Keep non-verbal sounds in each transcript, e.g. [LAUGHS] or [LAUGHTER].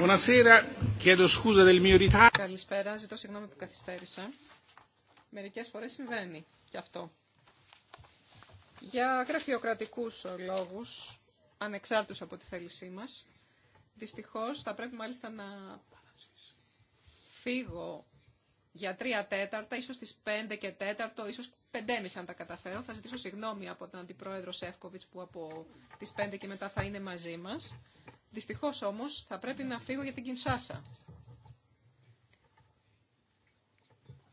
Καλησπέρα, ζητώ συγγνώμη που καθυστέρησα. Μερικές φορές συμβαίνει και αυτό. Για γραφειοκρατικούς λόγους, ανεξάρτητους από τη θέλησή μας, δυστυχώς θα πρέπει μάλιστα να φύγω για τρία τέταρτα, ίσως τις πέντε και τέταρτο, ίσως πεντέμιση αν τα καταφέρω. Θα ζητήσω συγγνώμη από τον Αντιπρόεδρο Σεύκοβιτς που από τις πέντε και μετά θα είναι μαζί μας. Δυστυχώς όμως θα πρέπει να φύγω για την Κινσάσα.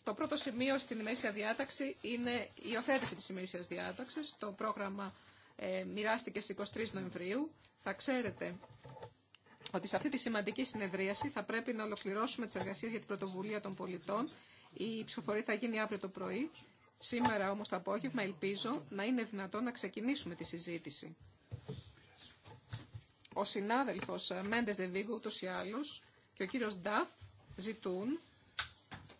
Το πρώτο σημείο στην ημερήσια διάταξη είναι η οθέτηση της ημερήσιας διάταξης. Το πρόγραμμα ε, μοιράστηκε στις 23 Νοεμβρίου. Θα ξέρετε ότι σε αυτή τη σημαντική συνεδρίαση θα πρέπει να ολοκληρώσουμε τις εργασίες για την πρωτοβουλία των πολιτών. Η ψηφοφορία θα γίνει αύριο το πρωί. Σήμερα όμως το απόγευμα ελπίζω να είναι δυνατόν να ξεκινήσουμε τη συζήτηση. Ο συνάδελφος ε, Μέντες Δεβίγκου, ούτως ή άλλως και ο κύριος Νταφ ζητούν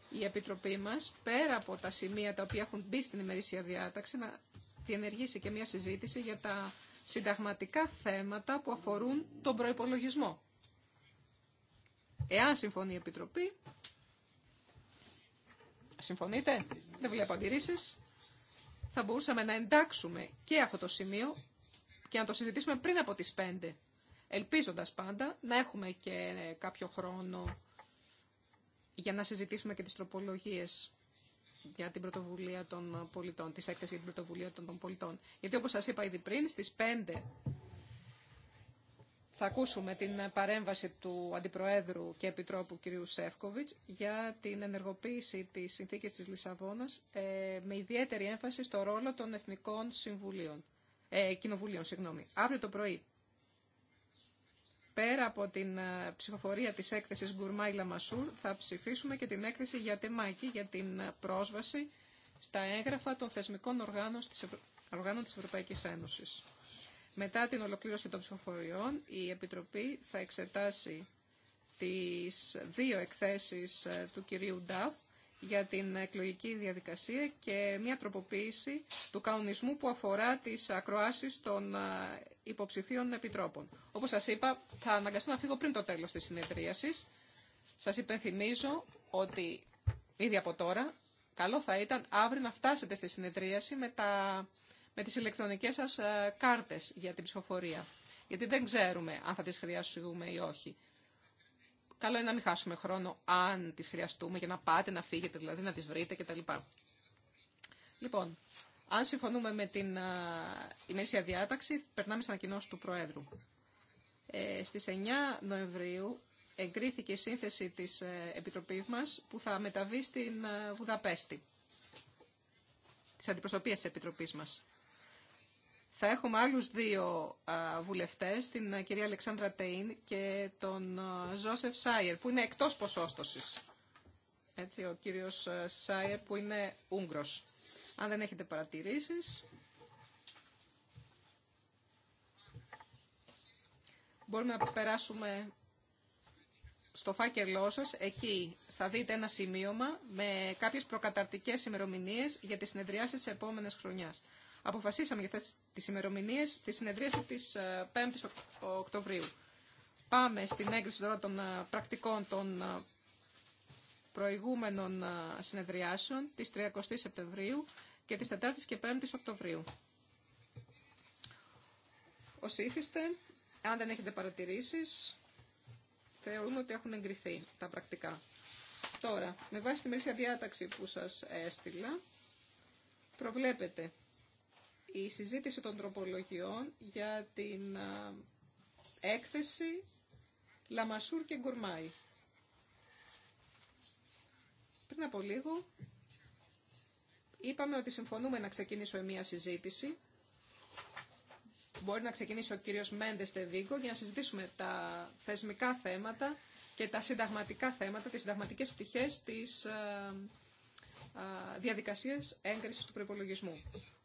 η Επιτροπή μας, πέρα από τα σημεία τα οποία έχουν μπει στην ημερήσια διάταξη, να διενεργήσει και μια συζήτηση για τα συνταγματικά θέματα που αφορούν τον προϋπολογισμό. Εάν συμφωνεί η Επιτροπή, συμφωνείτε, δεν βλέπω αντιρρήσεις, θα μπορούσαμε να εντάξουμε και αυτό το σημείο και να το συζητήσουμε πριν από τις Ελπίζοντας πάντα να έχουμε και κάποιο χρόνο για να συζητήσουμε και τις τροπολογίες για την πρωτοβουλία των πολιτών, της έκθεσης για την πρωτοβουλία των πολιτών. Γιατί όπως σας είπα ήδη πριν, στις 5 θα ακούσουμε την παρέμβαση του Αντιπροέδρου και Επιτρόπου κ. Σεύκοβιτς για την ενεργοποίηση της συνθήκης της Λισαβόνας ε, με ιδιαίτερη έμφαση στο ρόλο των Εθνικών ε, Κοινοβουλίων. Συγγνώμη. Αύριο το πρωί πέρα από την ε, ψηφοφορία της έκθεσης Γκουρμάη Λαμασούρ, θα ψηφίσουμε και την έκθεση για τεμάκι για την ε, πρόσβαση στα έγγραφα των θεσμικών οργάνων της, Ευρω... οργάνων της Ευρωπαϊκής Ένωσης. Μετά την ολοκλήρωση των ψηφοφοριών, η Επιτροπή θα εξετάσει τις δύο εκθέσεις ε, του κυρίου Νταφ για την εκλογική διαδικασία και μια τροποποίηση του κανονισμού που αφορά τις ακροάσεις των υποψηφίων επιτρόπων. Όπως σας είπα, θα αναγκαστώ να φύγω πριν το τέλος της συνεδρίασης. Σας υπενθυμίζω ότι ήδη από τώρα, καλό θα ήταν αύριο να φτάσετε στη συνεδρίαση με, τα, με τις ηλεκτρονικές σας ε, κάρτες για την ψηφοφορία. Γιατί δεν ξέρουμε αν θα τις χρειαστούμε ή όχι. Καλό είναι να μην χάσουμε χρόνο αν τις χρειαστούμε για να πάτε, να φύγετε, δηλαδή να τις βρείτε κτλ. Λοιπόν, αν συμφωνούμε με την ημερήσια διάταξη, περνάμε στον ανακοινώσει του Προέδρου. Ε, στις 9 Νοεμβρίου εγκρίθηκε η σύνθεση της ε, Επιτροπής μας που θα μεταβεί στην ε, Βουδαπέστη, της αντιπροσωπείας της Επιτροπής μας. Θα έχουμε άλλους δύο βουλευτές, την ε, κυρία Αλεξάνδρα Τέιν και τον Ζώσεφ Σάιερ, που είναι εκτός ποσόστοσης. Έτσι, ο κύριος Σάιερ που είναι Ούγγρος. Αν δεν έχετε παρατηρήσεις, μπορούμε να περάσουμε στο φάκελό σας. Εκεί θα δείτε ένα σημείωμα με κάποιες προκαταρτικές ημερομηνίε για τις συνεδριάσεις της επόμενης χρονιάς. Αποφασίσαμε για αυτές τις ημερομηνίε στη συνεδρίαση της 5ης ε, Οκτωβρίου. Πάμε στην έγκριση τώρα των ε, πρακτικών των ε, προηγούμενων συνεδριάσεων της 30 Σεπτεμβρίου, και τις 4 και 5 Οκτωβρίου. Ως ήθιστε, αν δεν έχετε παρατηρήσεις, θεωρούμε ότι έχουν εγκριθεί τα πρακτικά. Τώρα, με βάση τη μερίσια διάταξη που σας έστειλα, προβλέπετε η συζήτηση των τροπολογιών για την έκθεση Λαμασούρ και Γκουρμάη. Πριν από λίγο Είπαμε ότι συμφωνούμε να ξεκινήσουμε μία συζήτηση. Μπορεί να ξεκινήσει ο κύριος Μέντες Τεβίγκο για να συζητήσουμε τα θεσμικά θέματα και τα συνταγματικά θέματα, τις συνταγματικές πτυχές της ε, ε, διαδικασίας έγκρισης του προϋπολογισμού.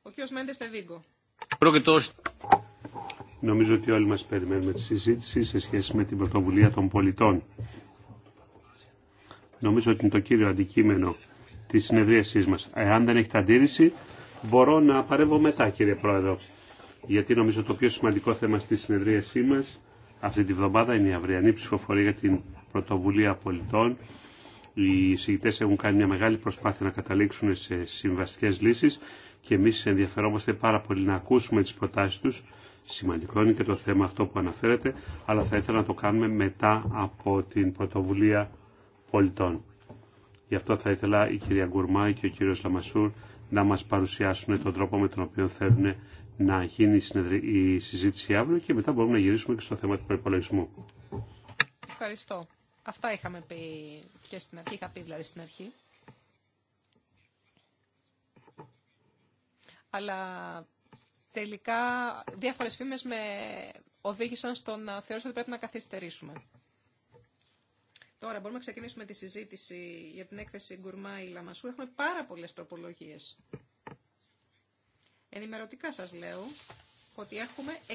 Ο κύριος Μέντες Τεβίγκο. Νομίζω ότι όλοι μας περιμένουμε τη συζήτηση σε σχέση με την πρωτοβουλία των πολιτών. Νομίζω ότι είναι το κύριο αντικείμενο τη συνεδρίασή μα. Εάν δεν έχετε αντίρρηση, μπορώ να παρεύω μετά, κύριε Πρόεδρο. Γιατί νομίζω το πιο σημαντικό θέμα στη συνεδρίασή μα αυτή τη βδομάδα είναι η αυριανή ψηφοφορία για την πρωτοβουλία πολιτών. Οι συγητέ έχουν κάνει μια μεγάλη προσπάθεια να καταλήξουν σε συμβαστικέ λύσει και εμεί ενδιαφερόμαστε πάρα πολύ να ακούσουμε τι προτάσει του. Σημαντικό είναι και το θέμα αυτό που αναφέρεται, αλλά θα ήθελα να το κάνουμε μετά από την πρωτοβουλία πολιτών. Γι' αυτό θα ήθελα η κυρία Γκουρμά και ο κύριος Λαμασούρ να μας παρουσιάσουν τον τρόπο με τον οποίο θέλουν να γίνει η συζήτηση αύριο και μετά μπορούμε να γυρίσουμε και στο θέμα του προπολογισμού. Ευχαριστώ. Αυτά είχαμε πει και στην αρχή, είχα πει δηλαδή στην αρχή. Αλλά τελικά διάφορες φήμες με οδήγησαν στο να θεωρήσω ότι πρέπει να καθυστερήσουμε. Τώρα μπορούμε να ξεκινήσουμε τη συζήτηση για την έκθεση Γκουρμάη Λαμασού. Έχουμε πάρα πολλές τροπολογίες. Ενημερωτικά σας λέω ότι έχουμε 60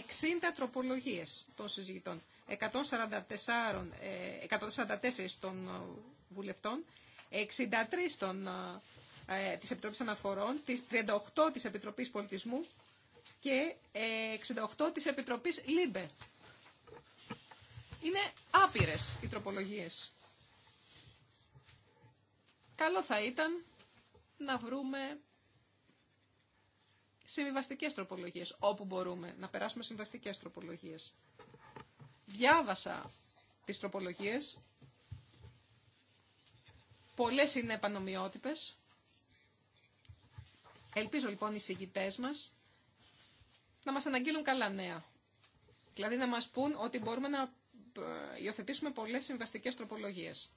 τροπολογίες των συζητών. 144, ε, των ε, βουλευτών, 63 των, ε, ε, της Επιτροπής Αναφορών, 38 της Επιτροπής Πολιτισμού και 68 της Επιτροπής ΛΥΜΠΕ. Είναι άπειρες οι τροπολογίες καλό θα ήταν να βρούμε συμβιβαστικές τροπολογίες, όπου μπορούμε, να περάσουμε συμβιβαστικές τροπολογίες. Διάβασα τις τροπολογίες, πολλές είναι επανομοιότυπες. Ελπίζω λοιπόν οι συγητές μας να μας αναγγείλουν καλά νέα. Δηλαδή να μας πούν ότι μπορούμε να ε, υιοθετήσουμε πολλές συμβαστικές τροπολογίες.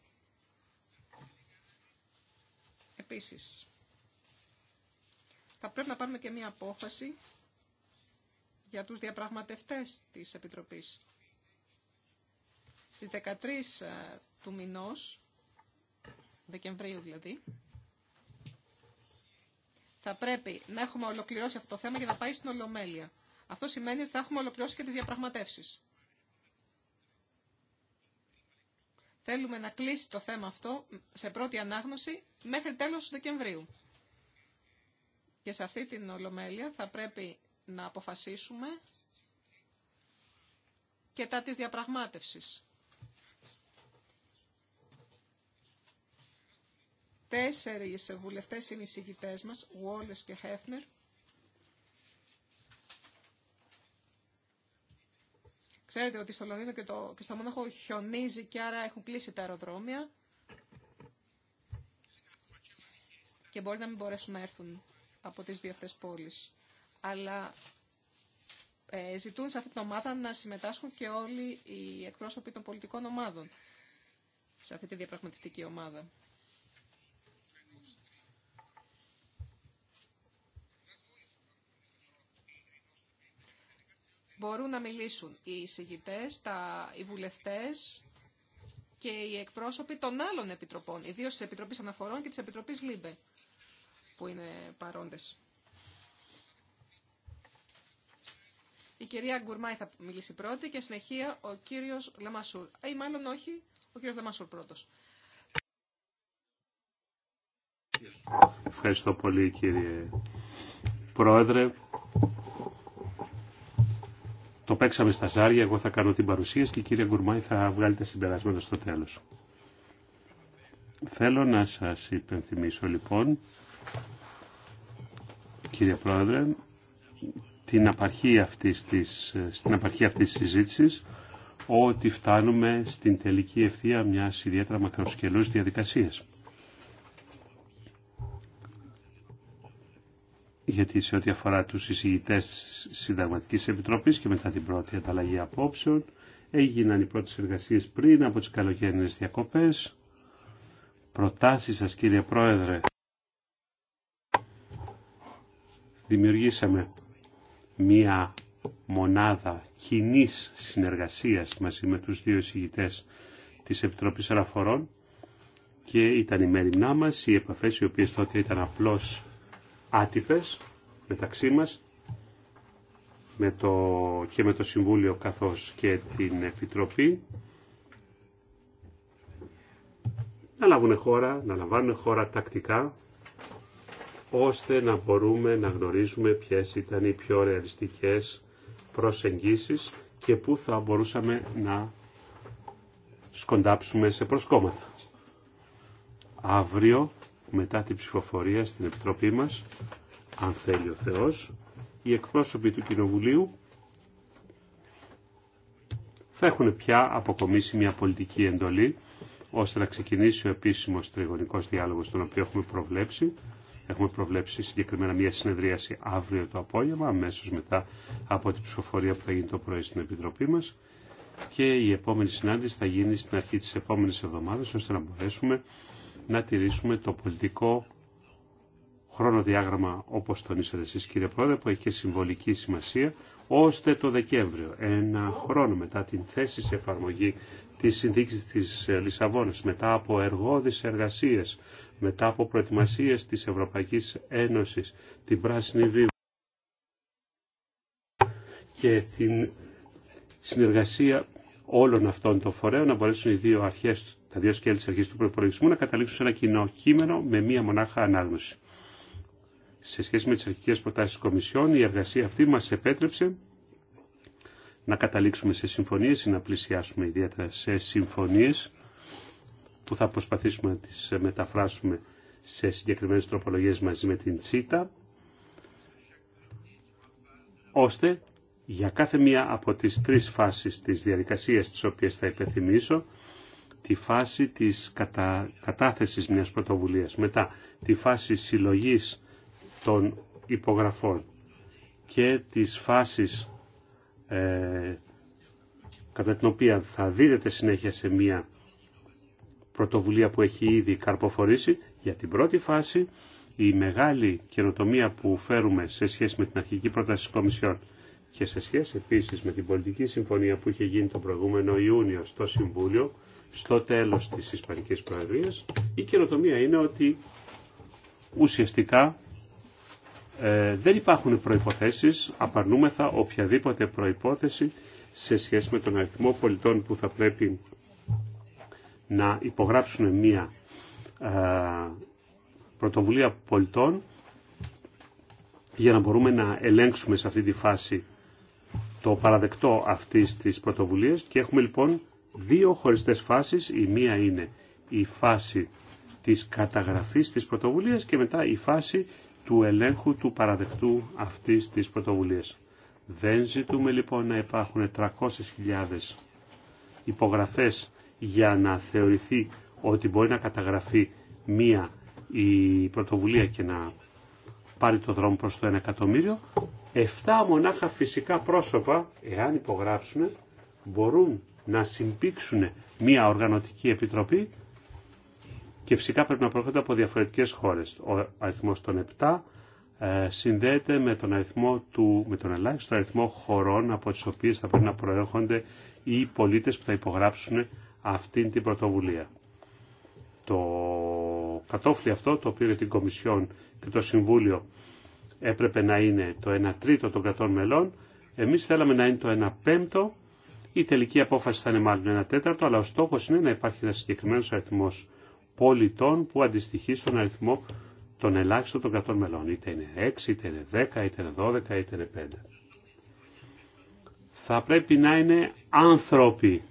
επίσης θα πρέπει να πάρουμε και μία απόφαση για τους διαπραγματευτές της Επιτροπής. Στις 13 ε, του μηνός, Δεκεμβρίου δηλαδή, θα πρέπει να έχουμε ολοκληρώσει αυτό το θέμα για να πάει στην Ολομέλεια. Αυτό σημαίνει ότι θα έχουμε ολοκληρώσει και τις διαπραγματεύσεις. Θέλουμε να κλείσει το θέμα αυτό σε πρώτη ανάγνωση μέχρι τέλος του Δεκεμβρίου. Και σε αυτή την Ολομέλεια θα πρέπει να αποφασίσουμε και τα της διαπραγμάτευσης. Τέσσερις βουλευτές είναι οι συγκητές μας, Wallace και Hefner, Ξέρετε ότι στο Λονδίνο και, το, και στο Μόναχο χιονίζει και άρα έχουν κλείσει τα αεροδρόμια και μπορεί να μην μπορέσουν να έρθουν από τις δύο αυτές πόλεις. Αλλά ε, ζητούν σε αυτή την ομάδα να συμμετάσχουν και όλοι οι εκπρόσωποι των πολιτικών ομάδων σε αυτή τη διαπραγματευτική ομάδα. μπορούν να μιλήσουν οι συγητές, τα, οι βουλευτές και οι εκπρόσωποι των άλλων επιτροπών, ιδίως της Επιτροπής Αναφορών και της Επιτροπής ΛΥΜΠΕ, που είναι παρόντες. Η κυρία Γκουρμάη θα μιλήσει πρώτη και συνεχεία ο κύριος Λαμασούρ. Ε, ή μάλλον όχι, ο κύριος Λαμασούρ πρώτος. Ευχαριστώ πολύ κύριε Πρόεδρε. Το παίξαμε στα ζάρια, εγώ θα κάνω την παρουσίαση και η κυρία Γκουρμάη θα βγάλει τα συμπεράσματα στο τέλος. Θέλω να σας υπενθυμίσω λοιπόν, κύριε Πρόεδρε, την απαρχή αυτής της, στην απαρχή αυτής της συζήτησης ότι φτάνουμε στην τελική ευθεία μιας ιδιαίτερα μακροσκελούς διαδικασίας. γιατί σε ό,τι αφορά τους εισηγητές της Συνταγματικής Επιτροπής και μετά την πρώτη ανταλλαγή απόψεων, έγιναν οι πρώτες εργασίες πριν από τις καλοκαίρινες διακοπές. Προτάσεις σας κύριε Πρόεδρε. Δημιουργήσαμε μία μονάδα κοινή συνεργασίας μαζί με τους δύο εισηγητές της Επιτροπής Αναφορών και ήταν η μέρη μας, οι επαφές οι οποίες τότε ήταν απλώς άτυπες μεταξύ μας με το, και με το Συμβούλιο καθώς και την Επιτροπή να λάβουν χώρα, να λαμβάνουν χώρα τακτικά ώστε να μπορούμε να γνωρίζουμε ποιες ήταν οι πιο ρεαλιστικές προσεγγίσεις και πού θα μπορούσαμε να σκοντάψουμε σε προσκόμματα. Αύριο μετά την ψηφοφορία στην Επιτροπή μας, αν θέλει ο Θεός, οι εκπρόσωποι του Κοινοβουλίου θα έχουν πια αποκομίσει μια πολιτική εντολή ώστε να ξεκινήσει ο επίσημος τριγωνικός διάλογος τον οποίο έχουμε προβλέψει. Έχουμε προβλέψει συγκεκριμένα μια συνεδρίαση αύριο το απόγευμα, αμέσω μετά από την ψηφοφορία που θα γίνει το πρωί στην Επιτροπή μας και η επόμενη συνάντηση θα γίνει στην αρχή της επόμενης εβδομάδας ώστε να μπορέσουμε να τηρήσουμε το πολιτικό χρονοδιάγραμμα όπως τονίσατε εσείς κύριε Πρόεδρε που έχει και συμβολική σημασία ώστε το Δεκέμβριο, ένα χρόνο μετά την θέση σε εφαρμογή της συνθήκης της Λισαβόνας, μετά από εργόδεις εργασίες, μετά από προετοιμασίες της Ευρωπαϊκής Ένωσης, την Πράσινη Βίβλη και την συνεργασία όλων αυτών των φορέων να μπορέσουν οι δύο αρχές τα δύο σκέλη τη αρχή του προπολογισμού να καταλήξουν σε ένα κοινό κείμενο με μία μονάχα ανάγνωση. Σε σχέση με τι αρχικέ προτάσει της Κομισιόν, η εργασία αυτή μα επέτρεψε να καταλήξουμε σε συμφωνίε ή να πλησιάσουμε ιδιαίτερα σε συμφωνίε που θα προσπαθήσουμε να τι μεταφράσουμε σε συγκεκριμένε τροπολογίες μαζί με την Τσίτα, ώστε για κάθε μία από τις τρεις φάσεις της διαδικασίας τις οποίες θα υπενθυμίσω τη φάση της κατα... κατάθεσης μιας πρωτοβουλίας, μετά τη φάση συλλογής των υπογραφών και της φάσης ε, κατά την οποία θα δίδεται συνέχεια σε μια πρωτοβουλία που έχει ήδη καρποφορήσει. Για την πρώτη φάση η μεγάλη καινοτομία που φέρουμε σε σχέση με την αρχική πρόταση της Κομισιόν και σε σχέση επίσης με την πολιτική συμφωνία που είχε γίνει τον προηγούμενο Ιούνιο στο Συμβούλιο στο τέλος της Ισπανικής Προεδρίας. Η καινοτομία είναι ότι ουσιαστικά ε, δεν υπάρχουν προϋποθέσεις, απαρνούμεθα οποιαδήποτε προϋπόθεση σε σχέση με τον αριθμό πολιτών που θα πρέπει να υπογράψουν μία ε, πρωτοβουλία πολιτών για να μπορούμε να ελέγξουμε σε αυτή τη φάση το παραδεκτό αυτής της πρωτοβουλίας και έχουμε λοιπόν δύο χωριστές φάσεις. Η μία είναι η φάση της καταγραφής της πρωτοβουλίας και μετά η φάση του ελέγχου του παραδεκτού αυτής της πρωτοβουλίας. Δεν ζητούμε λοιπόν να υπάρχουν 300.000 υπογραφές για να θεωρηθεί ότι μπορεί να καταγραφεί μία η πρωτοβουλία και να πάρει το δρόμο προς το 1 εκατομμύριο. Εφτά μονάχα φυσικά πρόσωπα, εάν υπογράψουν, μπορούν να συμπήξουν μια οργανωτική επιτροπή και φυσικά πρέπει να προέρχονται από διαφορετικές χώρες. Ο αριθμός των 7 ε, συνδέεται με τον, αριθμό του, με τον ελάχιστο αριθμό χωρών από τις οποίες θα πρέπει να προέρχονται οι πολίτες που θα υπογράψουν αυτήν την πρωτοβουλία. Το κατόφλι αυτό, το οποίο για την Κομισιόν και το Συμβούλιο έπρεπε να είναι το 1 τρίτο των κρατών μελών, εμείς θέλαμε να είναι το 1 πέμπτο η τελική απόφαση θα είναι μάλλον ένα τέταρτο, αλλά ο στόχο είναι να υπάρχει ένα συγκεκριμένο αριθμό πολιτών που αντιστοιχεί στον αριθμό των ελάχιστων των κρατών μελών. Είτε είναι 6, είτε είναι 10, είτε είναι 12, είτε είναι 5. Θα πρέπει να είναι άνθρωποι.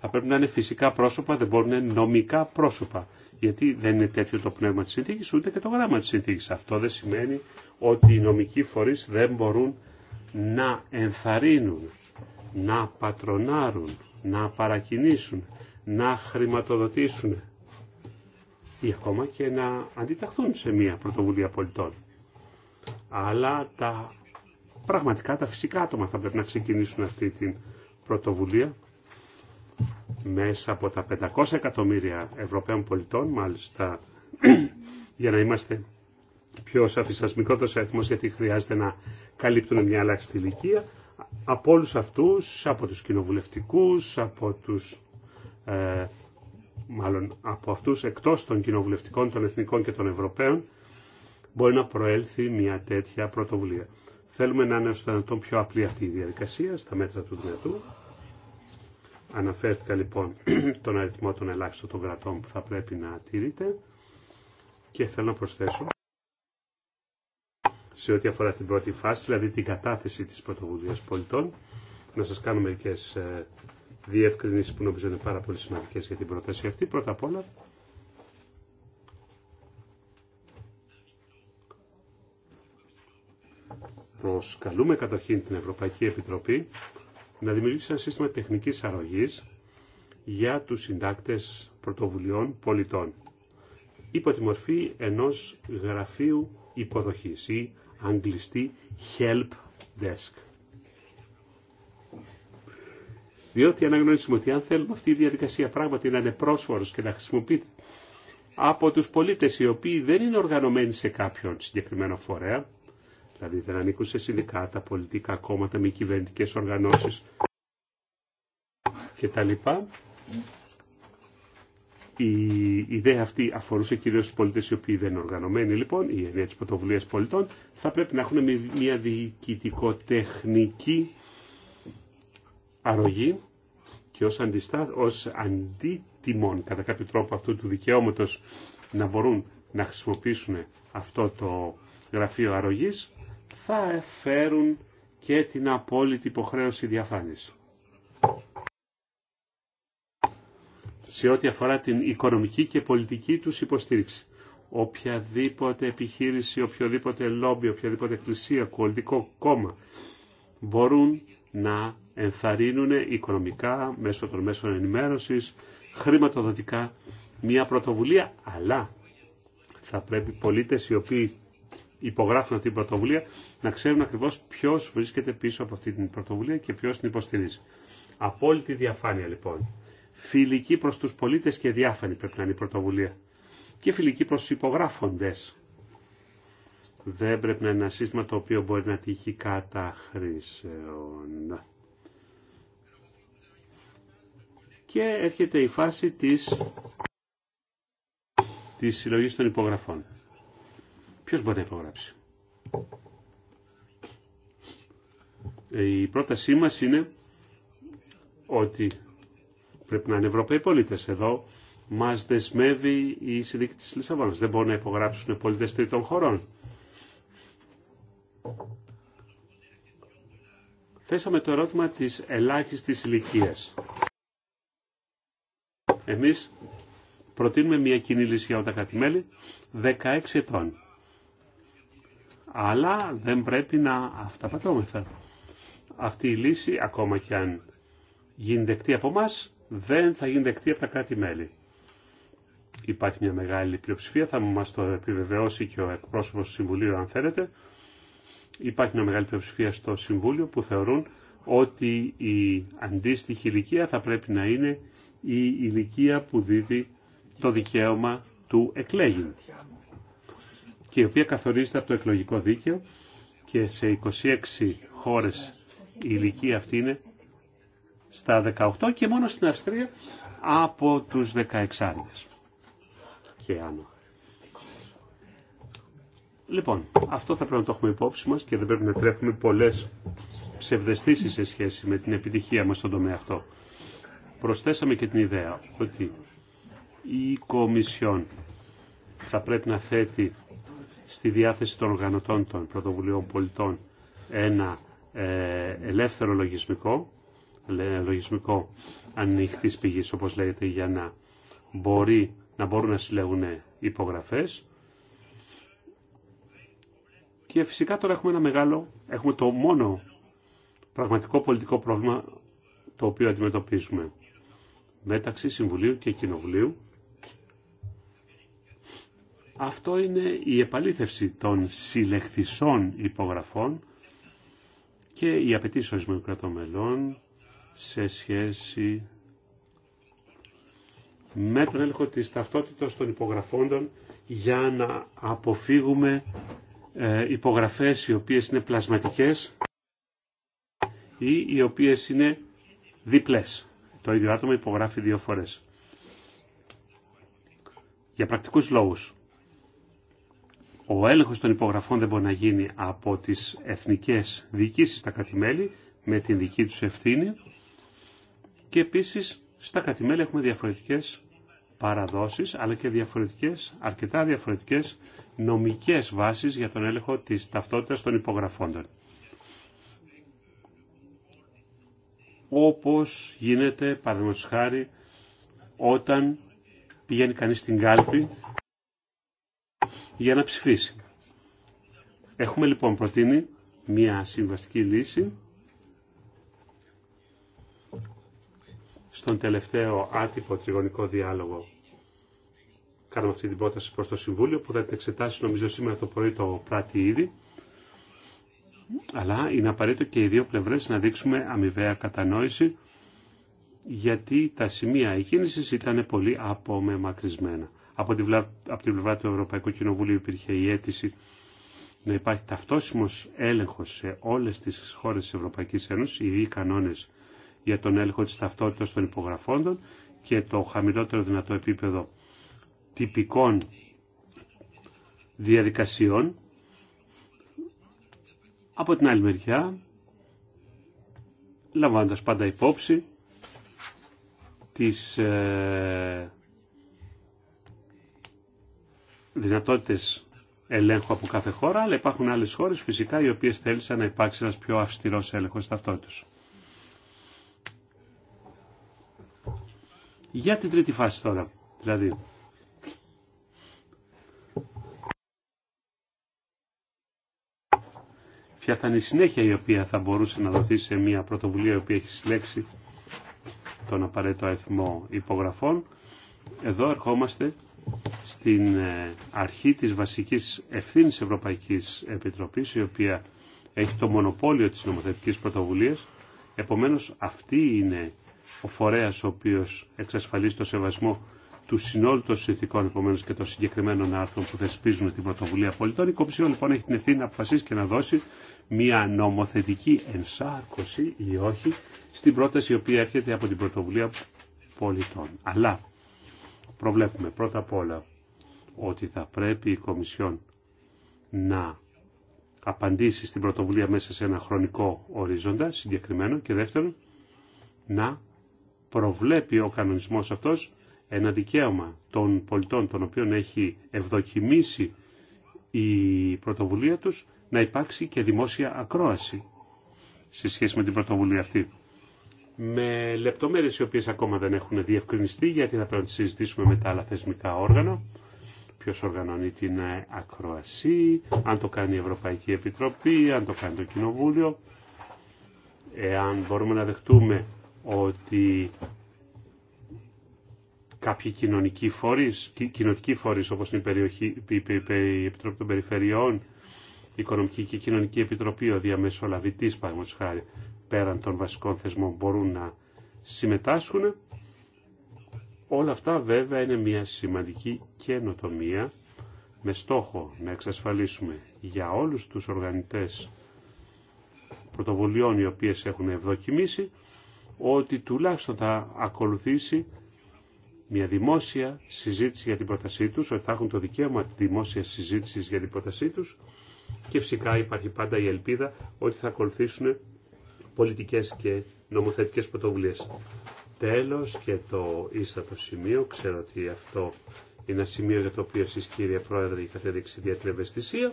Θα πρέπει να είναι φυσικά πρόσωπα, δεν μπορούν να είναι νομικά πρόσωπα. Γιατί δεν είναι τέτοιο το πνεύμα της συνθήκης, ούτε και το γράμμα της συνθήκης. Αυτό δεν σημαίνει ότι οι νομικοί φορείς δεν μπορούν να ενθαρρύνουν, να πατρονάρουν, να παρακινήσουν, να χρηματοδοτήσουν ή ακόμα και να αντιταχθούν σε μια πρωτοβουλία πολιτών. Αλλά τα πραγματικά τα φυσικά άτομα θα πρέπει να ξεκινήσουν αυτή την πρωτοβουλία μέσα από τα 500 εκατομμύρια Ευρωπαίων πολιτών, μάλιστα [CLEARS THROAT] για να είμαστε πιο σαφείς, το γιατί χρειάζεται να καλύπτουν μια ελάχιστη ηλικία. Από όλους αυτούς, από τους κοινοβουλευτικούς, από τους... Ε, μάλλον από αυτούς εκτός των κοινοβουλευτικών, των εθνικών και των ευρωπαίων, μπορεί να προέλθει μια τέτοια πρωτοβουλία. Θέλουμε να είναι στο δυνατόν πιο απλή αυτή η διαδικασία, στα μέτρα του δυνατού. Αναφέρθηκα λοιπόν [CLEARS THROAT] τον αριθμό των ελάχιστων των κρατών που θα πρέπει να τηρείται και θέλω να προσθέσω σε ό,τι αφορά την πρώτη φάση, δηλαδή την κατάθεση της πρωτοβουλία πολιτών. Να σας κάνω μερικέ ε, διευκρινήσεις που νομίζω είναι πάρα πολύ σημαντικές για την πρόταση αυτή. Πρώτα απ' όλα, προσκαλούμε καταρχήν την Ευρωπαϊκή Επιτροπή να δημιουργήσει ένα σύστημα τεχνικής αρρωγής για τους συντάκτες πρωτοβουλειών πολιτών υπό τη μορφή ενός γραφείου υποδοχής ή αγγλιστή help desk. Διότι αναγνωρίσουμε ότι αν θέλουμε αυτή η διαδικασία πράγματι να είναι πρόσφορος και να χρησιμοποιείται από τους πολίτες οι οποίοι δεν είναι οργανωμένοι σε κάποιον συγκεκριμένο φορέα, δηλαδή δεν ανήκουν σε συνδικάτα, πολιτικά κόμματα, μη κυβερνητικέ οργανώσεις κτλ. Η ιδέα αυτή αφορούσε κυρίως τους πολίτες οι οποίοι δεν είναι οργανωμένοι λοιπόν, η ενέργεια της πρωτοβουλίας πολιτών, θα πρέπει να έχουν μια διοικητικοτεχνική αρρωγή και ως, αντιστά, ως αντίτιμον κατά κάποιο τρόπο αυτού του δικαιώματος να μπορούν να χρησιμοποιήσουν αυτό το γραφείο αρρωγής, θα φέρουν και την απόλυτη υποχρέωση διαφάνειας. σε ό,τι αφορά την οικονομική και πολιτική τους υποστήριξη. Οποιαδήποτε επιχείρηση, οποιοδήποτε λόμπι, οποιαδήποτε εκκλησία, πολιτικό κόμμα μπορούν να ενθαρρύνουν οικονομικά, μέσω των μέσων ενημέρωσης, χρηματοδοτικά μια πρωτοβουλία, αλλά θα πρέπει οι πολίτες οι οποίοι υπογράφουν αυτή την πρωτοβουλία να ξέρουν ακριβώς ποιος βρίσκεται πίσω από αυτή την πρωτοβουλία και ποιος την υποστηρίζει. Απόλυτη διαφάνεια λοιπόν φιλική προς τους πολίτες και διάφανη πρέπει να είναι η πρωτοβουλία. Και φιλική προς τους υπογράφοντες. Δεν πρέπει να είναι ένα σύστημα το οποίο μπορεί να τύχει κατά χρήσεων. Και έρχεται η φάση της, της συλλογής των υπογραφών. Ποιος μπορεί να υπογράψει. Η πρότασή μας είναι ότι Πρέπει να είναι Ευρωπαίοι πολίτε. Εδώ μα δεσμεύει η συνδίκη τη Λισαβόνα. Δεν μπορούν να υπογράψουν πολίτε τρίτων χωρών. Θέσαμε το ερώτημα της ελάχιστης ηλικία. Εμείς προτείνουμε μια κοινή λύση για όλα τα 16 ετών. Αλλά δεν πρέπει να αυταπατώμεθα. Αυτή η λύση, ακόμα κι αν γίνει δεκτή από εμά δεν θα γίνει δεκτή από τα κράτη-μέλη. Υπάρχει μια μεγάλη πλειοψηφία, θα μα το επιβεβαιώσει και ο εκπρόσωπο του Συμβουλίου αν θέλετε. Υπάρχει μια μεγάλη πλειοψηφία στο Συμβούλιο που θεωρούν ότι η αντίστοιχη ηλικία θα πρέπει να είναι η ηλικία που δίδει το δικαίωμα του εκλέγην και η οποία καθορίζεται από το εκλογικό δίκαιο και σε 26 χώρες η ηλικία αυτή είναι στα 18 και μόνο στην Αυστρία από τους 16 άνδες. Και άνω. Λοιπόν, αυτό θα πρέπει να το έχουμε υπόψη μας και δεν πρέπει να τρέχουμε πολλές ψευδεστήσεις σε σχέση με την επιτυχία μας στον τομέα αυτό. Προσθέσαμε και την ιδέα ότι η Κομισιόν θα πρέπει να θέτει στη διάθεση των οργανωτών των πρωτοβουλίων πολιτών ένα ε, ελεύθερο λογισμικό λογισμικό ανοιχτή πηγή, όπω λέγεται, για να, μπορεί, να μπορούν να συλλέγουν υπογραφέ. Και φυσικά τώρα έχουμε ένα μεγάλο, έχουμε το μόνο πραγματικό πολιτικό πρόβλημα το οποίο αντιμετωπίζουμε μεταξύ Συμβουλίου και Κοινοβουλίου. Αυτό είναι η επαλήθευση των συλλεχθισών υπογραφών και οι απαιτήσει ορισμένων κρατών μελών σε σχέση με τον έλεγχο της ταυτότητας των υπογραφώντων για να αποφύγουμε ε, υπογραφές οι οποίες είναι πλασματικές ή οι οποίες είναι διπλές. Το ίδιο άτομο υπογράφει δύο φορές. Για πρακτικούς λόγους. Ο έλεγχος των υπογραφών δεν μπορεί να γίνει από τις εθνικές διοικήσεις στα κράτη-μέλη με την δική τους ευθύνη και επίσης στα κρατημέλια έχουμε διαφορετικές παραδόσεις αλλά και διαφορετικές, αρκετά διαφορετικές νομικές βάσεις για τον έλεγχο της ταυτότητας των υπογραφώντων. Όπως γίνεται παραδείγματος χάρη όταν πηγαίνει κανείς στην κάλπη για να ψηφίσει. Έχουμε λοιπόν προτείνει μια συμβαστική λύση στον τελευταίο άτυπο τριγωνικό διάλογο. Κάνουμε αυτή την πρόταση προς το Συμβούλιο που θα την εξετάσει νομίζω σήμερα το πρωί το πράτη ήδη. Αλλά είναι απαραίτητο και οι δύο πλευρές να δείξουμε αμοιβαία κατανόηση γιατί τα σημεία εκκίνησης ήταν πολύ απομεμακρυσμένα. Από την, από την πλευρά του Ευρωπαϊκού Κοινοβουλίου υπήρχε η αίτηση να υπάρχει ταυτόσιμος έλεγχος σε όλες τις χώρες της Ευρωπαϊκής Ένωσης, οι κανόνες για τον έλεγχο της ταυτότητας των υπογραφώντων και το χαμηλότερο δυνατό επίπεδο τυπικών διαδικασιών. Από την άλλη μεριά, λαμβάνοντας πάντα υπόψη τις ε, δυνατότητες ελέγχου από κάθε χώρα, αλλά υπάρχουν άλλες χώρες φυσικά οι οποίες θέλησαν να υπάρξει ένας πιο αυστηρός έλεγχος ταυτότητας. Για την τρίτη φάση τώρα, δηλαδή. Ποια θα είναι η συνέχεια η οποία θα μπορούσε να δοθεί σε μια πρωτοβουλία η οποία έχει συλλέξει τον απαραίτητο αριθμό υπογραφών. Εδώ ερχόμαστε στην ε, αρχή της βασικής ευθύνης Ευρωπαϊκής Επιτροπής, η οποία έχει το μονοπόλιο της νομοθετικής πρωτοβουλίας. Επομένως, αυτή είναι ο φορέας ο οποίος εξασφαλίζει το σεβασμό του συνόλου των συνθηκών επομένω και των συγκεκριμένων άρθρων που θεσπίζουν την πρωτοβουλία πολιτών. Η Κομισιόν λοιπόν έχει την ευθύνη να αποφασίσει και να δώσει μια νομοθετική ενσάρκωση ή όχι στην πρόταση η οποία έρχεται από την πρωτοβουλία πολιτών. Αλλά προβλέπουμε πρώτα απ' όλα ότι θα πρέπει η Κομισιόν να απαντήσει στην πρωτοβουλία μέσα σε ένα χρονικό ορίζοντα συγκεκριμένο και δεύτερον να προβλέπει ο κανονισμός αυτός ένα δικαίωμα των πολιτών των οποίων έχει ευδοκιμήσει η πρωτοβουλία τους να υπάρξει και δημόσια ακρόαση σε σχέση με την πρωτοβουλία αυτή. Με λεπτομέρειες οι οποίες ακόμα δεν έχουν διευκρινιστεί γιατί θα πρέπει να τις συζητήσουμε με τα άλλα θεσμικά όργανα. Ποιος οργανώνει την ε, ακρόαση, αν το κάνει η Ευρωπαϊκή Επιτροπή, αν το κάνει το Κοινοβούλιο. Εάν μπορούμε να δεχτούμε ότι κάποιοι κοινωνικοί φορείς, κοινωτικοί φορείς όπως είναι η, περιοχή, η Επιτροπή των Περιφερειών, η Οικονομική και Κοινωνική Επιτροπή, ο διαμεσολαβητής παραδείγματος χάρη πέραν των βασικών θεσμών μπορούν να συμμετάσχουν. Όλα αυτά βέβαια είναι μια σημαντική καινοτομία με στόχο να εξασφαλίσουμε για όλους τους οργανιτές πρωτοβουλειών οι οποίες έχουν ευδοκιμήσει ότι τουλάχιστον θα ακολουθήσει μια δημόσια συζήτηση για την πρότασή τους, ότι θα έχουν το δικαίωμα τη δημόσια συζήτηση για την πρότασή τους και φυσικά υπάρχει πάντα η ελπίδα ότι θα ακολουθήσουν πολιτικές και νομοθετικές πρωτοβουλίες. Τέλος και το ίστατο σημείο, ξέρω ότι αυτό είναι ένα σημείο για το οποίο εσείς κύριε Πρόεδρε είχατε δείξει ιδιαίτερη ευαισθησία.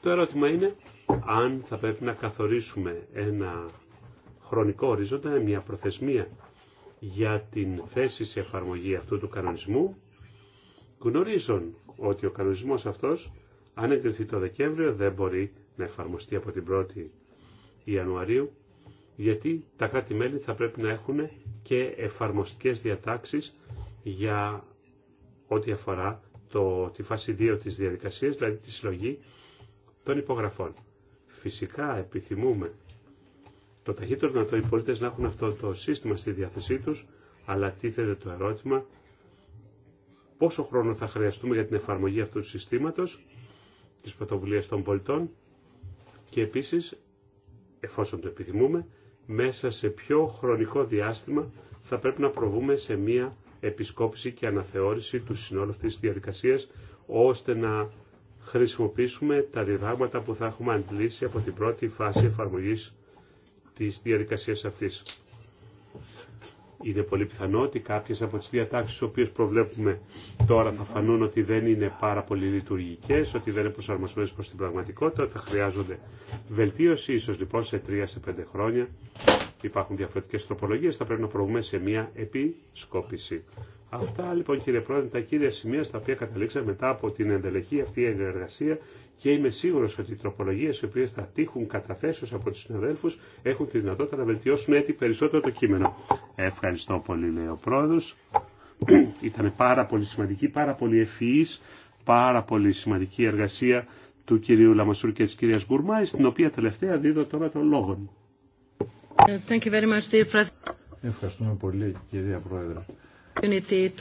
Το ερώτημα είναι αν θα πρέπει να καθορίσουμε ένα χρονικό ορίζοντα, μια προθεσμία για την θέση σε εφαρμογή αυτού του κανονισμού, γνωρίζουν ότι ο κανονισμός αυτός, αν εγκριθεί το Δεκέμβριο, δεν μπορεί να εφαρμοστεί από την 1η Ιανουαρίου, γιατί τα κράτη-μέλη θα πρέπει να έχουν και εφαρμοστικές διατάξεις για ό,τι αφορά το, τη φάση 2 της διαδικασίας, δηλαδή τη συλλογή των υπογραφών. Φυσικά επιθυμούμε το ταχύτερο δυνατό οι πολίτες να έχουν αυτό το σύστημα στη διάθεσή τους, αλλά τίθεται το ερώτημα πόσο χρόνο θα χρειαστούμε για την εφαρμογή αυτού του συστήματος, της πρωτοβουλίας των πολιτών και επίσης, εφόσον το επιθυμούμε, μέσα σε ποιο χρονικό διάστημα θα πρέπει να προβούμε σε μία επισκόπηση και αναθεώρηση του συνόλου αυτής της διαδικασίας, ώστε να χρησιμοποιήσουμε τα διδάγματα που θα έχουμε αντλήσει από την πρώτη φάση εφαρμογής της διαδικασίας αυτής. Είναι πολύ πιθανό ότι κάποιες από τις διατάξεις τις οποίες προβλέπουμε τώρα θα φανούν ότι δεν είναι πάρα πολύ λειτουργικές, ότι δεν είναι προσαρμοσμένες προς την πραγματικότητα, ότι θα χρειάζονται βελτίωση, ίσως λοιπόν σε τρία, σε 5 χρόνια υπάρχουν διαφορετικές τροπολογίες, θα πρέπει να προβούμε σε μια επισκόπηση. Αυτά λοιπόν κύριε Πρόεδρε τα κύρια σημεία στα οποία καταλήξαμε μετά από την ενδελεχή αυτή εργασία και είμαι σίγουρο ότι οι τροπολογίε οι οποίε θα τύχουν καταθέσεω από του συναδέλφου έχουν τη δυνατότητα να βελτιώσουν έτσι περισσότερο το κείμενο. Ευχαριστώ πολύ λέει ο Πρόεδρο. [CLEARS THROAT] Ήταν πάρα πολύ σημαντική, πάρα πολύ ευφυή, πάρα πολύ σημαντική εργασία του κυρίου Λαμασούρ και τη κυρία Γκουρμάη, στην οποία τελευταία δίδω τώρα τον λόγο. Thank Ευχαριστούμε πολύ κυρία Πρόεδρε opportunity Να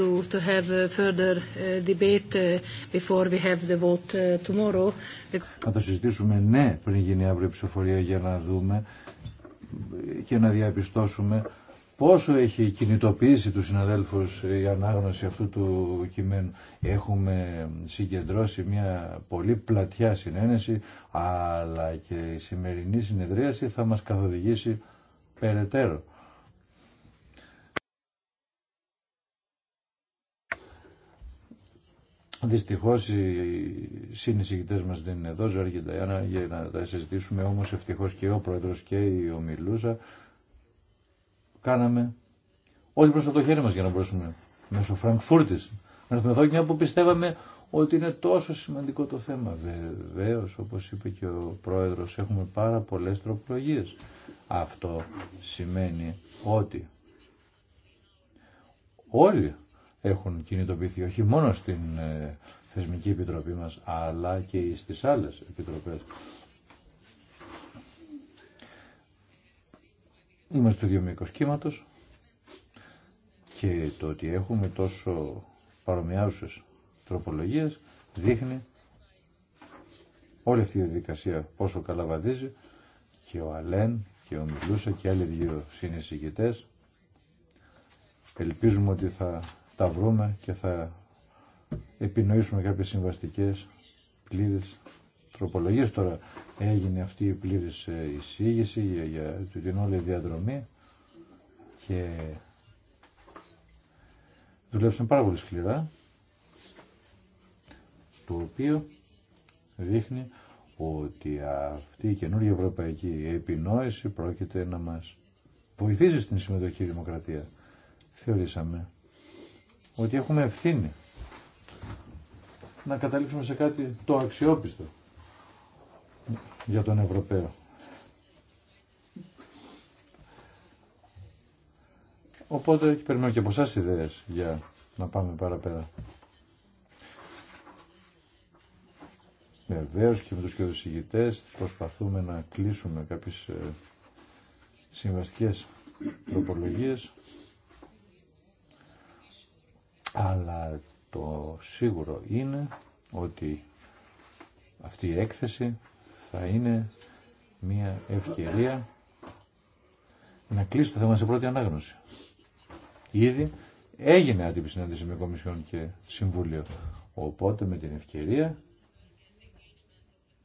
uh, uh, uh, το συζητήσουμε ναι πριν γίνει αύριο η ψηφοφορία για να δούμε και να διαπιστώσουμε πόσο έχει κινητοποιήσει του συναδέλφου η ανάγνωση αυτού του κειμένου. Έχουμε συγκεντρώσει μια πολύ πλατιά συνένεση, αλλά και η σημερινή συνεδρίαση θα μας καθοδηγήσει περαιτέρω. Δυστυχώ οι συνεισηγητέ μας δεν είναι εδώ, Ζωάρη και Νταϊάννα, για να τα συζητήσουμε. Όμως ευτυχώ και ο Πρόεδρος και η Ομιλούσα κάναμε όλοι προ το χέρι μας για να μπορέσουμε μέσω Φραγκφούρτη να έρθουμε εδώ και που πιστεύαμε ότι είναι τόσο σημαντικό το θέμα. Βεβαίω, όπως είπε και ο Πρόεδρος, έχουμε πάρα πολλέ τροπολογίε. Αυτό σημαίνει ότι όλοι έχουν κινητοποιηθεί όχι μόνο στην ε, θεσμική επιτροπή μας, αλλά και στις άλλες επιτροπές. Είμαστε του δύο κύματος και το ότι έχουμε τόσο παρομοιάζουσες τροπολογίες δείχνει όλη αυτή η διαδικασία πόσο καλά και ο Αλέν και ο Μιλούσα και άλλοι δύο συνεισηγητές ελπίζουμε ότι θα τα βρούμε και θα επινοήσουμε κάποιες συμβαστικές πλήρες τροπολογίες. Τώρα έγινε αυτή η πλήρης ε, εισήγηση για, για την όλη διαδρομή και δουλέψαμε πάρα πολύ σκληρά το οποίο δείχνει ότι αυτή η καινούργια ευρωπαϊκή επινόηση πρόκειται να μας βοηθήσει στην συμμετοχή δημοκρατία. Θεωρήσαμε ότι έχουμε ευθύνη να καταλήξουμε σε κάτι το αξιόπιστο για τον Ευρωπαίο. Οπότε περιμένω και από εσάς ιδέες για να πάμε παραπέρα. Βεβαίω και με τους ηγητές προσπαθούμε να κλείσουμε κάποιες ε, συμβαστικές προπολογίες αλλά το σίγουρο είναι ότι αυτή η έκθεση θα είναι μια ευκαιρία να κλείσει το θέμα σε πρώτη ανάγνωση. Ήδη έγινε άτυπη συνάντηση με Κομισιόν και Συμβούλιο. Οπότε με την ευκαιρία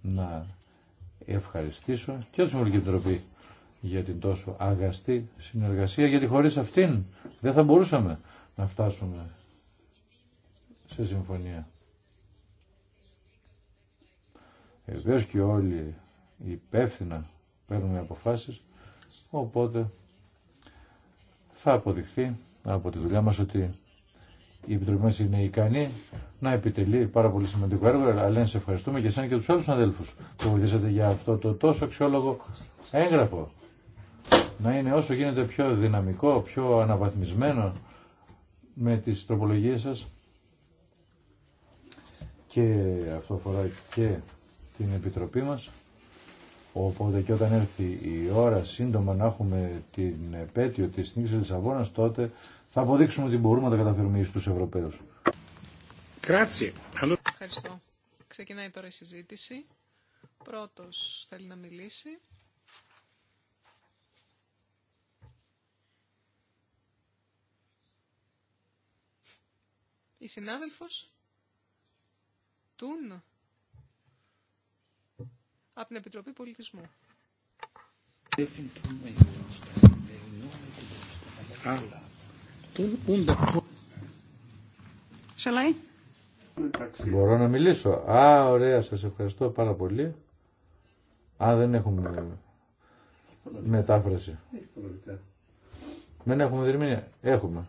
να ευχαριστήσω και τη Συμβουλική Επιτροπή για την τόσο αγαστή συνεργασία, γιατί χωρίς αυτήν δεν θα μπορούσαμε να φτάσουμε σε συμφωνία. Ε, Βέβαιως και όλοι υπεύθυνα παίρνουμε αποφάσεις, οπότε θα αποδειχθεί από τη δουλειά μας ότι η Επιτροπή μας είναι ικανή να επιτελεί πάρα πολύ σημαντικό έργο, αλλά να σε ευχαριστούμε και εσένα και τους άλλους αδέλφους που βοηθήσατε για αυτό το τόσο αξιόλογο έγγραφο. Να είναι όσο γίνεται πιο δυναμικό, πιο αναβαθμισμένο με τις τροπολογίες σας και αυτό αφορά και την Επιτροπή μας. Οπότε και όταν έρθει η ώρα σύντομα να έχουμε την επέτειο της νίκης της Λισαβόνας, τότε θα αποδείξουμε ότι μπορούμε να τα καταφέρουμε τους Ευρωπαίους. Ευχαριστώ. Ξεκινάει τώρα η συζήτηση. Πρώτος θέλει να μιλήσει. Η συνάδελφος Τούν από την Επιτροπή Πολιτισμού. Μπορώ να μιλήσω. Α, ωραία, σας ευχαριστώ πάρα πολύ. Α, δεν έχουμε μετάφραση. Δεν έχουμε δερμηνία. Έχουμε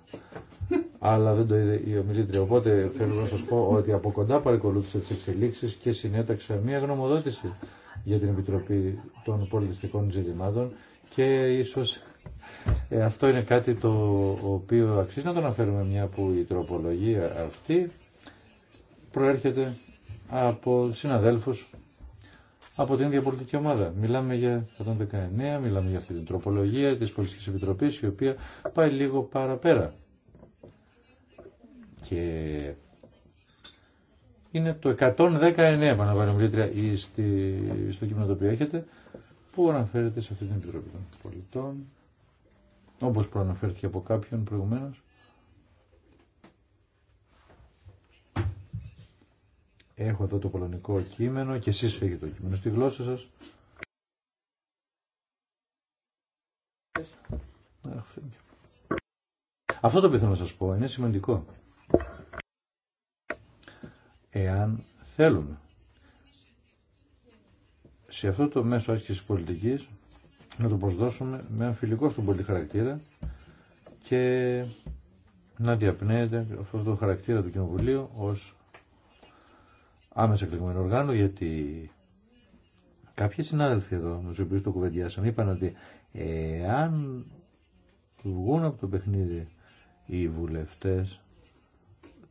αλλά δεν το είδε η ομιλήτρια. Οπότε θέλω να σας πω ότι από κοντά παρακολούθησε τις εξελίξεις και συνέταξα μία γνωμοδότηση για την Επιτροπή των Πολιτιστικών Ζητημάτων και ίσως ε, αυτό είναι κάτι το οποίο αξίζει να το αναφέρουμε μια που η τροπολογία αυτή προέρχεται από συναδέλφους από την ίδια πολιτική ομάδα. Μιλάμε για 119, μιλάμε για αυτή την τροπολογία της Πολιτικής Επιτροπής η οποία πάει λίγο παραπέρα και είναι το 119 επαναβαλλοντήτρια στο κείμενο το οποίο έχετε που αναφέρεται σε αυτή την Επιτροπή των Πολιτών όπως προαναφέρθηκε από κάποιον προηγουμένως έχω εδώ το πολωνικό κείμενο και εσείς έχετε το κείμενο στη γλώσσα σας Αυτό το οποίο θέλω να σας πω είναι σημαντικό εάν θέλουμε. Σε αυτό το μέσο άσκηση πολιτικής να το προσδώσουμε με ένα φιλικό στον πολιτή χαρακτήρα και να διαπνέεται αυτό το χαρακτήρα του Κοινοβουλίου ως άμεσα εκλεγμένο οργάνο γιατί κάποιοι συνάδελφοι εδώ με τους οποίους το κουβεντιάσαμε είπαν ότι εάν βγουν από το παιχνίδι οι βουλευτές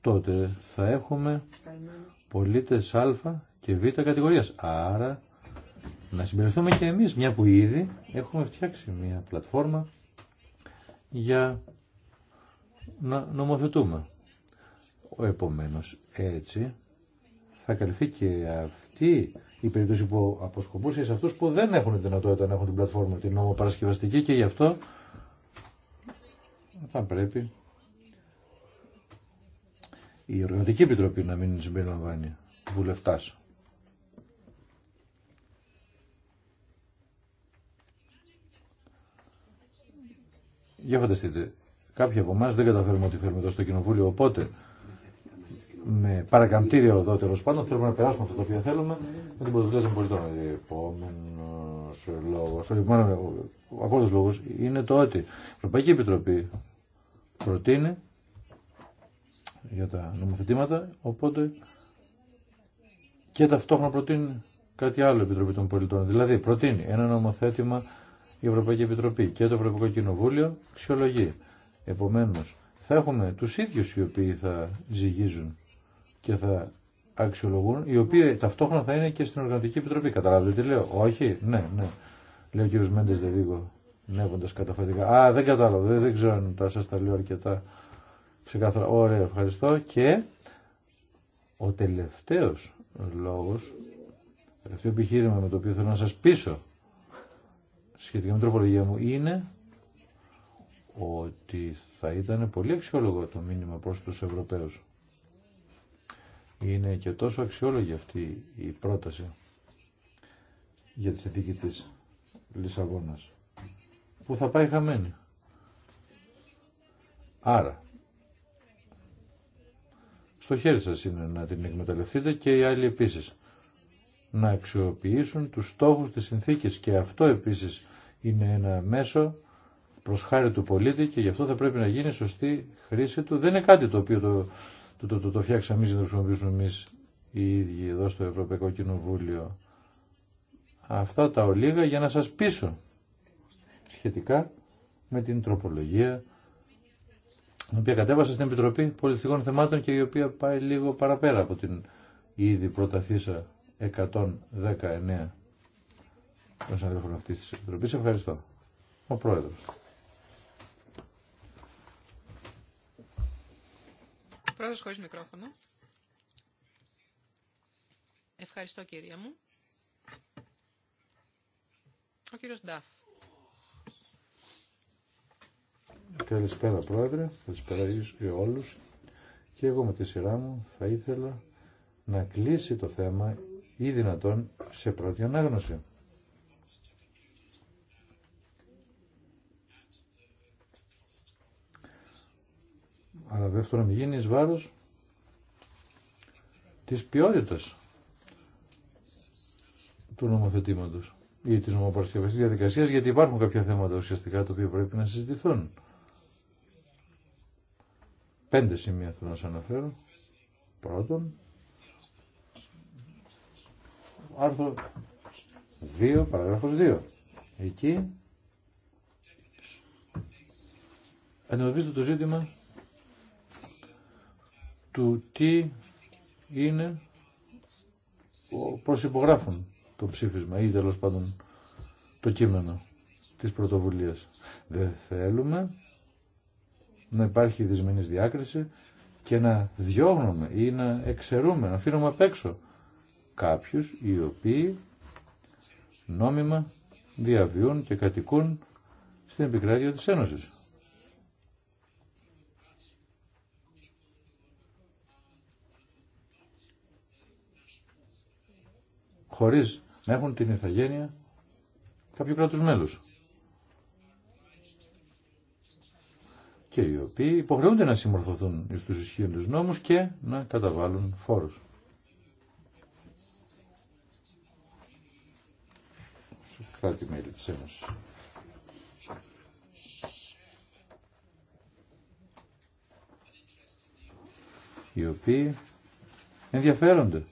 τότε θα έχουμε πολίτες α και β κατηγορίας. Άρα να συμπεριφθούμε και εμείς, μια που ήδη έχουμε φτιάξει μια πλατφόρμα για να νομοθετούμε. Ο επομένως έτσι θα καλυφθεί και αυτή η περίπτωση που αποσκοπούσε σε αυτούς που δεν έχουν δυνατότητα να έχουν την πλατφόρμα την νομοπαρασκευαστική και γι' αυτό θα πρέπει η Οργανωτική Επιτροπή να μην συμπεριλαμβάνει βουλευτάς. Για φανταστείτε, κάποιοι από εμά δεν καταφέρουμε ό,τι θέλουμε εδώ στο Κοινοβούλιο, οπότε με παρακαμπτήρια εδώ τέλο πάντων θέλουμε να περάσουμε αυτό το οποίο θέλουμε με την πρωτοβουλία των πολιτών. Επόμενο λόγο, ο απόλυτο λόγο είναι το ότι η Ευρωπαϊκή Επιτροπή προτείνει για τα νομοθετήματα, οπότε και ταυτόχρονα προτείνει κάτι άλλο η Επιτροπή των Πολιτών. Δηλαδή προτείνει ένα νομοθέτημα η Ευρωπαϊκή Επιτροπή και το Ευρωπαϊκό Κοινοβούλιο αξιολογεί. Επομένω, θα έχουμε του ίδιου οι οποίοι θα ζυγίζουν και θα αξιολογούν, οι οποίοι ταυτόχρονα θα είναι και στην Οργανωτική Επιτροπή. Καταλάβετε τι λέω. Όχι, ναι, ναι. Λέει ο κ. Μέντε Δεβίγκο, νεύοντα καταφατικά. Α, δεν κατάλαβα, δεν, δεν ξέρω αν σα τα λέω αρκετά. Ξεκάθαρα. Ωραία, ευχαριστώ. Και ο τελευταίος λόγος, το τελευταίο επιχείρημα με το οποίο θέλω να σας πείσω σχετικά με την τροπολογία μου είναι ότι θα ήταν πολύ αξιόλογο το μήνυμα προς τους Ευρωπαίους. Είναι και τόσο αξιόλογη αυτή η πρόταση για τη συνθήκη της Λισαβόνα. που θα πάει χαμένη. Άρα στο χέρι σας είναι να την εκμεταλλευτείτε και οι άλλοι επίσης. Να αξιοποιήσουν τους στόχους της συνθήκης και αυτό επίσης είναι ένα μέσο προς χάρη του πολίτη και γι' αυτό θα πρέπει να γίνει σωστή χρήση του. Δεν είναι κάτι το οποίο το, το, το, το, φτιάξαμε εμείς να το χρησιμοποιήσουμε εμείς οι ίδιοι εδώ στο Ευρωπαϊκό Κοινοβούλιο. Αυτά τα ολίγα για να σας πείσω σχετικά με την τροπολογία την οποία κατέβασα στην Επιτροπή Πολιτικών Θεμάτων και η οποία πάει λίγο παραπέρα από την ήδη προταθήσα 119 των συναδέλφων αυτή τη Επιτροπή. Ευχαριστώ. Ο Πρόεδρο. Πρόεδρος χωρίς μικρόφωνο. Ευχαριστώ κυρία μου. Ο κύριος Ντάφ. Καλησπέρα Πρόεδρε, καλησπέρα και όλους και εγώ με τη σειρά μου θα ήθελα να κλείσει το θέμα ή δυνατόν σε πρώτη ανάγνωση. Αλλά δεύτερον να μην γίνει εις βάρος της ποιότητας του νομοθετήματος ή της νομοπαρασκευαστικής διαδικασίας γιατί υπάρχουν κάποια θέματα ουσιαστικά τα οποία πρέπει να συζητηθούν. Πέντε σημεία θέλω να σας αναφέρω. Πρώτον, άρθρο 2, παραγράφος 2. Εκεί αντιμετωπίζεται το ζήτημα του τι είναι προσυπογράφουν το ψήφισμα ή τέλο πάντων το κείμενο της πρωτοβουλίας. Δεν θέλουμε να υπάρχει δυσμενή διάκριση και να διώγνουμε ή να εξαιρούμε, να αφήνουμε απ' έξω κάποιους οι οποίοι νόμιμα διαβιούν και κατοικούν στην επικράτεια της Ένωσης. χωρίς να έχουν την ηθαγένεια κάποιου κράτους μέλους. και οι οποίοι υποχρεούνται να συμμορφωθούν στους του νόμους και να καταβάλουν φόρους. Κράτη μέλη της μας. Οι οποίοι ενδιαφέρονται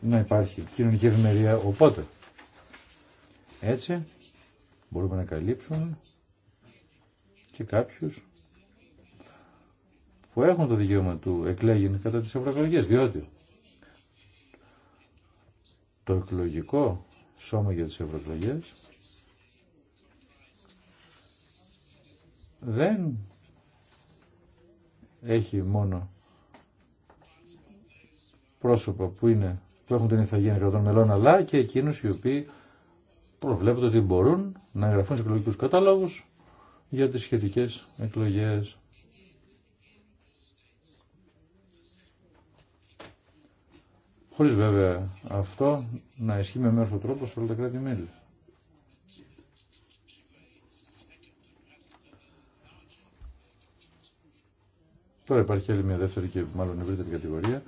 να υπάρχει κοινωνική ευημερία οπότε. Έτσι, μπορούμε να καλύψουν και κάποιους που έχουν το δικαίωμα του εκλέγην κατά τις ευρωεκλογές, διότι το εκλογικό σώμα για τις ευρωεκλογές δεν έχει μόνο πρόσωπα που, είναι, που έχουν την ηθαγένεια κρατών μελών, αλλά και εκείνους οι οποίοι προβλέπεται ότι μπορούν να εγγραφούν σε εκλογικούς κατάλογους για τις σχετικές εκλογές. Χωρίς βέβαια αυτό να ισχύει με μέρος τρόπο σε όλα τα κράτη-μέλη. Τώρα υπάρχει άλλη μια δεύτερη και μάλλον ευρύτερη κατηγορία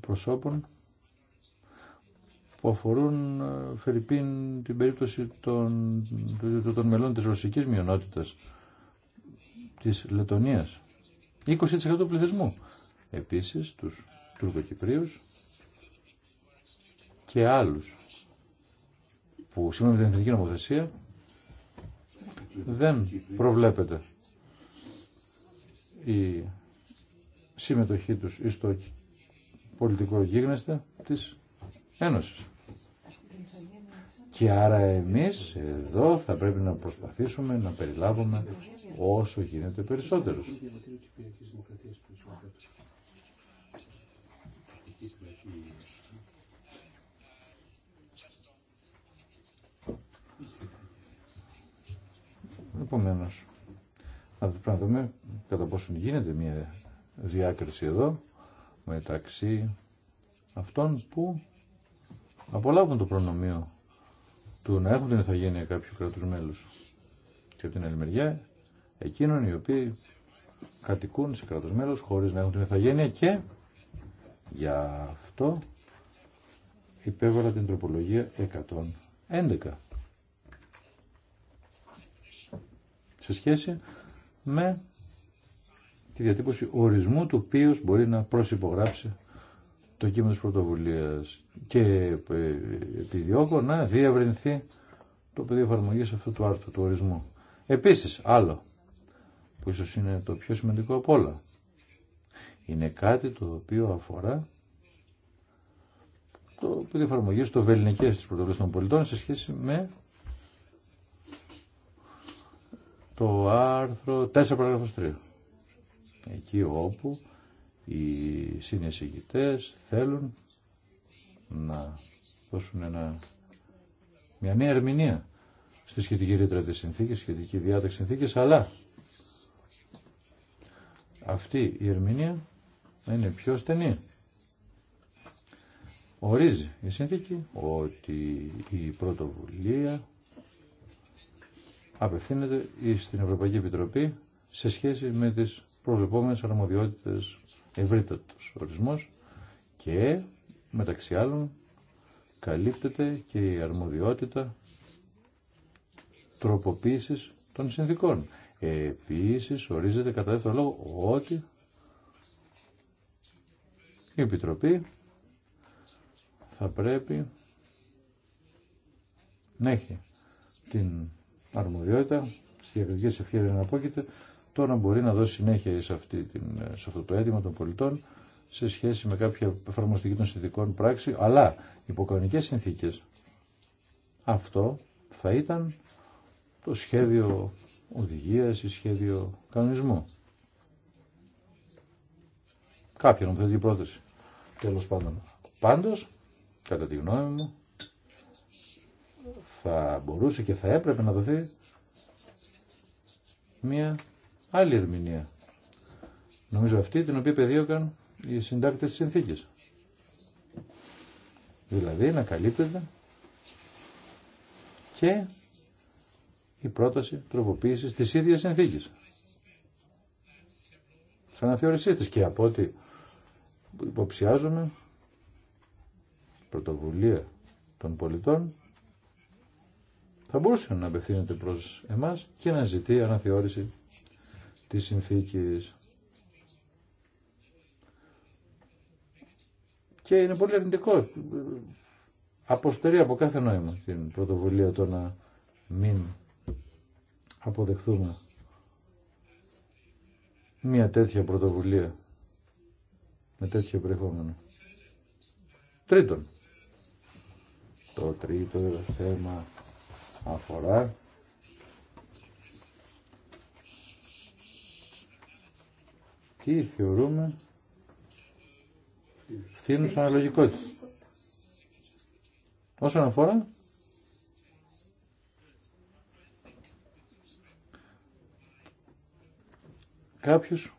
προσώπων που αφορούν ε, φερειπίν την περίπτωση των, των μελών της ρωσικής μειονότητας της Λετωνίας. 20% του πληθυσμού. Επίσης τους Τουρκοκυπρίους και άλλους που σήμερα με την εθνική νομοθεσία δεν προβλέπεται η συμμετοχή τους στο πολιτικό γίγνεσθε της Ένωση. Και άρα εμείς εδώ θα πρέπει να προσπαθήσουμε να περιλάβουμε όσο γίνεται περισσότερους. Επομένω, να δούμε κατά πόσο γίνεται μια διάκριση εδώ μεταξύ αυτών που απολάβουν το προνομίο του να έχουν την ηθαγένεια κάποιου κρατούς μέλους. Και από την άλλη μεριά, εκείνων οι οποίοι κατοικούν σε κράτος μέλους χωρίς να έχουν την ηθαγένεια και για αυτό υπέβαλα την τροπολογία 111. Σε σχέση με τη διατύπωση ορισμού του οποίου μπορεί να προσυπογράψει το κείμενο της πρωτοβουλίας και ε, επιδιώκω να διευρυνθεί το πεδίο εφαρμογή αυτού του άρθρου του ορισμού. Επίσης, άλλο, που ίσως είναι το πιο σημαντικό από όλα, είναι κάτι το οποίο αφορά το πεδίο εφαρμογή στο βελληνικές της πρωτοβουλίας των πολιτών σε σχέση με το άρθρο 4 παράγραφος 3. Εκεί όπου οι συνεισηγητές θέλουν να δώσουν ένα, μια νέα ερμηνεία στη σχετική ρήτρα της συνθήκης, σχετική διάταξη συνθήκης, αλλά αυτή η ερμηνεία να είναι πιο στενή. Ορίζει η συνθήκη ότι η πρωτοβουλία απευθύνεται στην Ευρωπαϊκή Επιτροπή σε σχέση με τις προβλεπόμενες αρμοδιότητες ευρύτατος ορισμός και μεταξύ άλλων καλύπτεται και η αρμοδιότητα τροποποίησης των συνθήκων. Επίσης ορίζεται κατά δεύτερο λόγο ότι η Επιτροπή θα πρέπει να έχει την αρμοδιότητα στη διακριτική ευχαίρεια να απόκειται το να μπορεί να δώσει συνέχεια σε, αυτή την, σε αυτό το αίτημα των πολιτών σε σχέση με κάποια εφαρμοστική των συνθηκών πράξη, αλλά υπό κανονικές συνθήκες. Αυτό θα ήταν το σχέδιο οδηγίας ή σχέδιο κανονισμού. Κάποια νομοθετική πρόταση. Τέλος πάντων. Πάντως, κατά τη γνώμη μου, θα μπορούσε και θα έπρεπε να δοθεί μια άλλη ερμηνεία. Νομίζω αυτή την οποία πεδίωκαν οι συντάκτες της συνθήκης. Δηλαδή να καλύπτεται και η πρόταση τροποποίησης της ίδιας συνθήκης. Σαν αναθεωρησή της και από ό,τι υποψιάζομαι πρωτοβουλία των πολιτών θα μπορούσε να απευθύνεται προς εμάς και να ζητεί αναθεώρηση της συνθήκης. Και είναι πολύ αρνητικό. Αποστερεί από κάθε νόημα την πρωτοβουλία το να μην αποδεχθούμε μια τέτοια πρωτοβουλία με τέτοιο περιεχόμενο. Τρίτον, το τρίτο θέμα αφορά γιατί θεωρούμε φθήνους αναλογικότητας. Όσον αφορά κάποιους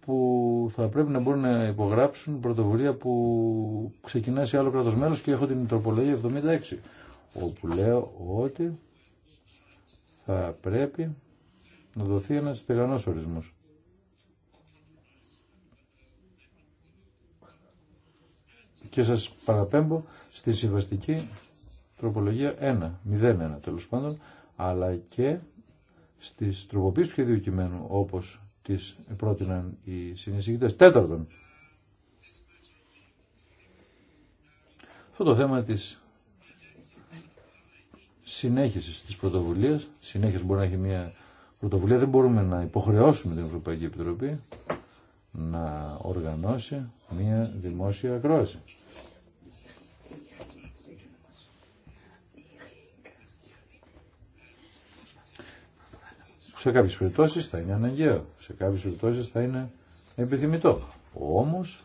που θα πρέπει να μπορούν να υπογράψουν πρωτοβουλία που ξεκινά σε άλλο κράτος μέλος και έχω την τροπολογία 76 όπου λέω ότι θα πρέπει να δοθεί ένας στεγανός ορισμός. Και σας παραπέμπω στη συμβαστική τροπολογία 1, 0-1 τέλος πάντων, αλλά και στις τροποποίησεις του σχεδίου κειμένου όπως τις πρότειναν οι συνεισηγητές. Τέταρτον, αυτό το θέμα της συνέχισης της πρωτοβουλίας, συνέχιση μπορεί να έχει μια πρωτοβουλία, δεν μπορούμε να υποχρεώσουμε την Ευρωπαϊκή Επιτροπή να οργανώσει μία δημόσια ακρόαση. Σε κάποιες περιπτώσεις θα είναι αναγκαίο, σε κάποιες περιπτώσεις θα είναι επιθυμητό. Όμως,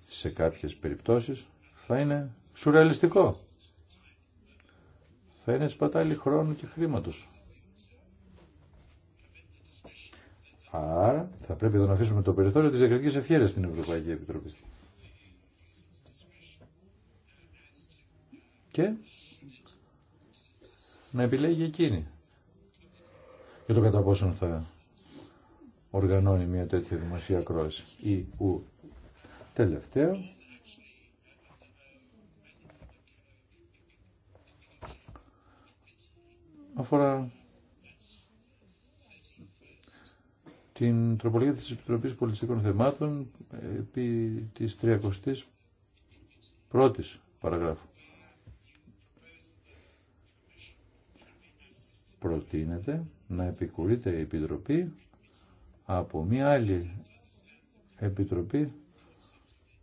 σε κάποιες περιπτώσεις θα είναι σουρεαλιστικό. Θα είναι σπατάλη χρόνου και χρήματος. Θα πρέπει εδώ να αφήσουμε το περιθώριο της διακριτικής ευχαίρεσης στην Ευρωπαϊκή Επιτροπή. Και να επιλέγει εκείνη για το κατά πόσον θα οργανώνει μια τέτοια δημοσία κρόση ή ου. Τελευταίο. Αφορά την τροπολογία της Επιτροπής Πολιτιστικών Θεμάτων ε, επί της 31ης παραγράφου. Προτείνεται να επικουρείται η Επιτροπή από μία άλλη Επιτροπή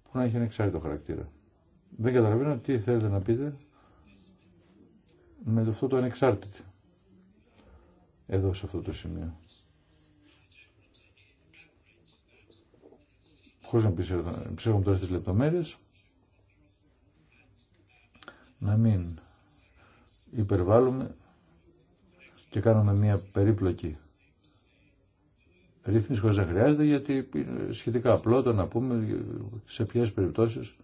που να έχει ανεξάρτητο χαρακτήρα. Δεν καταλαβαίνω τι θέλετε να πείτε με αυτό το ανεξάρτητο εδώ σε αυτό το σημείο. χωρίς να ψεύγουμε τώρα στις λεπτομέρειες, να μην υπερβάλλουμε και κάνουμε μια περίπλοκη ρύθμιση χωρίς να χρειάζεται γιατί είναι σχετικά απλό το να πούμε σε ποιες περιπτώσεις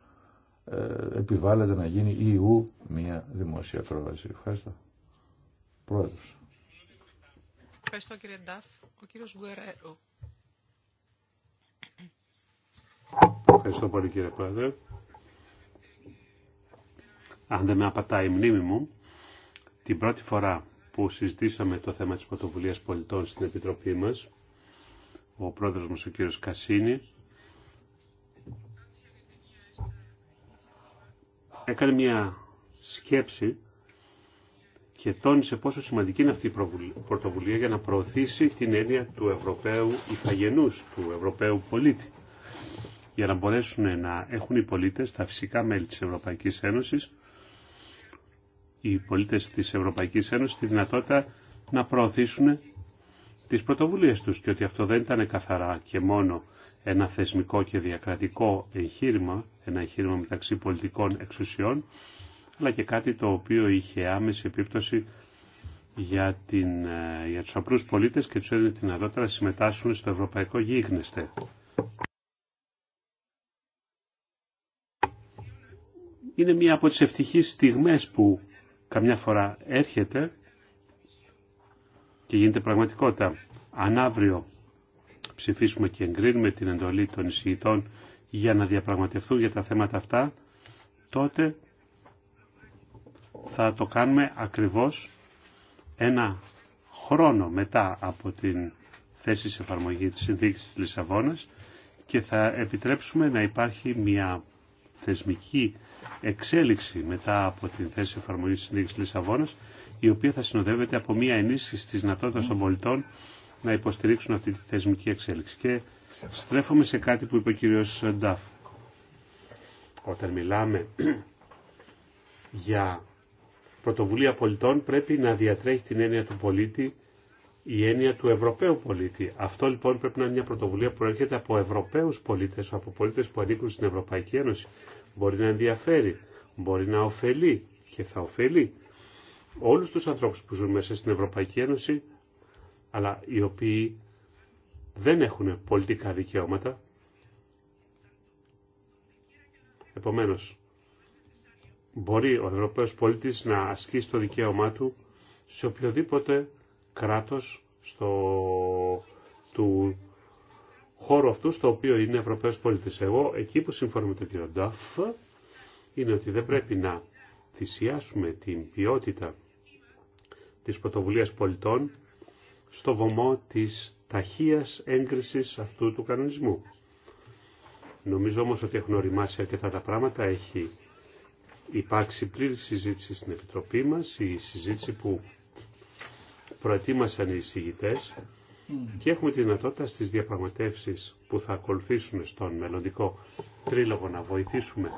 ε, επιβάλλεται να γίνει ή ου μια δημόσια πρόβαση. Ευχαριστώ. Πρόεδρος. Ευχαριστώ κύριε Νταφ. Ο κύριος Γκουερέρο. Ευχαριστώ πολύ κύριε Πρόεδρε. Αν δεν με απατάει η μνήμη μου, την πρώτη φορά που συζητήσαμε το θέμα της πρωτοβουλίας πολιτών στην Επιτροπή μας, ο πρόεδρος μας ο κύριος Κασίνη, έκανε μια σκέψη και τόνισε πόσο σημαντική είναι αυτή η πρωτοβουλία για να προωθήσει την έννοια του Ευρωπαίου ηθαγενούς, του Ευρωπαίου πολίτη για να μπορέσουν να έχουν οι πολίτες, τα φυσικά μέλη της Ευρωπαϊκής Ένωσης, οι πολίτες της Ευρωπαϊκής Ένωσης τη δυνατότητα να προωθήσουν τις πρωτοβουλίες τους και ότι αυτό δεν ήταν καθαρά και μόνο ένα θεσμικό και διακρατικό εγχείρημα, ένα εγχείρημα μεταξύ πολιτικών εξουσιών, αλλά και κάτι το οποίο είχε άμεση επίπτωση για, την, ε, για τους απλούς πολίτες και τους έδινε την δυνατότητα να συμμετάσχουν στο ευρωπαϊκό γίγνεσθε. είναι μία από τις ευτυχείς στιγμές που καμιά φορά έρχεται και γίνεται πραγματικότητα. Αν αύριο ψηφίσουμε και εγκρίνουμε την εντολή των εισηγητών για να διαπραγματευτούν για τα θέματα αυτά, τότε θα το κάνουμε ακριβώς ένα χρόνο μετά από την θέση σε εφαρμογή της συνθήκης της Λισαβόνας και θα επιτρέψουμε να υπάρχει μια θεσμική εξέλιξη μετά από την θέση εφαρμογή τη Συνθήκη Λισαβόνα, η οποία θα συνοδεύεται από μια ενίσχυση τη δυνατότητα των πολιτών να υποστηρίξουν αυτή τη θεσμική εξέλιξη. Και στρέφομαι σε κάτι που είπε ο κύριος Νταφ. Όταν μιλάμε για πρωτοβουλία πολιτών πρέπει να διατρέχει την έννοια του πολίτη η έννοια του Ευρωπαίου πολίτη. Αυτό λοιπόν πρέπει να είναι μια πρωτοβουλία που έρχεται από Ευρωπαίους πολίτες, από πολίτες που ανήκουν στην Ευρωπαϊκή Ένωση. Μπορεί να ενδιαφέρει, μπορεί να ωφελεί και θα ωφελεί όλους τους ανθρώπους που ζουν μέσα στην Ευρωπαϊκή Ένωση, αλλά οι οποίοι δεν έχουν πολιτικά δικαιώματα. Επομένως, μπορεί ο Ευρωπαίος πολίτης να ασκήσει το δικαίωμά του σε οποιοδήποτε κράτος στο, του χώρου αυτού στο οποίο είναι Ευρωπαίος πολίτης. Εγώ εκεί που συμφωνώ με τον κύριο Νταφ είναι ότι δεν πρέπει να θυσιάσουμε την ποιότητα της πρωτοβουλία πολιτών στο βωμό της ταχείας έγκρισης αυτού του κανονισμού. Νομίζω όμως ότι έχουν οριμάσει αρκετά τα πράγματα, έχει υπάρξει πλήρη συζήτηση στην Επιτροπή μας, η συζήτηση που προετοίμασαν οι εισηγητές και έχουμε τη δυνατότητα στις διαπραγματεύσεις που θα ακολουθήσουν στον μελλοντικό τρίλογο να βοηθήσουμε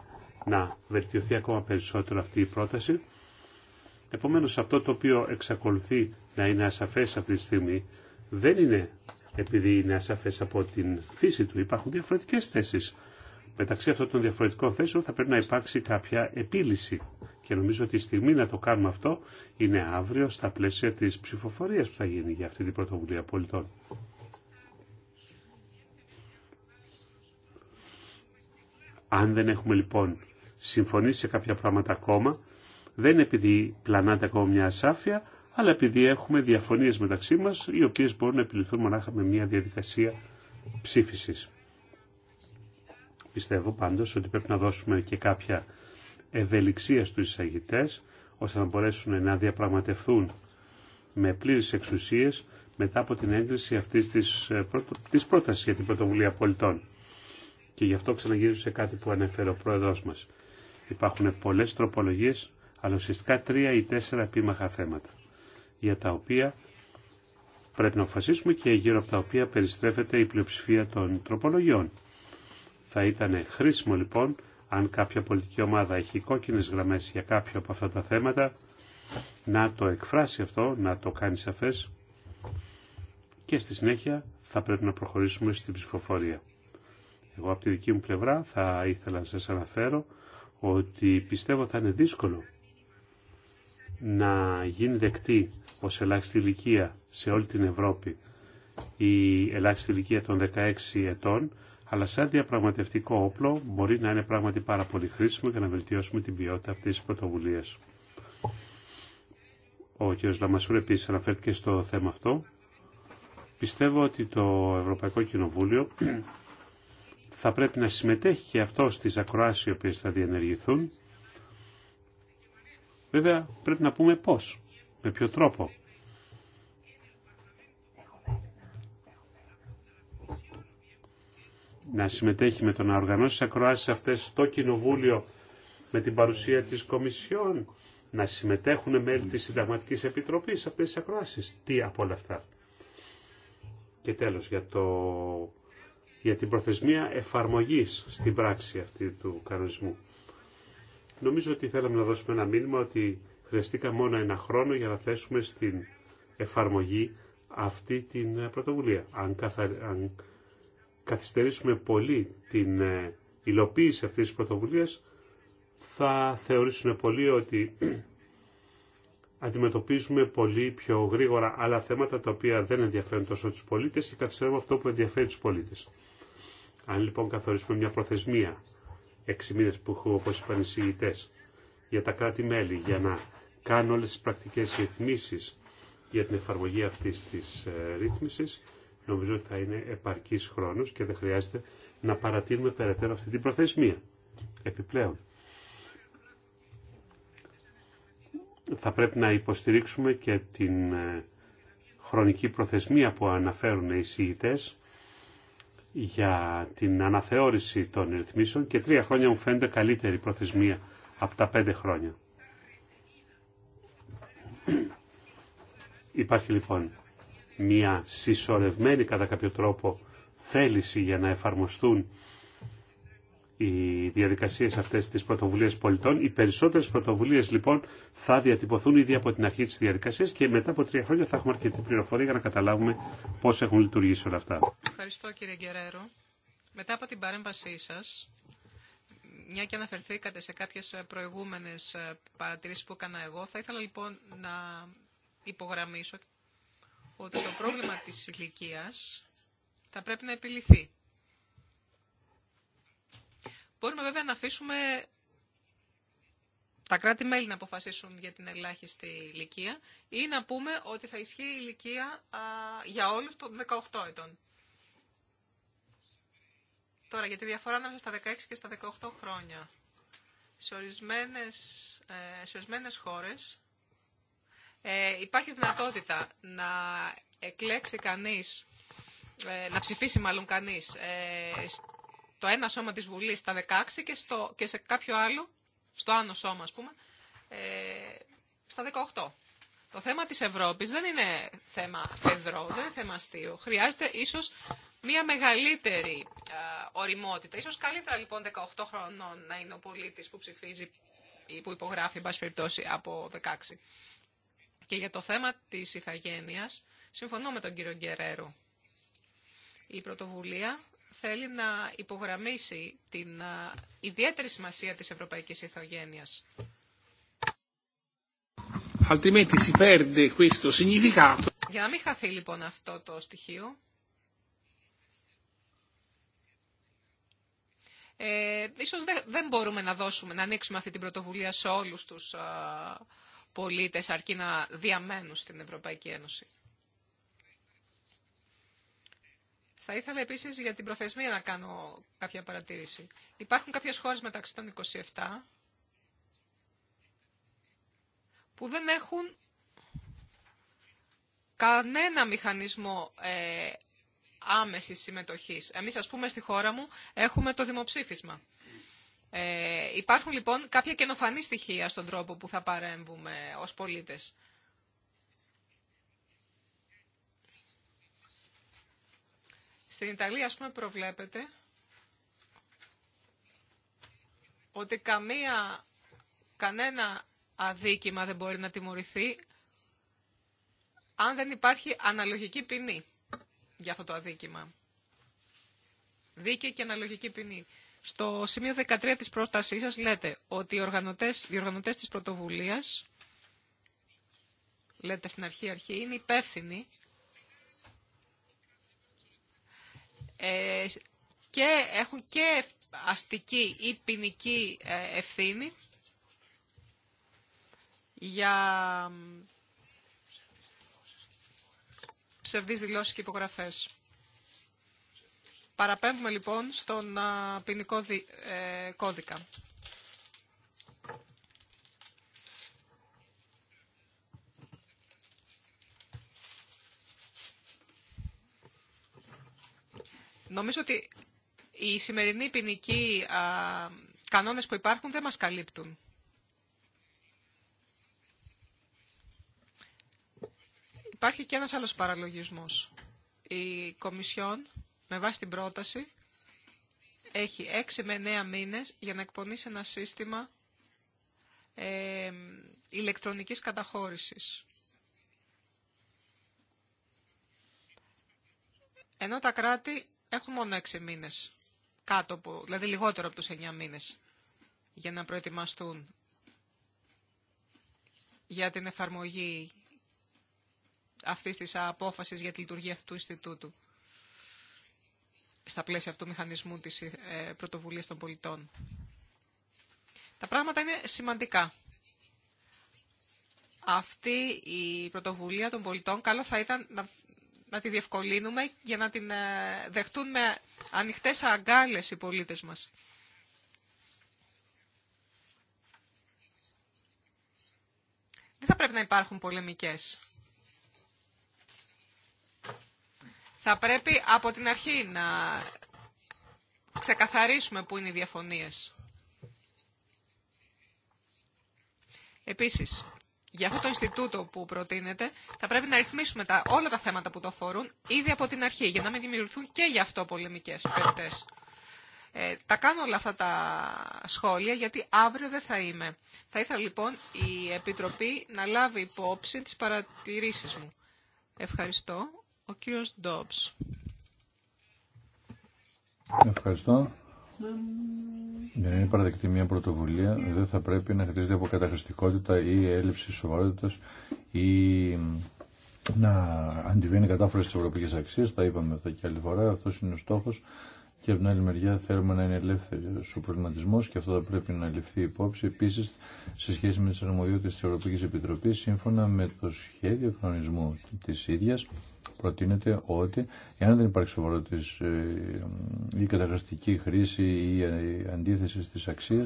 να βελτιωθεί ακόμα περισσότερο αυτή η πρόταση. Επομένως αυτό το οποίο εξακολουθεί να είναι ασαφές αυτή τη στιγμή δεν είναι επειδή είναι ασαφές από την φύση του. Υπάρχουν διαφορετικές θέσεις μεταξύ αυτών των διαφορετικών θέσεων θα πρέπει να υπάρξει κάποια επίλυση. Και νομίζω ότι η στιγμή να το κάνουμε αυτό είναι αύριο στα πλαίσια της ψηφοφορίας που θα γίνει για αυτή την πρωτοβουλία πολιτών. Αν δεν έχουμε λοιπόν συμφωνήσει σε κάποια πράγματα ακόμα, δεν επειδή πλανάται ακόμα μια ασάφεια, αλλά επειδή έχουμε διαφωνίες μεταξύ μας, οι οποίες μπορούν να επιληθούν μονάχα με μια διαδικασία ψήφισης. Πιστεύω πάντως ότι πρέπει να δώσουμε και κάποια ευελιξία στους εισαγητές, ώστε να μπορέσουν να διαπραγματευτούν με πλήρες εξουσίες μετά από την έγκριση αυτής της, ε, της πρότασης για την πρωτοβουλία πολιτών. Και γι' αυτό ξαναγυρίζω σε κάτι που ανέφερε ο πρόεδρος μας. Υπάρχουν πολλές τροπολογίες, αλλά ουσιαστικά τρία ή τέσσερα επίμαχα θέματα, για τα οποία πρέπει να αποφασίσουμε και γύρω από τα οποία περιστρέφεται η πλειοψηφία των τροπολογιών. Θα ήταν χρήσιμο λοιπόν αν κάποια πολιτική ομάδα έχει κόκκινες γραμμές για κάποια από αυτά τα θέματα να το εκφράσει αυτό, να το κάνει σαφές και στη συνέχεια θα πρέπει να προχωρήσουμε στην ψηφοφορία. Εγώ από τη δική μου πλευρά θα ήθελα να σας αναφέρω ότι πιστεύω θα είναι δύσκολο να γίνει δεκτή ως ελάχιστη ηλικία σε όλη την Ευρώπη η ελάχιστη ηλικία των 16 ετών αλλά σαν διαπραγματευτικό όπλο μπορεί να είναι πράγματι πάρα πολύ χρήσιμο για να βελτιώσουμε την ποιότητα αυτή τη πρωτοβουλία. Ο κ. Λαμασούρ επίση αναφέρθηκε στο θέμα αυτό. Πιστεύω ότι το Ευρωπαϊκό Κοινοβούλιο θα πρέπει να συμμετέχει και αυτό στις ακροάσεις οι οποίες θα διενεργηθούν. Βέβαια πρέπει να πούμε πώς, με ποιο τρόπο. να συμμετέχει με το να οργανώσει ακροάσεις αυτές στο Κοινοβούλιο με την παρουσία της Κομισιόν, να συμμετέχουν μέλη της Συνταγματικής Επιτροπής σε αυτές τις ακροάσεις. Τι από όλα αυτά. Και τέλος, για, το... για την προθεσμία εφαρμογής στην πράξη αυτή του κανονισμού. Νομίζω ότι θέλαμε να δώσουμε ένα μήνυμα ότι χρειαστήκα μόνο ένα χρόνο για να θέσουμε στην εφαρμογή αυτή την πρωτοβουλία. Αν, καθα... αν καθυστερήσουμε πολύ την ε, υλοποίηση αυτής της πρωτοβουλίας, θα θεωρήσουν πολύ ότι [CLEARS THROAT] αντιμετωπίζουμε πολύ πιο γρήγορα άλλα θέματα τα οποία δεν ενδιαφέρουν τόσο τους πολίτες και καθυστερούμε αυτό που ενδιαφέρει τους πολίτες. Αν λοιπόν καθορίσουμε μια προθεσμία, έξι μήνες που έχω όπως είπαν οι για τα κράτη-μέλη, για να κάνουν όλες τις πρακτικές ρυθμίσεις για την εφαρμογή αυτής της ε, ρύθμισης, νομίζω ότι θα είναι επαρκής χρόνος και δεν χρειάζεται να παρατείνουμε περαιτέρω αυτή την προθεσμία. Επιπλέον, θα πρέπει να υποστηρίξουμε και την ε, χρονική προθεσμία που αναφέρουν οι συγητές για την αναθεώρηση των ρυθμίσεων και τρία χρόνια μου φαίνεται καλύτερη προθεσμία από τα πέντε χρόνια. Υπάρχει λοιπόν μια συσσωρευμένη κατά κάποιο τρόπο θέληση για να εφαρμοστούν οι διαδικασίες αυτές της πρωτοβουλίας πολιτών. Οι περισσότερες πρωτοβουλίες λοιπόν θα διατυπωθούν ήδη από την αρχή της διαδικασίας και μετά από τρία χρόνια θα έχουμε αρκετή πληροφορία για να καταλάβουμε πώς έχουν λειτουργήσει όλα αυτά. Ευχαριστώ κύριε Γκερέρο. Μετά από την παρέμβασή σας, μια και αναφερθήκατε σε κάποιες προηγούμενες ε, παρατηρήσεις που έκανα εγώ, θα ήθελα λοιπόν να υπογραμμίσω ότι το πρόβλημα της ηλικία θα πρέπει να επιληθεί. Μπορούμε βέβαια να αφήσουμε τα κράτη-μέλη να αποφασίσουν για την ελάχιστη ηλικία ή να πούμε ότι θα ισχύει η ηλικία για όλους των 18 ετών. Τώρα, για τη διαφορά ανάμεσα στα 16 και στα 18 χρόνια. Σε ορισμένες, ε, σε ορισμένες χώρες ε, υπάρχει δυνατότητα να εκλέξει κανείς, ε, να ψηφίσει μάλλον κανείς ε, στο ένα σώμα της Βουλής στα 16 και, στο, και σε κάποιο άλλο, στο άνω σώμα ας πούμε, ε, στα 18. Το θέμα της Ευρώπης δεν είναι θέμα φεδρό, δεν είναι θέμα αστείο. Χρειάζεται ίσως μια μεγαλύτερη ε, οριμότητα. Ίσως καλύτερα λοιπόν 18 χρονών να είναι ο πολίτης που ψηφίζει ή που υπογράφει, εν πάση περιπτώσει, από 16. Και για το θέμα της ηθαγένειας, συμφωνώ με τον κύριο Γκερέρο. Η πρωτοβουλία θέλει να υπογραμμίσει την ιδιαίτερη σημασία της ευρωπαϊκής ηθαγένειας. Για να μην χαθεί λοιπόν αυτό το στοιχείο, ε, ίσως δεν μπορούμε να δώσουμε, να ανοίξουμε αυτή την πρωτοβουλία σε όλους τους πολίτες αρκεί να διαμένουν στην Ευρωπαϊκή Ένωση. Θα ήθελα επίσης για την προθεσμία να κάνω κάποια παρατήρηση. Υπάρχουν κάποιες χώρες μεταξύ των 27 που δεν έχουν κανένα μηχανισμό ε, άμεσης συμμετοχής. Εμείς, ας πούμε, στη χώρα μου έχουμε το δημοψήφισμα. Ε, υπάρχουν λοιπόν κάποια καινοφανή στοιχεία στον τρόπο που θα παρέμβουμε ως πολίτες. Στην Ιταλία, ας πούμε, προβλέπεται ότι καμία, κανένα αδίκημα δεν μπορεί να τιμωρηθεί αν δεν υπάρχει αναλογική ποινή για αυτό το αδίκημα. Δίκαιη και αναλογική ποινή. Στο σημείο 13 της πρότασής σας λέτε ότι οι οργανωτές, οι οργανωτές της πρωτοβουλίας, λέτε στην αρχή αρχή, είναι υπεύθυνοι ε, και έχουν και αστική ή ποινική ε, ευθύνη για ψευδείς δηλώσεις και υπογραφές. Παραπέμπουμε λοιπόν στον ποινικό ε, κώδικα. Νομίζω ότι οι σημερινοί ποινικοί κανόνες που υπάρχουν δεν μας καλύπτουν. Υπάρχει και ένας άλλος παραλογισμός. Η Κομισιόν με βάση την πρόταση, έχει 6 με 9 μήνες για να εκπονήσει ένα σύστημα ε, ηλεκτρονικής καταχώρησης. Ενώ τα κράτη έχουν μόνο 6 μήνες, κάτω από, δηλαδή λιγότερο από τους 9 μήνες, για να προετοιμαστούν για την εφαρμογή αυτής της απόφασης για τη λειτουργία του Ινστιτούτου στα πλαίσια αυτού του μηχανισμού της ε, πρωτοβουλίας των πολιτών. Τα πράγματα είναι σημαντικά. Αυτή η πρωτοβουλία των πολιτών καλό θα ήταν να, να τη διευκολύνουμε για να την ε, δεχτούν με ανοιχτές αγκάλες οι πολίτες μας. Δεν θα πρέπει να υπάρχουν πολεμικές Θα πρέπει από την αρχή να ξεκαθαρίσουμε πού είναι οι διαφωνίες. Επίσης, για αυτό το Ινστιτούτο που προτείνεται, θα πρέπει να ρυθμίσουμε τα, όλα τα θέματα που το αφορούν ήδη από την αρχή, για να μην δημιουργηθούν και γι' αυτό πολεμικέ περτέ. Ε, τα κάνω όλα αυτά τα σχόλια, γιατί αύριο δεν θα είμαι. Θα ήθελα λοιπόν η Επιτροπή να λάβει υπόψη τις παρατηρήσεις μου. Ευχαριστώ. Ο κύριος Ντόμπς. Ευχαριστώ. Δεν είναι παραδεκτή μια πρωτοβουλία. Δεν θα πρέπει να χτίζεται από καταχρηστικότητα ή έλλειψη σοβαρότητα ή να αντιβαίνει κατάφορα τη Ευρωπαϊκή αξίες. Τα είπαμε εδώ και άλλη φορά. Αυτό είναι ο στόχος και από την άλλη μεριά θέλουμε να είναι ελεύθερο ο προβληματισμό και αυτό θα πρέπει να ληφθεί υπόψη. Επίση, σε σχέση με τι αρμοδιότητε τη Ευρωπαϊκή Επιτροπή, σύμφωνα με το σχέδιο κανονισμού τη ίδια, προτείνεται ότι εάν δεν υπάρξει σοβαρότητα ή ε, καταγραστική χρήση ή αντίθεση στι αξίε,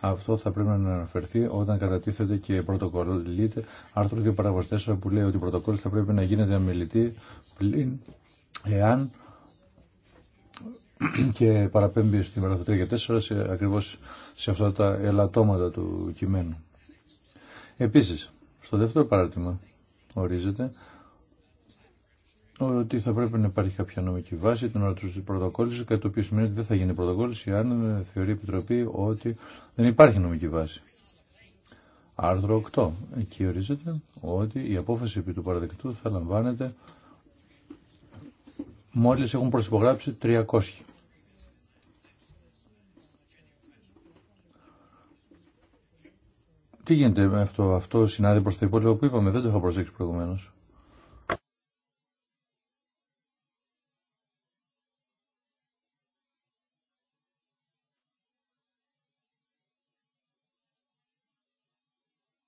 αυτό θα πρέπει να αναφερθεί όταν κατατίθεται και πρωτοκολλείται άρθρο 2 παραγωγή 4 που λέει ότι η πρωτοκόλληση θα πρέπει να γίνεται αμελητή πλην εάν και παραπέμπει στην παραθέτρια και 4 σε, ακριβώς σε αυτά τα ελαττώματα του κειμένου. Επίσης, στο δεύτερο παράρτημα ορίζεται ότι θα πρέπει να υπάρχει κάποια νομική βάση την ώρα τη πρωτοκόλληση, κάτι το οποίο σημαίνει ότι δεν θα γίνει πρωτοκόλληση αν θεωρεί η Επιτροπή ότι δεν υπάρχει νομική βάση. Άρθρο 8. Εκεί ορίζεται ότι η απόφαση επί του παραδεκτού θα λαμβάνεται μόλις έχουν προσυπογράψει 300. Τι γίνεται με αυτό, αυτό συνάδει προς το υπόλοιπο που είπαμε, δεν το είχα προσέξει προηγουμένως.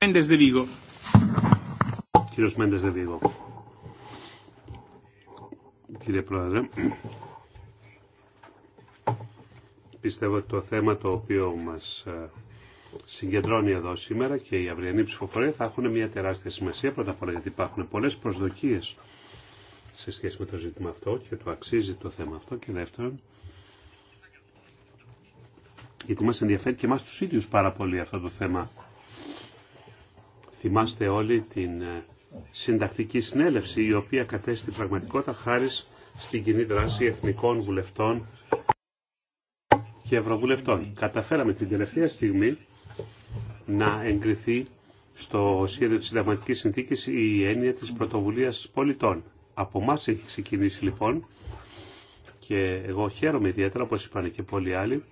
Μέντες Κύριος Μέντες κύριε Πρόεδρε. Πιστεύω ότι το θέμα το οποίο μας ε, συγκεντρώνει εδώ σήμερα και η αυριανή ψηφοφορία θα έχουν μια τεράστια σημασία πρώτα απ' όλα γιατί υπάρχουν πολλές προσδοκίες σε σχέση με το ζήτημα αυτό και το αξίζει το θέμα αυτό και δεύτερον γιατί μας ενδιαφέρει και εμάς τους ίδιους πάρα πολύ αυτό το θέμα. Θυμάστε όλοι την ε, συντακτική συνέλευση η οποία κατέστη πραγματικότητα χάρη στην κοινή δράση εθνικών βουλευτών και ευρωβουλευτών. Καταφέραμε την τελευταία στιγμή να εγκριθεί στο σχέδιο της συνταγματικής συνθήκης η έννοια της πρωτοβουλίας πολιτών. Από εμά έχει ξεκινήσει λοιπόν και εγώ χαίρομαι ιδιαίτερα όπως είπαν και πολλοί άλλοι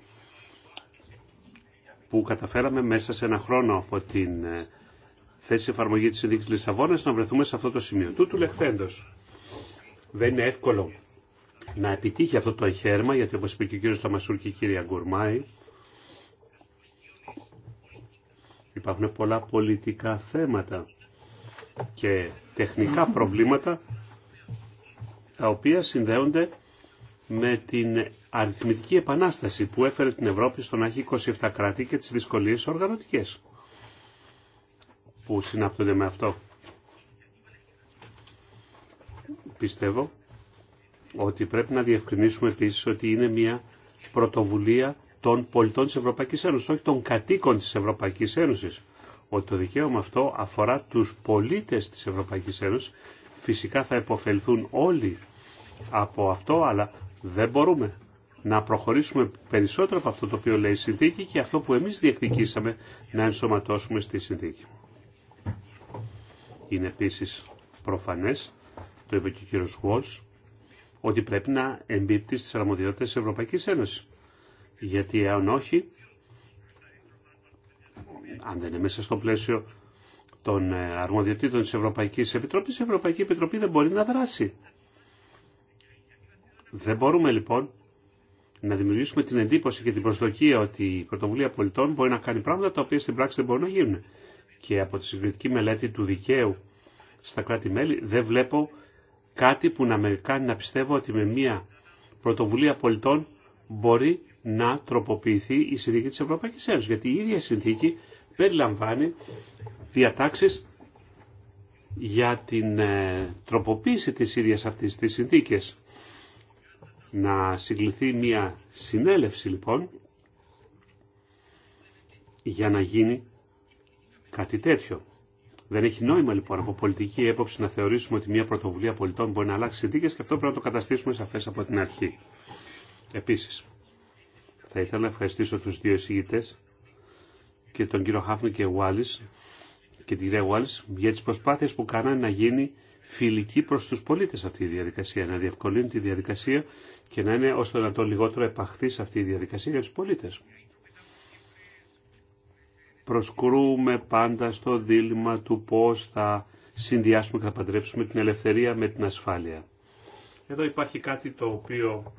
που καταφέραμε μέσα σε ένα χρόνο από την ε, θέση εφαρμογή της συνδίκη Λισαβόνα να βρεθούμε σε αυτό το σημείο. Τούτου λεχθέντος. Δεν είναι εύκολο να επιτύχει αυτό το εγχέρμα, γιατί όπω είπε και ο κύριο Σταμασούρ και η κυρία Γκουρμάη, υπάρχουν πολλά πολιτικά θέματα και τεχνικά προβλήματα τα οποία συνδέονται με την αριθμητική επανάσταση που έφερε την Ευρώπη στο να έχει 27 κράτη και τις δυσκολίες οργανωτικές που συνάπτονται με αυτό. Πιστεύω ότι πρέπει να διευκρινίσουμε επίσης ότι είναι μια πρωτοβουλία των πολιτών της Ευρωπαϊκής Ένωσης, όχι των κατοίκων της Ευρωπαϊκής Ένωσης. Ότι το δικαίωμα αυτό αφορά τους πολίτες της Ευρωπαϊκής Ένωσης. Φυσικά θα υποφελθούν όλοι από αυτό, αλλά δεν μπορούμε να προχωρήσουμε περισσότερο από αυτό το οποίο λέει η συνθήκη και αυτό που εμείς διεκδικήσαμε να ενσωματώσουμε στη συνθήκη. Είναι επίσης προφανές, το είπε και ο κύριος Γουόλς, ότι πρέπει να εμπίπτει στις αρμοδιότητες της Ευρωπαϊκής Ένωσης. Γιατί αν όχι, αν δεν είναι μέσα στο πλαίσιο των ε, αρμοδιοτήτων της Ευρωπαϊκής Επιτροπής, η Ευρωπαϊκή Επιτροπή δεν μπορεί να δράσει. Δεν μπορούμε λοιπόν να δημιουργήσουμε την εντύπωση και την προσδοκία ότι η πρωτοβουλία πολιτών μπορεί να κάνει πράγματα τα οποία στην πράξη δεν μπορούν να γίνουν και από τη συγκριτική μελέτη του δικαίου στα κράτη-μέλη δεν βλέπω κάτι που να με κάνει να πιστεύω ότι με μια πρωτοβουλία πολιτών μπορεί να τροποποιηθεί η συνθήκη της Ευρωπαϊκής Ένωσης. Γιατί η ίδια συνθήκη περιλαμβάνει διατάξεις για την ε, τροποποίηση της ίδιας αυτής της συνθήκης. Να συγκληθεί μια συνέλευση λοιπόν για να γίνει κάτι τέτοιο. Δεν έχει νόημα λοιπόν από πολιτική έποψη να θεωρήσουμε ότι μια πρωτοβουλία πολιτών μπορεί να αλλάξει συνθήκε και αυτό πρέπει να το καταστήσουμε σαφέ από την αρχή. Επίση, θα ήθελα να ευχαριστήσω του δύο εισηγητέ και τον κύριο Χάφνο και και την κυρία Γουάλη για τι προσπάθειε που κάνανε να γίνει φιλική προ του πολίτε αυτή η διαδικασία, να διευκολύνει τη διαδικασία και να είναι ώστε να το λιγότερο επαχθεί αυτή η διαδικασία για του πολίτε προσκρούμε πάντα στο δίλημα του πώς θα συνδυάσουμε και θα παντρέψουμε την ελευθερία με την ασφάλεια. Εδώ υπάρχει κάτι το οποίο,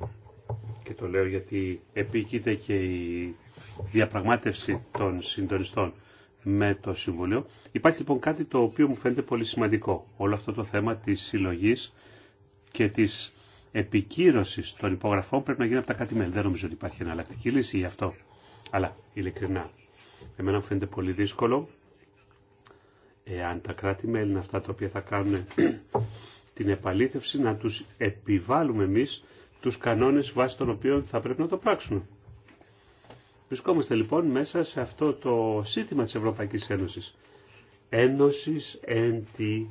και το λέω γιατί επίκειται και η διαπραγμάτευση των συντονιστών με το Συμβουλίο, υπάρχει λοιπόν κάτι το οποίο μου φαίνεται πολύ σημαντικό. Όλο αυτό το θέμα της συλλογής και της επικύρωση των υπογραφών πρέπει να γίνει από τα κάτι μέλη. Δεν νομίζω ότι υπάρχει εναλλακτική λύση γι' αυτό. Αλλά ειλικρινά Εμένα μου φαίνεται πολύ δύσκολο εάν τα κράτη-μέλη είναι αυτά τα οποία θα κάνουν [CLEARS THROAT] την επαλήθευση να τους επιβάλλουμε εμείς τους κανόνες βάσει των οποίων θα πρέπει να το πράξουν. Βρισκόμαστε λοιπόν μέσα σε αυτό το σύστημα της Ευρωπαϊκής Ένωσης. Ένωσης εν τη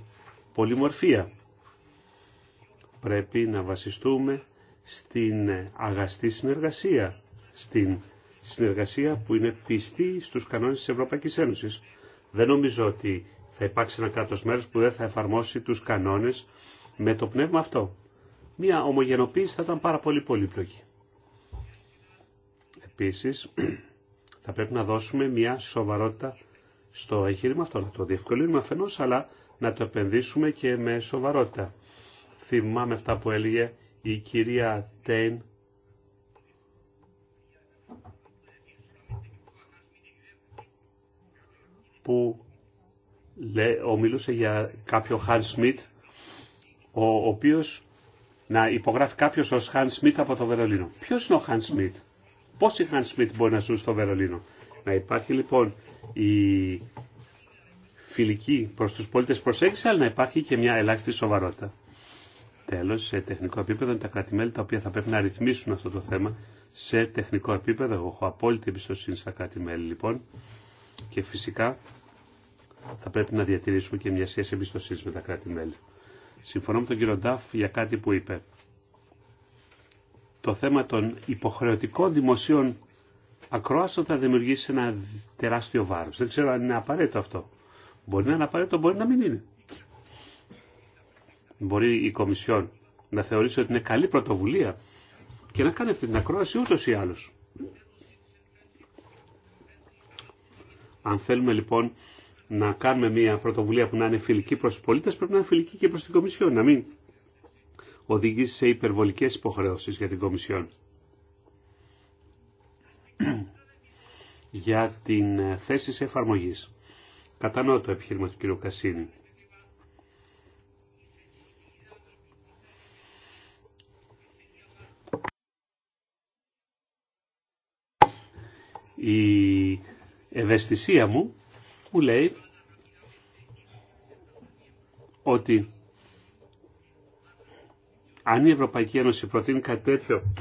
πολυμορφία. Πρέπει να βασιστούμε στην αγαστή συνεργασία, στην συνεργασία που είναι πιστή στους κανόνες της Ευρωπαϊκής Ένωσης. Δεν νομίζω ότι θα υπάρξει ένα κράτος μέρος που δεν θα εφαρμόσει τους κανόνες με το πνεύμα αυτό. Μία ομογενοποίηση θα ήταν πάρα πολύ πολύπλοκη. Επίσης, [CLEARS THROAT] θα πρέπει να δώσουμε μια σοβαρότητα στο εγχείρημα αυτό, να το διευκολύνουμε αφενός, αλλά να το επενδύσουμε και με σοβαρότητα. Θυμάμαι αυτά που έλεγε η κυρία Τέιν που λέ, ομιλούσε για κάποιο Χάν Σμιτ, ο, οποίος να υπογράφει κάποιος ω Χάν Σμιτ από το Βερολίνο. Ποιο είναι ο Χάν Σμιτ, πόσοι Χάν Σμιτ μπορεί να ζουν στο Βερολίνο. Να υπάρχει λοιπόν η φιλική προς τους πολίτες προσέγγιση, αλλά να υπάρχει και μια ελάχιστη σοβαρότητα. Τέλος, σε τεχνικό επίπεδο είναι τα κράτη-μέλη τα οποία θα πρέπει να ρυθμίσουν αυτό το θέμα σε τεχνικό επίπεδο. Εγώ έχω απόλυτη εμπιστοσύνη στα κράτη-μέλη λοιπόν και φυσικά θα πρέπει να διατηρήσουμε και μια σχέση εμπιστοσύνη με τα κράτη-μέλη. Συμφωνώ με τον κύριο Ντάφ για κάτι που είπε. Το θέμα των υποχρεωτικών δημοσίων ακροάσεων θα δημιουργήσει ένα τεράστιο βάρο. Δεν ξέρω αν είναι απαραίτητο αυτό. Μπορεί να είναι απαραίτητο, μπορεί να μην είναι. Μπορεί η Κομισιόν να θεωρήσει ότι είναι καλή πρωτοβουλία και να κάνει αυτή την ακρόαση ούτω ή άλλω. Αν θέλουμε λοιπόν να κάνουμε μια πρωτοβουλία που να είναι φιλική προς τους πολίτες, πρέπει να είναι φιλική και προς την Κομισιόν, να μην οδηγήσει σε υπερβολικές υποχρεώσεις για την Κομισιόν. για την ε, θέση σε εφαρμογής. Κατανοώ το επιχείρημα του κ. Κασίνη. Η ευαισθησία μου μου λέει ότι αν η Ευρωπαϊκή Ένωση προτείνει κάτι τέτοιο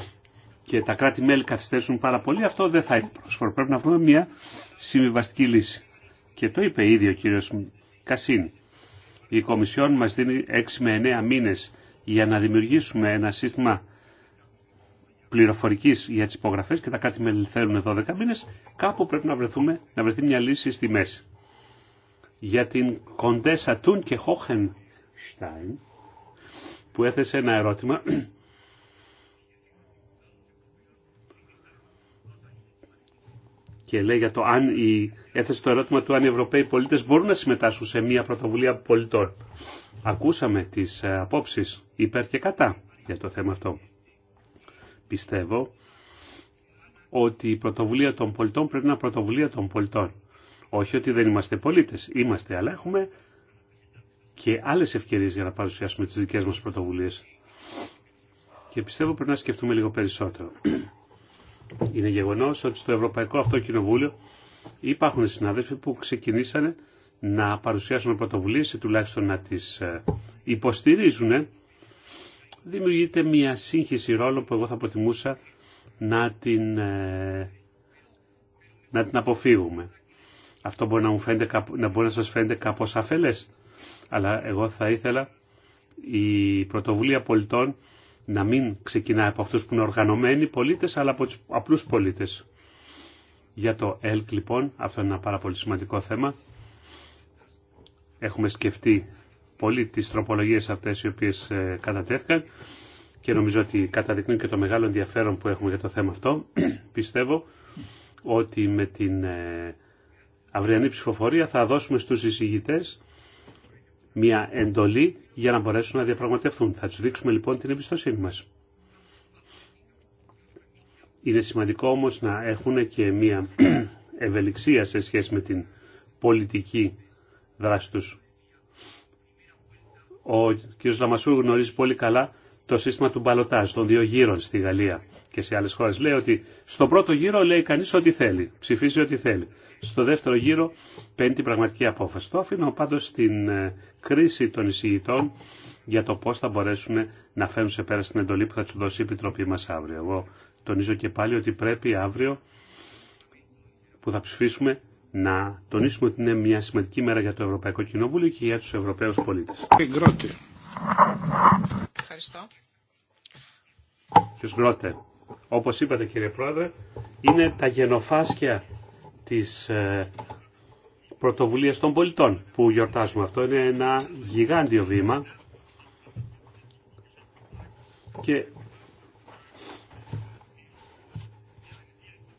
και τα κράτη-μέλη καθυστέρησουν πάρα πολύ, αυτό δεν θα είναι πρόσφορο. Πρέπει να βρούμε μια συμβιβαστική λύση. Και το είπε ήδη ο κύριος Κασίνη. Η Κομισιόν μας δίνει 6 με 9 μήνες για να δημιουργήσουμε ένα σύστημα πληροφορική για τι υπογραφέ και τα κάτι μελιθαίνουν 12 μήνε, κάπου πρέπει να, βρεθούμε, να βρεθεί μια λύση στη μέση. Για την Κοντέσα Τούν και Χόχενστάιν, που έθεσε ένα ερώτημα. Και λέει για το αν η, έθεσε το ερώτημα του αν οι Ευρωπαίοι πολίτες μπορούν να συμμετάσχουν σε μια πρωτοβουλία πολιτών. Ακούσαμε τις ε, απόψεις υπέρ και κατά για το θέμα αυτό πιστεύω ότι η πρωτοβουλία των πολιτών πρέπει να είναι πρωτοβουλία των πολιτών. Όχι ότι δεν είμαστε πολίτες, είμαστε, αλλά έχουμε και άλλες ευκαιρίες για να παρουσιάσουμε τις δικές μας πρωτοβουλίες. Και πιστεύω πρέπει να σκεφτούμε λίγο περισσότερο. [CLEARS THROAT] Είναι γεγονός ότι στο Ευρωπαϊκό Αυτό Κοινοβούλιο υπάρχουν συνάδελφοι που ξεκινήσανε να παρουσιάσουν πρωτοβουλίες ή τουλάχιστον να τις ε, υποστηρίζουν δημιουργείται μια σύγχυση ρόλων που εγώ θα προτιμούσα να την, ε, να την αποφύγουμε. Αυτό μπορεί να, μου φαίνεται, να μπορεί να σας φαίνεται κάπως αφελές, αλλά εγώ θα ήθελα η πρωτοβουλία πολιτών να μην ξεκινάει από αυτούς που είναι οργανωμένοι πολίτες, αλλά από τους απλούς πολίτες. Για το ΕΛΚ λοιπόν, αυτό είναι ένα πάρα πολύ σημαντικό θέμα. Έχουμε σκεφτεί πολύ τις τροπολογίες αυτές οι οποίες ε, κατατέθηκαν και νομίζω ότι καταδεικνύουν και το μεγάλο ενδιαφέρον που έχουμε για το θέμα αυτό. [CLEARS THROAT] Πιστεύω ότι με την ε, αυριανή ψηφοφορία θα δώσουμε στους εισηγητές μια εντολή για να μπορέσουν να διαπραγματευτούν. Θα τους δείξουμε λοιπόν την εμπιστοσύνη μας. Είναι σημαντικό όμως να έχουν και μια [CLEARS THROAT] ευελιξία σε σχέση με την πολιτική δράση τους. Ο κ. Λαμασού γνωρίζει πολύ καλά το σύστημα του μπαλοτάζ των δύο γύρων στη Γαλλία και σε άλλε χώρε. Λέει ότι στον πρώτο γύρο λέει κάνει ό,τι θέλει, ψηφίζει ό,τι θέλει. Στο δεύτερο γύρο παίρνει την πραγματική απόφαση. Το αφήνω πάντω στην ε, κρίση των εισηγητών για το πώς θα μπορέσουν να φέρουν σε πέρα στην εντολή που θα του δώσει η Επιτροπή μα αύριο. Εγώ τονίζω και πάλι ότι πρέπει αύριο που θα ψηφίσουμε να τονίσουμε ότι είναι μια σημαντική μέρα για το Ευρωπαϊκό Κοινοβούλιο και για τους Ευρωπαίους πολίτες. Ευχαριστώ. Κύριος Γκρότε, όπως είπατε κύριε Πρόεδρε, είναι τα γενοφάσκια της ε, πρωτοβουλίας των πολιτών που γιορτάζουμε. Αυτό είναι ένα γιγάντιο βήμα και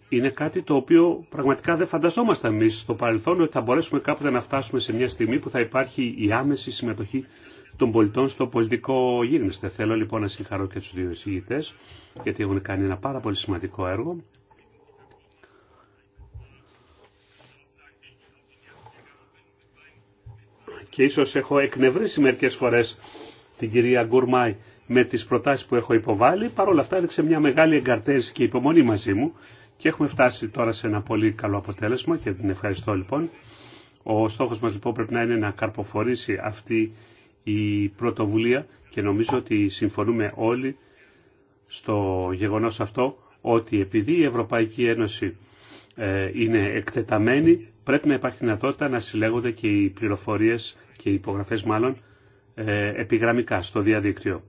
είναι κάτι το οποίο πραγματικά δεν φανταζόμασταν εμεί στο παρελθόν ότι θα μπορέσουμε κάποτε να φτάσουμε σε μια στιγμή που θα υπάρχει η άμεση συμμετοχή των πολιτών στο πολιτικό γύρνισθε. Θέλω λοιπόν να συγχαρώ και του δύο εισηγητέ γιατί έχουν κάνει ένα πάρα πολύ σημαντικό έργο. Και ίσως έχω εκνευρίσει μερικές φορές την κυρία Γκουρμάη με τις προτάσεις που έχω υποβάλει. Παρ' όλα αυτά έδειξε μια μεγάλη εγκαρτέζη και υπομονή μαζί μου και έχουμε φτάσει τώρα σε ένα πολύ καλό αποτέλεσμα και την ευχαριστώ λοιπόν. Ο στόχος μας λοιπόν πρέπει να είναι να καρποφορήσει αυτή η πρωτοβουλία και νομίζω ότι συμφωνούμε όλοι στο γεγονός αυτό ότι επειδή η Ευρωπαϊκή Ένωση ε, είναι εκτεταμένη πρέπει να υπάρχει δυνατότητα να συλλέγονται και οι πληροφορίες και οι υπογραφές μάλλον ε, επιγραμμικά στο διαδίκτυο.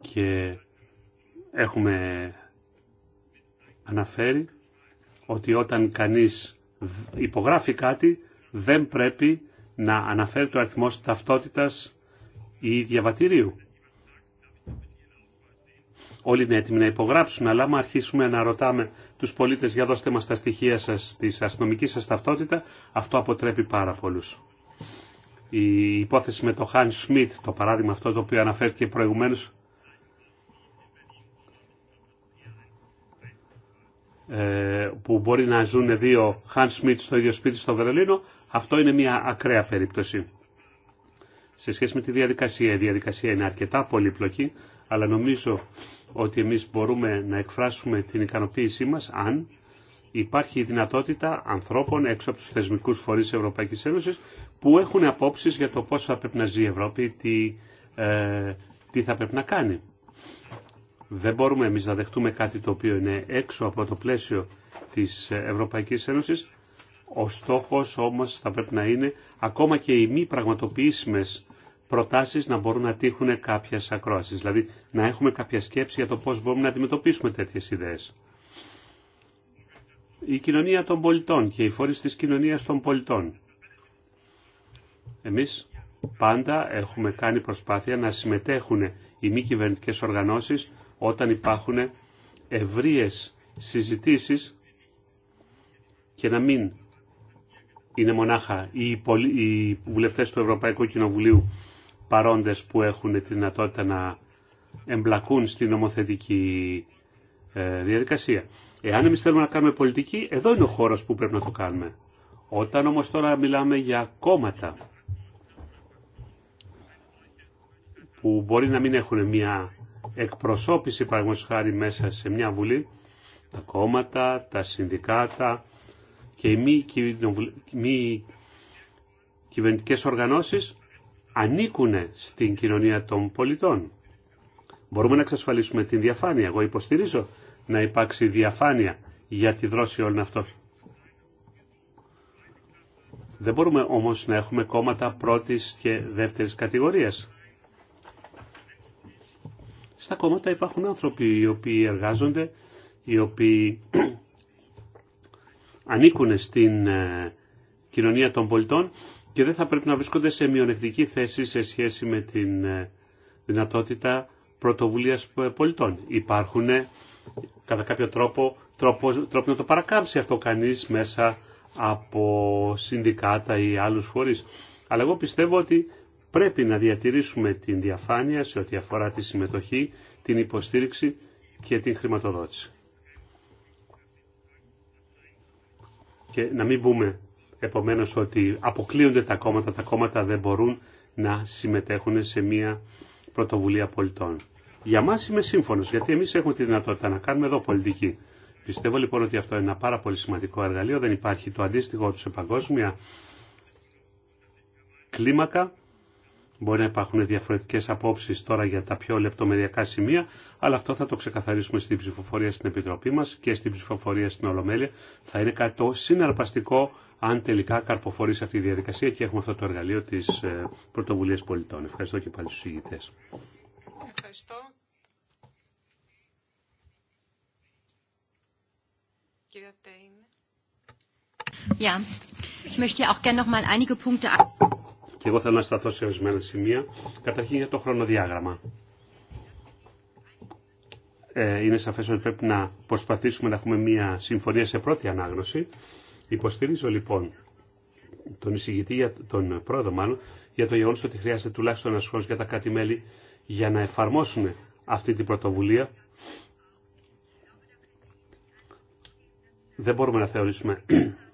Και έχουμε αναφέρει ότι όταν κανείς υπογράφει κάτι δεν πρέπει να αναφέρει το αριθμό ταυτότητας ή διαβατηρίου. Όλοι είναι έτοιμοι να υπογράψουν, αλλά άμα αρχίσουμε να ρωτάμε τους πολίτες για δώστε μας τα στοιχεία σας, της αστυνομικής σας ταυτότητα, αυτό αποτρέπει πάρα πολλούς. Η υπόθεση με το Χάν Σμιτ, το παράδειγμα αυτό το οποίο αναφέρθηκε προηγουμένως, Ε, που μπορεί να ζουν δύο Hans Schmidt στο ίδιο σπίτι στο Βερολίνο, αυτό είναι μια ακραία περίπτωση. Σε σχέση με τη διαδικασία, η διαδικασία είναι αρκετά πολύπλοκη, αλλά νομίζω ότι εμείς μπορούμε να εκφράσουμε την ικανοποίησή μας αν υπάρχει η δυνατότητα ανθρώπων έξω από τους θεσμικούς φορείς Ευρωπαϊκής Ένωσης που έχουν απόψεις για το πώς θα πρέπει να ζει η Ευρώπη, τι ε, θα πρέπει να κάνει. Δεν μπορούμε εμείς να δεχτούμε κάτι το οποίο είναι έξω από το πλαίσιο της Ευρωπαϊκής Ένωσης. Ο στόχος όμως θα πρέπει να είναι ακόμα και οι μη πραγματοποιήσιμες προτάσεις να μπορούν να τύχουν κάποιες ακρόασεις. Δηλαδή να έχουμε κάποια σκέψη για το πώς μπορούμε να αντιμετωπίσουμε τέτοιες ιδέες. Η κοινωνία των πολιτών και οι φορείς της κοινωνίας των πολιτών. Εμείς πάντα έχουμε κάνει προσπάθεια να συμμετέχουν οι μη κυβερνητικέ οργανώσεις όταν υπάρχουν ευρείες συζητήσεις και να μην είναι μονάχα οι βουλευτές του Ευρωπαϊκού Κοινοβουλίου παρόντες που έχουν τη δυνατότητα να εμπλακούν στην νομοθετική ε, διαδικασία. Εάν εμείς θέλουμε να κάνουμε πολιτική, εδώ είναι ο χώρος που πρέπει να το κάνουμε. Όταν όμως τώρα μιλάμε για κόμματα που μπορεί να μην έχουν μια εκπροσώπηση παραγωγής χάρη μέσα σε μια βουλή, τα κόμματα, τα συνδικάτα και οι μη, μη κυβερνητικές οργανώσεις ανήκουν στην κοινωνία των πολιτών. Μπορούμε να εξασφαλίσουμε την διαφάνεια. Εγώ υποστηρίζω να υπάρξει διαφάνεια για τη δρόση όλων αυτών. Δεν μπορούμε όμως να έχουμε κόμματα πρώτης και δεύτερης κατηγορίας. Στα κόμματα υπάρχουν άνθρωποι οι οποίοι εργάζονται, οι οποίοι [CLEARS THROAT] ανήκουν στην ε, κοινωνία των πολιτών και δεν θα πρέπει να βρίσκονται σε μειονεκτική θέση σε σχέση με την ε, δυνατότητα πρωτοβουλίας ε, πολιτών. Υπάρχουν κατά κάποιο τρόπο τρόπο, τρόπο να το παρακάμψει αυτό κανείς μέσα από συνδικάτα ή άλλους φορείς. Αλλά εγώ πιστεύω ότι Πρέπει να διατηρήσουμε την διαφάνεια σε ό,τι αφορά τη συμμετοχή, την υποστήριξη και την χρηματοδότηση. Και να μην πούμε επομένως ότι αποκλείονται τα κόμματα, τα κόμματα δεν μπορούν να συμμετέχουν σε μια πρωτοβουλία πολιτών. Για μας είμαι σύμφωνος, γιατί εμείς έχουμε τη δυνατότητα να κάνουμε εδώ πολιτική. Πιστεύω λοιπόν ότι αυτό είναι ένα πάρα πολύ σημαντικό εργαλείο, δεν υπάρχει το αντίστοιχο του σε παγκόσμια κλίμακα Μπορεί να υπάρχουν διαφορετικέ απόψει τώρα για τα πιο λεπτομεριακά σημεία, αλλά αυτό θα το ξεκαθαρίσουμε στην ψηφοφορία στην Επιτροπή μας και στην ψηφοφορία στην Ολομέλεια. Θα είναι κάτι το συναρπαστικό αν τελικά καρποφορήσει αυτή τη διαδικασία και έχουμε αυτό το εργαλείο της ε, πρωτοβουλίας πολιτών. Ευχαριστώ και πάλι στους ηγητέ. Ευχαριστώ. Ich möchte auch gerne noch mal einige Punkte και εγώ θέλω να σταθώ σε ορισμένα σημεία. Καταρχήν για το χρονοδιάγραμμα. Ε, είναι σαφές ότι πρέπει να προσπαθήσουμε να έχουμε μια συμφωνία σε πρώτη ανάγνωση. Υποστηρίζω λοιπόν τον εισηγητή, τον πρόεδρο μάλλον, για το γεγονό ότι χρειάζεται τουλάχιστον ένα χρόνο για τα κάτι μελη για να εφαρμόσουν αυτή την πρωτοβουλία. Δεν μπορούμε να θεωρήσουμε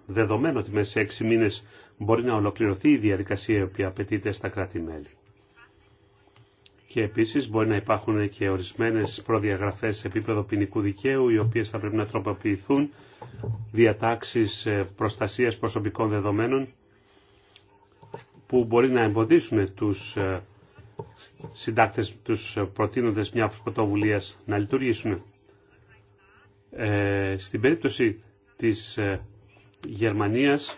δεδομένου ότι μέσα σε έξι μήνες μπορεί να ολοκληρωθεί η διαδικασία η οποία απαιτείται στα κράτη-μέλη. Και επίσης μπορεί να υπάρχουν και ορισμένε προδιαγραφές σε επίπεδο ποινικού δικαίου οι οποίες θα πρέπει να τροποποιηθούν διατάξεις ε, προστασίας προσωπικών δεδομένων που μπορεί να εμποδίσουν τους ε, συντάκτες, τους προτείνοντες μια πρωτοβουλία να λειτουργήσουν. Ε, στην περίπτωση της ε, Γερμανίας,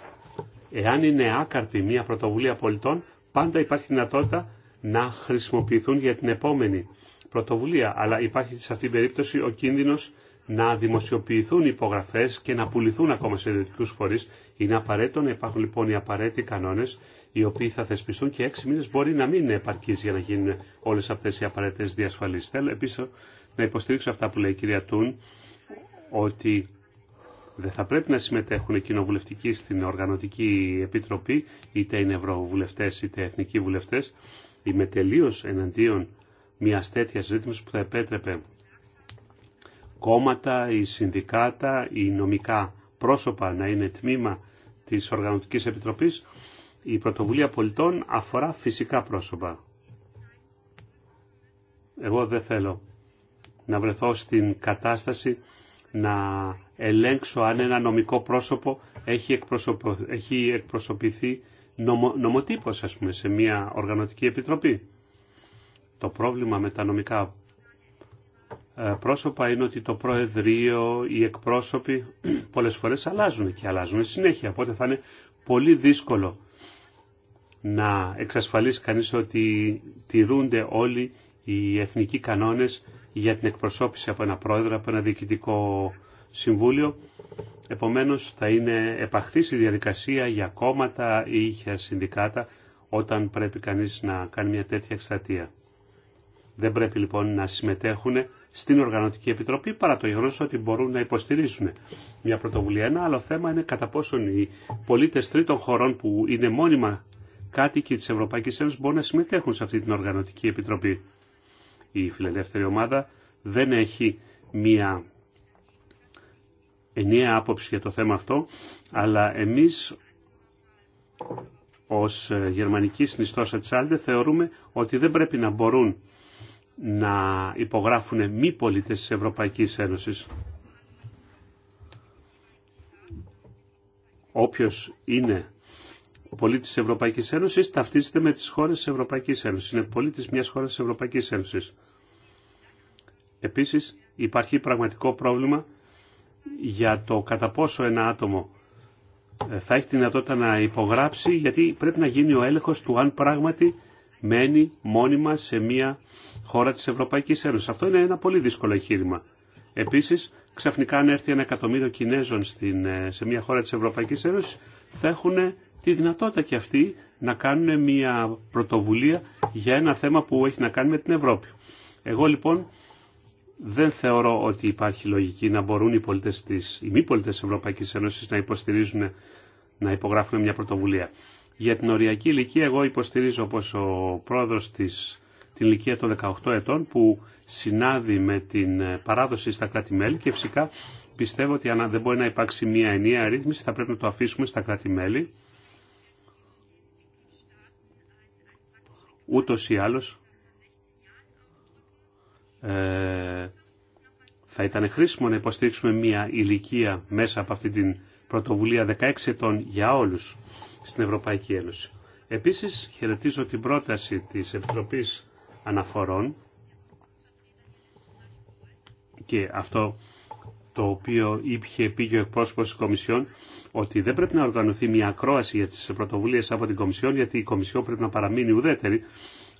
εάν είναι άκαρτη μια πρωτοβουλία πολιτών, πάντα υπάρχει δυνατότητα να χρησιμοποιηθούν για την επόμενη πρωτοβουλία. Αλλά υπάρχει σε αυτήν την περίπτωση ο κίνδυνος να δημοσιοποιηθούν υπογραφές και να πουληθούν ακόμα σε ιδιωτικούς φορείς. Είναι απαραίτητο να υπάρχουν λοιπόν οι απαραίτητοι κανόνες οι οποίοι θα θεσπιστούν και έξι μήνες μπορεί να μην είναι επαρκείς για να γίνουν όλες αυτές οι απαραίτητες διασφαλίσεις. Θέλω επίση να υποστηρίξω αυτά που λέει η κυρία Τούν ότι δεν θα πρέπει να συμμετέχουν οι κοινοβουλευτικοί στην Οργανωτική Επιτροπή, είτε είναι ευρωβουλευτέ είτε εθνικοί βουλευτέ. Είμαι τελείω εναντίον μια τέτοια ρύθμιση που θα επέτρεπε κόμματα ή συνδικάτα ή νομικά πρόσωπα να είναι τμήμα της Οργανωτικής Επιτροπής. Η πρωτοβουλία πολιτών οι πρόσωπα. Εγώ δεν θέλω να βρεθώ στην κατάσταση να ελέγξω αν ένα νομικό πρόσωπο έχει, έχει εκπροσωπηθεί νομο, ας σε μια οργανωτική επιτροπή. Το πρόβλημα με τα νομικά ε, πρόσωπα είναι ότι το Προεδρείο, οι εκπρόσωποι [CLEARS THROAT] πολλές φορές αλλάζουν και αλλάζουν συνέχεια, οπότε θα είναι πολύ δύσκολο να εξασφαλίσει κανείς ότι τηρούνται όλοι οι εθνικοί κανόνες για την εκπροσώπηση από ένα πρόεδρο, από ένα διοικητικό Συμβούλιο. Επομένως θα είναι επαχθής η διαδικασία για κόμματα ή για συνδικάτα όταν πρέπει κανείς να κάνει μια τέτοια εκστρατεία. Δεν πρέπει λοιπόν να συμμετέχουν στην Οργανωτική Επιτροπή παρά το γεγονό ότι μπορούν να υποστηρίζουν μια πρωτοβουλία. Ένα άλλο θέμα είναι κατά πόσον οι πολίτε τρίτων χωρών που είναι μόνιμα κάτοικοι τη Ευρωπαϊκή Ένωση μπορούν να συμμετέχουν σε αυτή την Οργανωτική Επιτροπή. Η φιλελεύθερη ομάδα δεν έχει μια ενιαία άποψη για το θέμα αυτό, αλλά εμείς ως ε, γερμανική συνιστόσα της Άλντε θεωρούμε ότι δεν πρέπει να μπορούν να υπογράφουν μη πολίτες της Ευρωπαϊκής Ένωσης. Όποιος είναι πολίτης της Ευρωπαϊκής Ένωσης ταυτίζεται με τις χώρες της Ευρωπαϊκής Ένωσης. Είναι πολίτης μιας χώρας της Ευρωπαϊκής Ένωσης. Επίσης υπάρχει πραγματικό πρόβλημα για το κατά πόσο ένα άτομο ε, θα έχει τη δυνατότητα να υπογράψει γιατί πρέπει να γίνει ο έλεγχος του αν πράγματι μένει μόνιμα σε μια χώρα της Ευρωπαϊκής Ένωσης. Αυτό είναι ένα πολύ δύσκολο εγχείρημα. Επίσης, ξαφνικά αν έρθει ένα εκατομμύριο Κινέζων στην, ε, σε μια χώρα της Ευρωπαϊκής Ένωσης θα έχουν τη δυνατότητα και αυτοί να κάνουν μια πρωτοβουλία για ένα θέμα που έχει να κάνει με την Ευρώπη. Εγώ λοιπόν δεν θεωρώ ότι υπάρχει λογική να μπορούν οι πολίτες της, οι μη πολίτες της Ευρωπαϊκής Ένωσης να υποστηρίζουν, να υπογράφουν μια πρωτοβουλία. Για την οριακή ηλικία εγώ υποστηρίζω όπως ο πρόεδρος της την ηλικία των 18 ετών που συνάδει με την ε, παράδοση στα κράτη-μέλη και φυσικά πιστεύω ότι αν δεν μπορεί να υπάρξει μια ενιαία ρύθμιση θα πρέπει να το αφήσουμε στα κράτη-μέλη ούτως ή άλλως θα ήταν χρήσιμο να υποστηρίξουμε μια ηλικία μέσα από αυτή την πρωτοβουλία 16 ετών για όλους στην Ευρωπαϊκή Ένωση. Επίσης χαιρετίζω την πρόταση της Επιτροπής Αναφορών και αυτό το οποίο είπε πει και ο εκπρόσωπο τη Κομισιόν, ότι δεν πρέπει να οργανωθεί μια ακρόαση για τις πρωτοβουλίες από την Κομισιόν, γιατί η Κομισιόν πρέπει να παραμείνει ουδέτερη,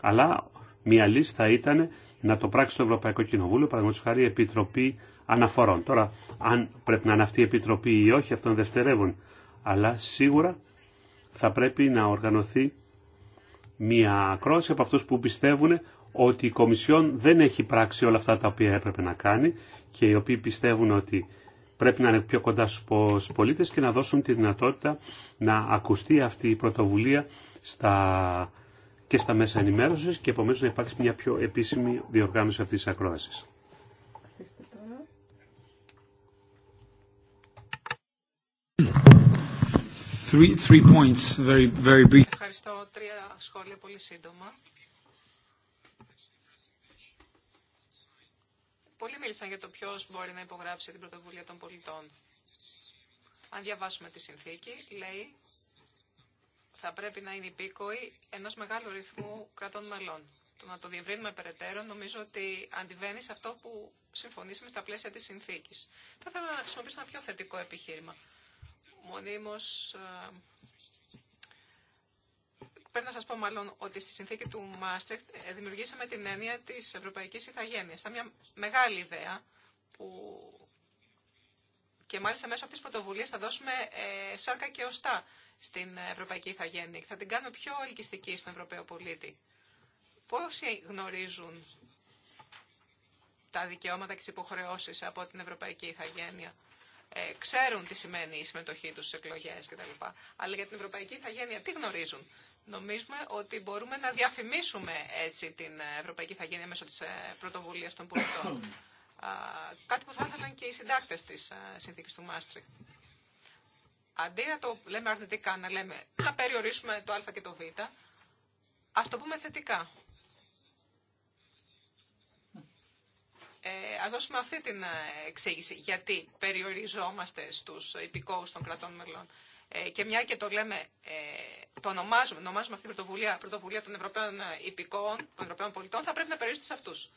αλλά μια λύση θα ήταν να το πράξει το Ευρωπαϊκό Κοινοβούλιο, παραδείγματο χάρη Επιτροπή Αναφορών. Τώρα, αν πρέπει να είναι αυτή η Επιτροπή ή όχι, αυτόν είναι δευτερεύον. Αλλά σίγουρα θα πρέπει να οργανωθεί μια ακρόαση από αυτούς που πιστεύουν ότι η Κομισιόν δεν έχει πράξει όλα αυτά τα οποία έπρεπε να κάνει και οι οποίοι πιστεύουν ότι πρέπει να είναι πιο κοντά στους πολίτες και να δώσουν τη δυνατότητα να ακουστεί αυτή η πρωτοβουλία στα και στα μέσα ενημέρωση και επομένω να υπάρξει μια πιο επίσημη διοργάνωση αυτή τη ακρόαση. Ευχαριστώ. Τρία σχόλια πολύ σύντομα. Πολλοί μίλησαν για το ποιο μπορεί να υπογράψει την πρωτοβουλία των πολιτών. Αν διαβάσουμε τη συνθήκη, λέει θα πρέπει να είναι υπήκοοι ενό μεγάλου ρυθμού κρατών μελών. Το να το διευρύνουμε περαιτέρω νομίζω ότι αντιβαίνει σε αυτό που συμφωνήσαμε στα πλαίσια τη συνθήκη. Θα ήθελα να χρησιμοποιήσω ένα πιο θετικό επιχείρημα. Μονίμω ε, πρέπει να σα πω μάλλον ότι στη συνθήκη του Μάστρεχτ ε, δημιουργήσαμε την έννοια τη ευρωπαϊκή ηθαγένεια. Ήταν μια μεγάλη ιδέα που. Και μάλιστα μέσω αυτή τη πρωτοβουλία θα δώσουμε ε, σάρκα και οστά στην Ευρωπαϊκή Ιθαγένεια θα την κάνουμε πιο ελκυστική στον Ευρωπαίο πολίτη. Πόσοι γνωρίζουν τα δικαιώματα και τις υποχρεώσεις από την Ευρωπαϊκή Ιθαγένεια. Ε, ξέρουν τι σημαίνει η συμμετοχή τους στις εκλογές κτλ. Αλλά για την Ευρωπαϊκή Ιθαγένεια τι γνωρίζουν. Νομίζουμε ότι μπορούμε να διαφημίσουμε έτσι την Ευρωπαϊκή Ιθαγένεια μέσω της ε, πρωτοβουλία των πολιτών. κάτι που θα ήθελαν και οι συντάκτες τη ε, συνθήκη του Μάστρικ αντί να το λέμε αρνητικά, να λέμε να περιορίσουμε το α και το β, ας το πούμε θετικά. Ε, ας δώσουμε αυτή την ε, εξήγηση. Γιατί περιοριζόμαστε στους υπηκόους των κρατών μελών. Ε, και μια και το λέμε, ε, το ονομάζουμε, ονομάζουμε αυτή την πρωτοβουλία, πρωτοβουλία των Ευρωπαίων ε, υπηκόων, των Ευρωπαίων πολιτών, θα πρέπει να περιορίζεται σε αυτούς.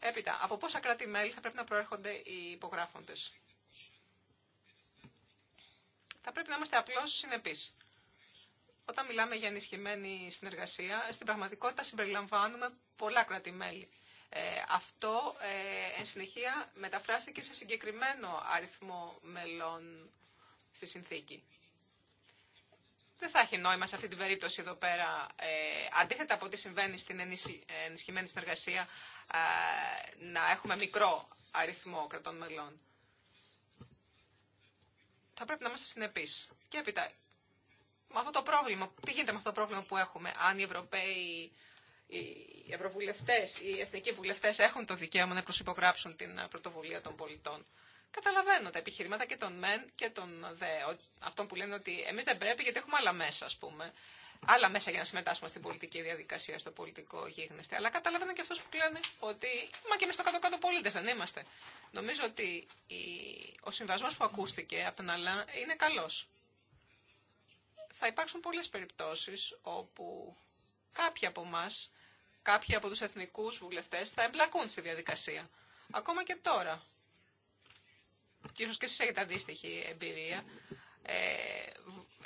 Έπειτα, από πόσα κράτη-μέλη θα πρέπει να προέρχονται οι υπογράφοντες. Θα πρέπει να είμαστε απλώ συνεπεί. Όταν μιλάμε για ενισχυμένη συνεργασία, στην πραγματικότητα συμπεριλαμβάνουμε πολλά κράτη-μέλη. Ε, αυτό ε, εν συνεχεία μεταφράστηκε σε συγκεκριμένο αριθμό μελών στη συνθήκη. Δεν θα έχει νόημα σε αυτή την περίπτωση εδώ πέρα, ε, αντίθετα από ό,τι συμβαίνει στην ενισχυμένη συνεργασία, να έχουμε μικρό αριθμό κρατών μελών θα πρέπει να είμαστε συνεπεί. Και έπειτα, με αυτό το πρόβλημα, τι γίνεται με αυτό το πρόβλημα που έχουμε, αν οι Ευρωπαίοι, οι Ευρωβουλευτέ, οι εθνικοί βουλευτέ έχουν το δικαίωμα να προσυπογράψουν την πρωτοβουλία των πολιτών. Καταλαβαίνω τα επιχειρήματα και των μεν και των δε, αυτών που λένε ότι εμεί δεν πρέπει γιατί έχουμε άλλα μέσα, α πούμε άλλα μέσα για να συμμετάσχουμε στην πολιτική διαδικασία, στο πολιτικό γίγνεσθε. Αλλά καταλαβαίνω και αυτός που λένε ότι μα και εμεί το κάτω-κάτω πολίτε δεν είμαστε. Νομίζω ότι η... ο συμβασμό που ακούστηκε από τον Αλά είναι καλό. Θα υπάρξουν πολλέ περιπτώσει όπου κάποιοι από εμά, κάποιοι από του εθνικού βουλευτέ θα εμπλακούν στη διαδικασία. Ακόμα και τώρα. Και ίσω και εσεί έχετε αντίστοιχη εμπειρία. Ε,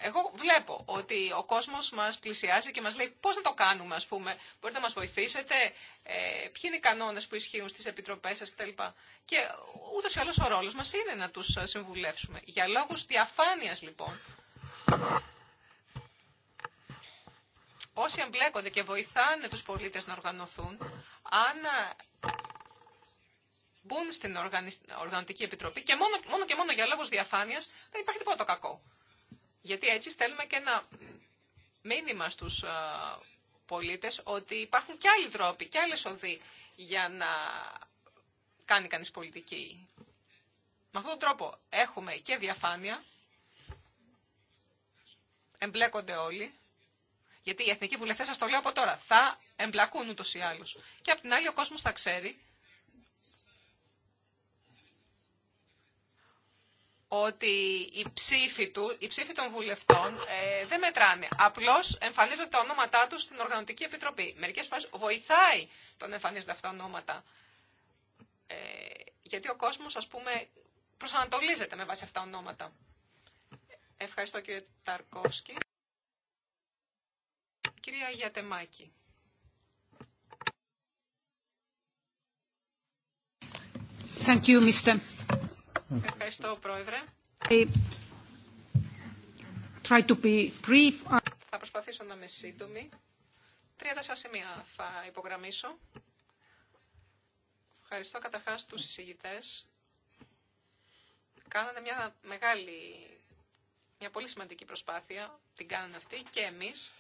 εγώ βλέπω ότι ο κόσμος μας πλησιάζει και μας λέει πώς να το κάνουμε, ας πούμε, μπορείτε να μας βοηθήσετε, ε, ποιοι είναι οι κανόνες που ισχύουν στις επιτροπές σας κτλ. Και ούτως ή άλλως ο ρόλος μας είναι να τους ε, συμβουλεύσουμε. Για λόγους διαφάνειας λοιπόν, όσοι εμπλέκονται και βοηθάνε τους πολίτες να οργανωθούν, αν μπουν στην Οργανωτική Επιτροπή και μόνο, και μόνο για λόγους διαφάνειας δεν υπάρχει τίποτα το κακό. Γιατί έτσι στέλνουμε και ένα μήνυμα στους πολίτες ότι υπάρχουν και άλλοι τρόποι και άλλες οδοί για να κάνει κανείς πολιτική. Με αυτόν τον τρόπο έχουμε και διαφάνεια, εμπλέκονται όλοι, γιατί οι εθνικοί βουλευτές, σας το λέω από τώρα, θα εμπλακούν ούτως ή άλλως. Και απ' την άλλη ο κόσμος θα ξέρει ότι οι ψήφοι, του, οι ψήφοι των βουλευτών ε, δεν μετράνε. Απλώς εμφανίζονται τα ονόματά τους στην Οργανωτική Επιτροπή. Μερικές φορές βοηθάει τον εμφανίζονται αυτά ονόματα. Ε, γιατί ο κόσμος, ας πούμε, προσανατολίζεται με βάση αυτά τα ονόματα. Ευχαριστώ κύριε Ταρκόσκη. Κυρία Γιατεμάκη. Thank you, Mr. Ευχαριστώ, Πρόεδρε. try to be brief. Θα προσπαθήσω να είμαι σύντομη. δασά σημεία θα υπογραμμίσω. Ευχαριστώ καταρχάς τους εισηγητές. Κάνανε μια μεγάλη, μια πολύ σημαντική προσπάθεια, την κάνανε αυτοί και εμείς.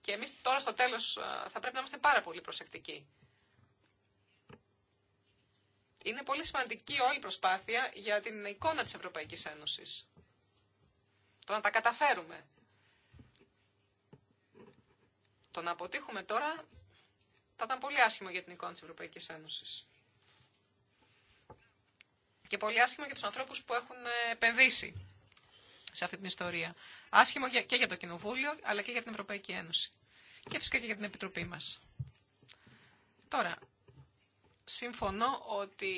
Και εμείς τώρα στο τέλος θα πρέπει να είμαστε πάρα πολύ προσεκτικοί. Είναι πολύ σημαντική όλη η προσπάθεια για την εικόνα της Ευρωπαϊκής Ένωσης. Το να τα καταφέρουμε. Το να αποτύχουμε τώρα θα ήταν πολύ άσχημο για την εικόνα της Ευρωπαϊκής Ένωσης. Και πολύ άσχημο για τους ανθρώπους που έχουν επενδύσει σε αυτή την ιστορία. Άσχημο και για το Κοινοβούλιο, αλλά και για την Ευρωπαϊκή Ένωση. Και φυσικά και για την Επιτροπή μας. Τώρα, συμφωνώ ότι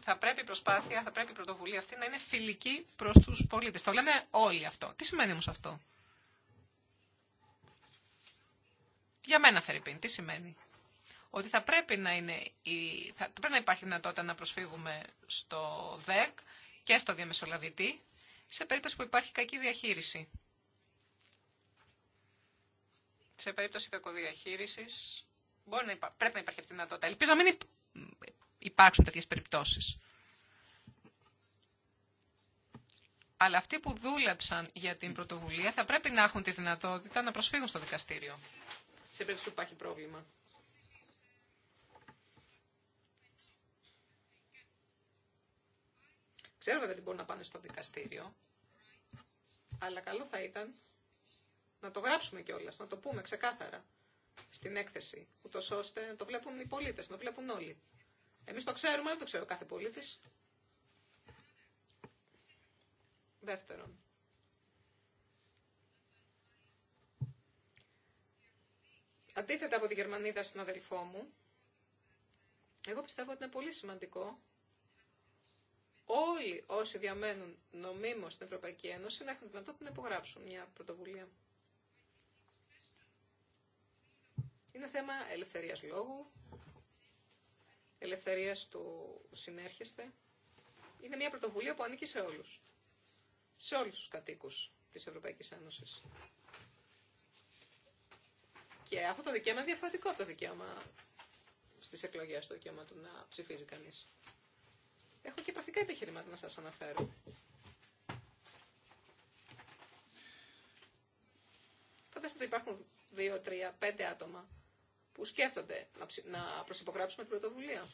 θα πρέπει η προσπάθεια, θα πρέπει η πρωτοβουλία αυτή να είναι φιλική προς τους πολίτες. Το λέμε όλοι αυτό. Τι σημαίνει όμως αυτό. Για μένα, Φερρυπίν, τι σημαίνει. Ότι θα πρέπει να, είναι η... θα πρέπει να υπάρχει δυνατότητα να προσφύγουμε στο ΔΕΚ και στο διαμεσολαβητή σε περίπτωση που υπάρχει κακή διαχείριση. Σε περίπτωση κακοδιαχείρισης Μπορεί να υπά... Πρέπει να υπάρχει αυτή η δυνατότητα. Ελπίζω να μην υπάρξουν τέτοιε περιπτώσει. Αλλά αυτοί που δούλεψαν για την πρωτοβουλία θα πρέπει να έχουν τη δυνατότητα να προσφύγουν στο δικαστήριο. Σε περίπτωση που υπάρχει πρόβλημα. Ξέρω βέβαια ότι μπορούν να πάνε στο δικαστήριο, αλλά καλό θα ήταν να το γράψουμε κιόλα. να το πούμε ξεκάθαρα στην έκθεση, ούτω ώστε να το βλέπουν οι πολίτε, να το βλέπουν όλοι. Εμεί το ξέρουμε, αλλά δεν το ο κάθε πολίτη. Δεύτερον, αντίθετα από τη Γερμανίδα στην αδελφό μου, εγώ πιστεύω ότι είναι πολύ σημαντικό όλοι όσοι διαμένουν νομίμως στην Ευρωπαϊκή Ένωση να έχουν δυνατότητα να υπογράψουν μια πρωτοβουλία. Είναι θέμα ελευθερίας λόγου, ελευθερίας του συνέρχεστε. Είναι μια πρωτοβουλία που ανήκει σε όλους. Σε όλους τους κατοίκους της Ευρωπαϊκής Ένωσης. Και αυτό το δικαίωμα είναι διαφορετικό από το δικαίωμα στις εκλογές, το δικαίωμα του να ψηφίζει κανείς. Έχω και πρακτικά επιχειρήματα να σας αναφέρω. Φανταστείτε ότι υπάρχουν δύο, τρία, πέντε άτομα που σκέφτονται να προσυπογράψουμε την πρωτοβουλία.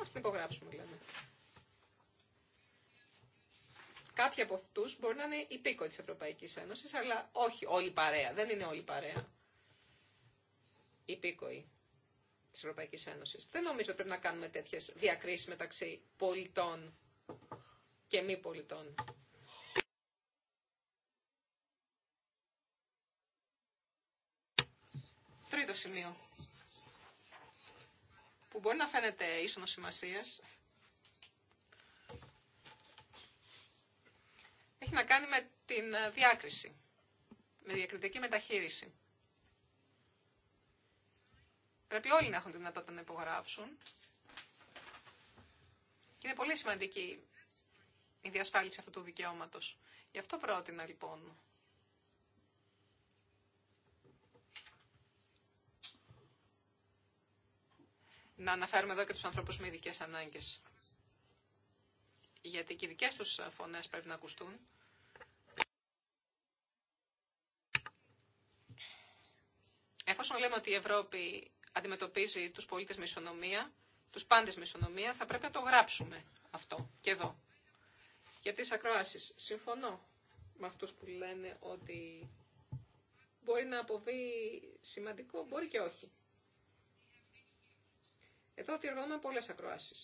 Ας την υπογράψουμε, λέμε. Κάποιοι από αυτού μπορεί να είναι υπήκοοι τη Ευρωπαϊκή Ένωση, αλλά όχι όλη παρέα. Δεν είναι όλη παρέα υπήκοοι τη Ευρωπαϊκή Ένωση. Δεν νομίζω ότι πρέπει να κάνουμε τέτοιε διακρίσει μεταξύ πολιτών και μη πολιτών. Τρίτο σημείο, που μπορεί να φαίνεται ίσονο σημασία, έχει να κάνει με την ε, διάκριση, με διακριτική μεταχείριση. Πρέπει όλοι να έχουν τη δυνατότητα να υπογράψουν. Είναι πολύ σημαντική η διασφάλιση αυτού του δικαιώματος. Γι' αυτό πρότεινα λοιπόν να αναφέρουμε εδώ και τους ανθρώπους με ειδικέ ανάγκες. Γιατί και οι δικές τους φωνές πρέπει να ακουστούν. Εφόσον λέμε ότι η Ευρώπη αντιμετωπίζει τους πολίτες με ισονομία, τους πάντες με ισονομία, θα πρέπει να το γράψουμε αυτό και εδώ. Για τις ακροάσεις, συμφωνώ με αυτούς που λένε ότι μπορεί να αποβεί σημαντικό, μπορεί και όχι. Εδώ διοργανώνουμε πολλέ ακρόασει.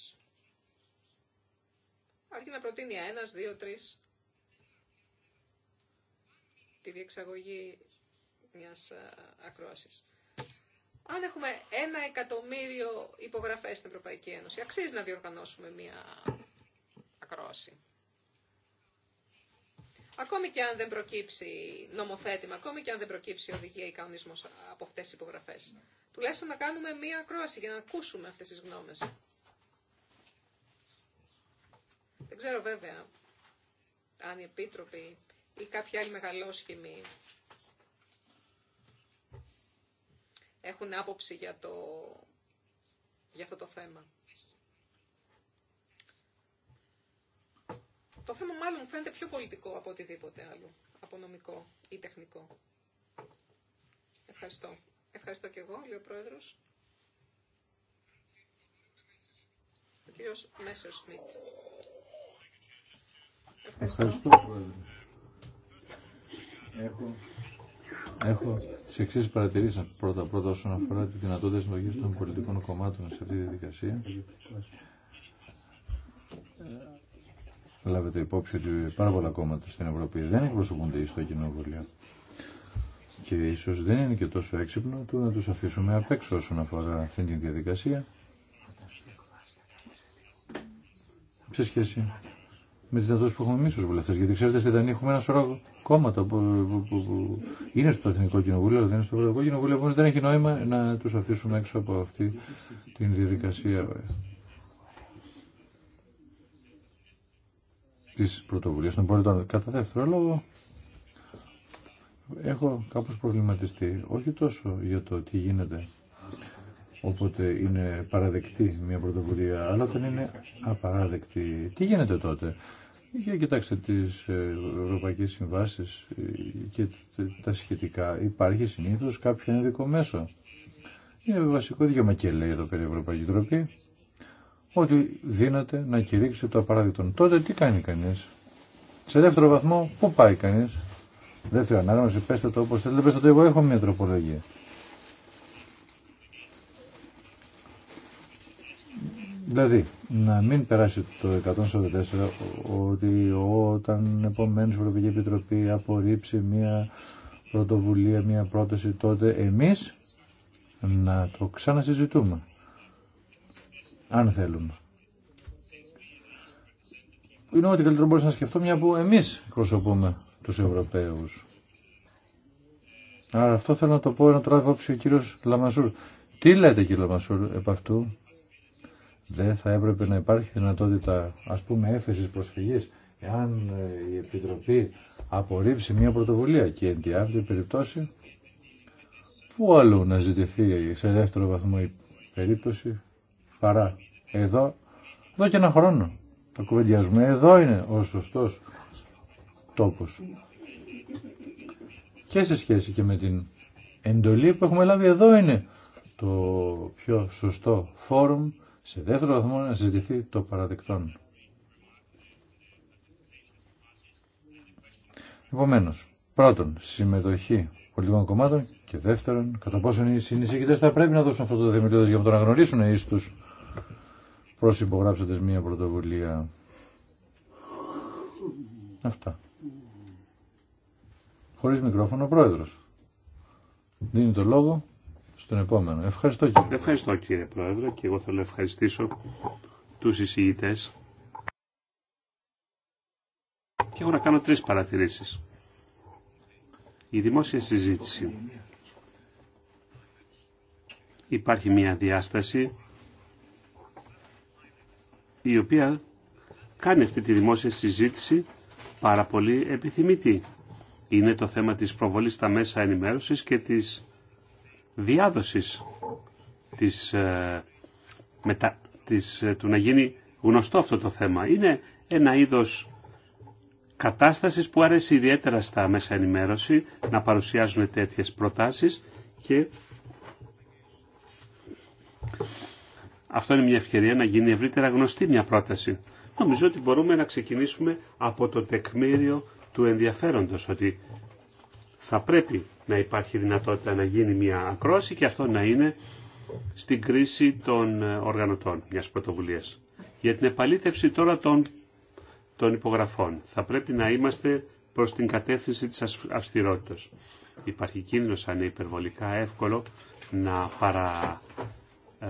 Αρκεί να προτείνει ένα, δύο, τρει. τη διεξαγωγή μιας ακρόαση. Αν έχουμε ένα εκατομμύριο υπογραφές στην Ευρωπαϊκή Ένωση, αξίζει να διοργανώσουμε μια ακρόαση. Ακόμη και αν δεν προκύψει νομοθέτημα, ακόμη και αν δεν προκύψει οδηγία ή κανονισμός από αυτές τις υπογραφές τουλάχιστον να κάνουμε μία ακρόαση για να ακούσουμε αυτές τις γνώμες. Δεν ξέρω βέβαια αν οι επίτροποι ή κάποιοι άλλοι μεγαλόσχημοι έχουν άποψη για, το, για αυτό το θέμα. Το θέμα μάλλον μου φαίνεται πιο πολιτικό από οτιδήποτε άλλο, από νομικό ή τεχνικό. Ευχαριστώ. Ευχαριστώ και εγώ, λέει ο Πρόεδρος. Ο κύριο Μέσερ Σμιτ. Ευχαριστώ. Πρόεδρε. Έχω, έχω τι εξή παρατηρήσει πρώτα-πρώτα όσον αφορά τη δυνατότητα συμμετοχή των πολιτικών κομμάτων σε αυτή τη διαδικασία. Λάβετε υπόψη ότι πάρα πολλά κόμματα στην Ευρώπη δεν εκπροσωπούνται στο κοινοβούλιο. Και ίσω δεν είναι και τόσο έξυπνο του να του αφήσουμε απ' έξω όσον αφορά αυτή τη διαδικασία. Σε σχέση με τι δυνατότητε που έχουμε εμεί ω βουλευτέ. Γιατί ξέρετε, στην Ιταλία έχουμε ένα σωρό κόμματα που, που, που, που είναι στο Εθνικό Κοινοβούλιο, αλλά δεν είναι στο Ευρωπαϊκό Κοινοβούλιο. Όμω δεν έχει νόημα να του αφήσουμε έξω από αυτή τη διαδικασία τη πρωτοβουλία των πολιτών. Κατά δεύτερο λόγο, έχω κάπως προβληματιστεί, όχι τόσο για το τι γίνεται, οπότε είναι παραδεκτή μια πρωτοβουλία, αλλά όταν είναι απαράδεκτη, τι γίνεται τότε. Και κοιτάξτε τις ε, ευρωπαϊκές συμβάσεις ε, και τα σχετικά. Υπάρχει συνήθως κάποιο ένδικο μέσο. Είναι βασικό δικαίωμα και λέει εδώ περί Ευρωπαϊκή Τροπή ότι δύναται να κηρύξει το απαράδεκτο. Τότε τι κάνει κανείς. Σε δεύτερο βαθμό, πού πάει κανείς δεύτερη ανάγνωση, πέστε το όπως θέλετε, πέστε το εγώ έχω μια τροπολογία. Δηλαδή, να μην περάσει το 144 ότι όταν επομένω η Ευρωπαϊκή Επιτροπή απορρίψει μια πρωτοβουλία, μια πρόταση, τότε εμείς να το ξανασυζητούμε. Αν θέλουμε. Είναι ό,τι καλύτερο μπορεί να σκεφτώ μια που εμείς εκπροσωπούμε τους Ευρωπαίους. Άρα αυτό θέλω να το πω, να το λάβει όψη ο κύριος Λαμασούρ. Τι λέτε κύριε Λαμασούρ επ' αυτού. Δεν θα έπρεπε να υπάρχει δυνατότητα ας πούμε έφεσης προσφυγής εάν ε, η Επιτροπή απορρίψει μια πρωτοβουλία και εν τη περιπτώσει πού αλλού να ζητηθεί σε δεύτερο βαθμό η περίπτωση παρά εδώ, εδώ και ένα χρόνο. το κουβεντιάζουμε. Εδώ είναι ο σωστός τόπος. Και σε σχέση και με την εντολή που έχουμε λάβει εδώ είναι το πιο σωστό φόρουμ σε δεύτερο βαθμό να συζητηθεί το παραδεκτόν. Επομένω, πρώτον, συμμετοχή πολιτικών κομμάτων και δεύτερον, κατά πόσον οι συνεισηγητές θα πρέπει να δώσουν αυτό το δημιουργείο για να το αναγνωρίσουν τους του υπογράψοντες μία πρωτοβουλία. Αυτά. Χωρίς μικρόφωνο Πρόεδρος. Δίνει το λόγο στον επόμενο. Ευχαριστώ κύριε. Ευχαριστώ κύριε Πρόεδρε και εγώ θέλω να ευχαριστήσω τους εισηγητές. Και εγώ να κάνω τρεις παρατηρήσεις. Η δημόσια συζήτηση. Υπάρχει μια διάσταση η οποία κάνει αυτή τη δημόσια συζήτηση πάρα πολύ επιθυμητή είναι το θέμα της προβολής στα μέσα ενημέρωσης και της διάδοσης της, ε, μετα, της, ε, του να γίνει γνωστό αυτό το θέμα. Είναι ένα είδος κατάστασης που αρέσει ιδιαίτερα στα μέσα ενημέρωση να παρουσιάζουν τέτοιες προτάσεις και αυτό είναι μια ευκαιρία να γίνει ευρύτερα γνωστή μια πρόταση. Νομίζω ότι μπορούμε να ξεκινήσουμε από το τεκμήριο του ενδιαφέροντος ότι θα πρέπει να υπάρχει δυνατότητα να γίνει μια ακρόση και αυτό να είναι στην κρίση των ε, οργανωτών μιας πρωτοβουλίας. Για την επαλήθευση τώρα των, των υπογραφών θα πρέπει να είμαστε προς την κατεύθυνση της αυστηρότητας. Υπάρχει κίνδυνος αν είναι υπερβολικά εύκολο να παρα, ε,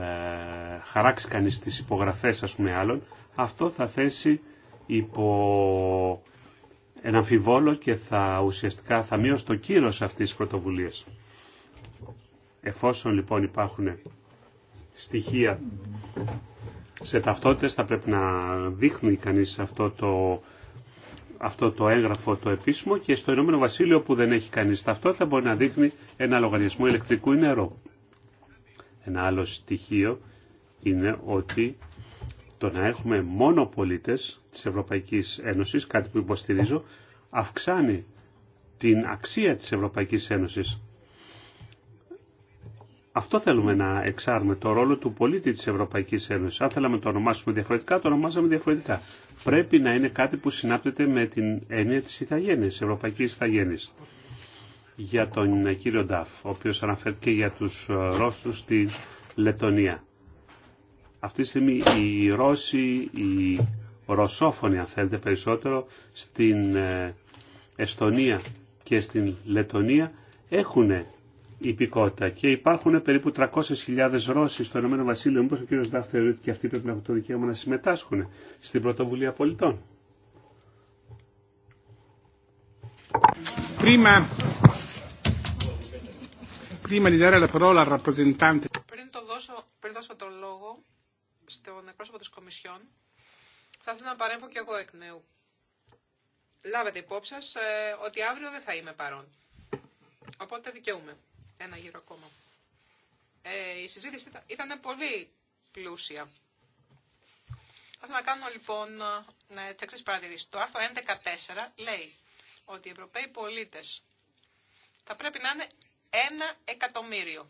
χαράξει κανείς τις υπογραφές ας πούμε άλλων. Αυτό θα θέσει υπό αμφιβόλο και θα ουσιαστικά θα μείωσει το κύρος αυτής της πρωτοβουλίας. Εφόσον λοιπόν υπάρχουν στοιχεία σε ταυτότητες θα πρέπει να δείχνει κανείς αυτό το, αυτό το έγγραφο το επίσημο και στο Ηνωμένο Βασίλειο που δεν έχει κανείς ταυτότητα μπορεί να δείχνει ένα λογαριασμό ηλεκτρικού ή νερό. Ένα άλλο στοιχείο είναι ότι το να έχουμε μόνο πολίτες της Ευρωπαϊκής Ένωσης, κάτι που υποστηρίζω, αυξάνει την αξία της Ευρωπαϊκής Ένωσης. Αυτό θέλουμε να εξάρουμε, το ρόλο του πολίτη της Ευρωπαϊκής Ένωσης. Αν θέλαμε να το ονομάσουμε διαφορετικά, το ονομάζαμε διαφορετικά. Πρέπει να είναι κάτι που συνάπτεται με την έννοια της ηθαγένεια της ευρωπαϊκής Για τον κύριο Νταφ, ο οποίος αναφέρθηκε για τους ε, Ρώσους στη Λετωνία. Αυτή τη στιγμή οι Ρώσοι, οι Ρωσόφωνοι αν θέλετε περισσότερο, στην ε, Εστονία και στην Λετωνία έχουν υπηκότητα και υπάρχουν περίπου 300.000 Ρώσοι στο Ηνωμένο Βασίλειο. Μήπως ο κ. Ντάφ θεωρεί ότι και αυτοί πρέπει να έχουν το δικαίωμα να συμμετάσχουν στην πρωτοβουλία πολιτών. Πριν, το δώσω, πριν λόγο στον εκπρόσωπο τη Κομισιόν, θα ήθελα να παρέμβω κι εγώ εκ νέου. Λάβετε υπόψη σα ε, ότι αύριο δεν θα είμαι παρόν. Οπότε δικαιούμαι. Ένα γύρο ακόμα. Ε, η συζήτηση ήταν, πολύ πλούσια. Θα ήθελα να κάνω λοιπόν ε, τι εξή παρατηρήσει. Το άρθρο 1.14 λέει ότι οι Ευρωπαίοι πολίτες θα πρέπει να είναι ένα εκατομμύριο.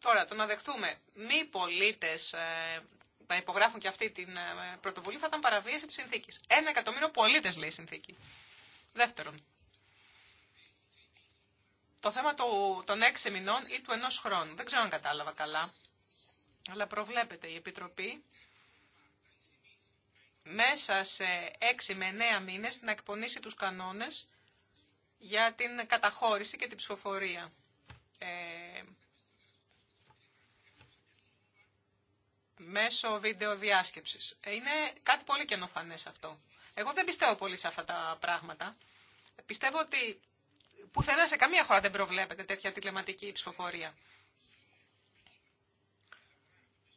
Τώρα, το να δεχτούμε μη πολίτε ε, να υπογράφουν και αυτή την ε, πρωτοβουλία θα ήταν παραβίαση τη συνθήκη. Ένα εκατομμύριο πολίτε, λέει η συνθήκη. Δεύτερον, το θέμα του, των έξι μηνών ή του ενός χρόνου. Δεν ξέρω αν κατάλαβα καλά, αλλά προβλέπεται η Επιτροπή μέσα σε έξι με εννέα μήνες να εκπονήσει τους κανόνες για την καταχώρηση και την ψηφοφορία. Ε, μέσω βίντεο διάσκεψης. Ε, είναι κάτι πολύ καινοφανές αυτό. Εγώ δεν πιστεύω πολύ σε αυτά τα πράγματα. Πιστεύω ότι πουθενά σε καμία χώρα δεν προβλέπεται τέτοια τηλεματική ψηφοφορία.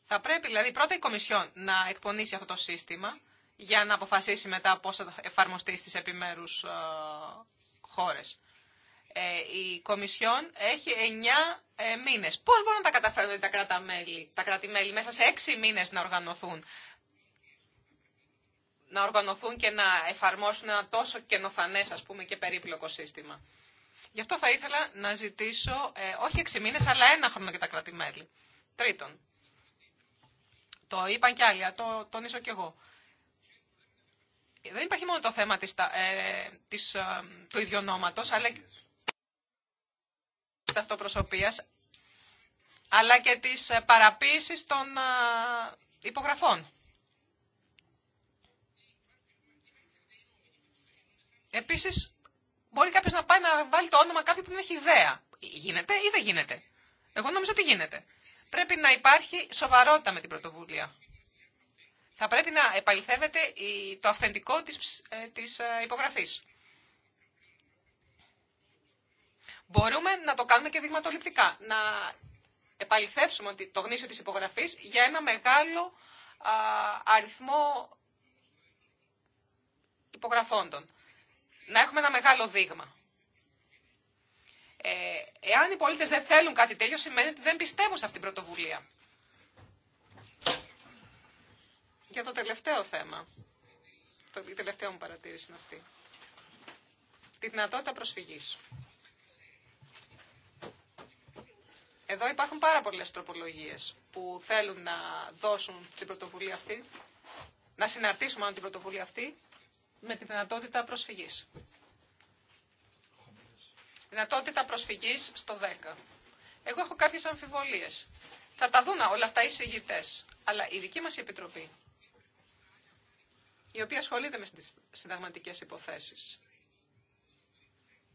Θα πρέπει δηλαδή πρώτα η Κομισιόν να εκπονήσει αυτό το σύστημα για να αποφασίσει μετά πώς θα εφαρμοστεί στις επιμέρους ε, χώρες. Ε, η Κομισιόν έχει εννιά ε, μήνες. Πώς μπορούν να τα καταφέρουν τα, κράτη-μέλη μέσα σε έξι μήνε να οργανωθούν να οργανωθούν και να εφαρμόσουν ένα τόσο καινοφανέ και περίπλοκο σύστημα. Γι' αυτό θα ήθελα να ζητήσω ε, όχι 6 μήνε, αλλά ένα χρόνο για τα κράτη-μέλη. Τρίτον, το είπαν κι άλλοι, το τονίσω κι εγώ. Δεν υπάρχει μόνο το θέμα της, ε, της, ε, του ιδιονόματος, αλλά της αλλά και της ε, παραποίησης των ε, υπογραφών. Επίσης, μπορεί κάποιος να πάει να βάλει το όνομα κάποιου που δεν έχει ιδέα. Γίνεται ή δεν γίνεται. Εγώ νομίζω ότι γίνεται. Πρέπει να υπάρχει σοβαρότητα με την πρωτοβουλία. Θα πρέπει να επαληθεύεται το αυθεντικό της ε, υπογραφής. Μπορούμε να το κάνουμε και δειγματοληπτικά. Να επαληθεύσουμε ότι το γνήσιο της υπογραφής για ένα μεγάλο αριθμό υπογραφόντων. Να έχουμε ένα μεγάλο δείγμα. Ε, εάν οι πολίτες δεν θέλουν κάτι τέτοιο, σημαίνει ότι δεν πιστεύουν σε αυτήν την πρωτοβουλία. Για το τελευταίο θέμα. Η τελευταία μου παρατήρηση είναι αυτή. Τη δυνατότητα προσφυγής. Εδώ υπάρχουν πάρα πολλές τροπολογίες που θέλουν να δώσουν την πρωτοβουλία αυτή, να συναρτήσουμε την πρωτοβουλία αυτή με τη δυνατότητα προσφυγής. Δυνατότητα προσφυγής στο 10. Εγώ έχω κάποιες αμφιβολίες. Θα τα δουν όλα αυτά οι συγγητές. Αλλά η δική μας επιτροπή, η οποία ασχολείται με τις συνταγματικές υποθέσεις,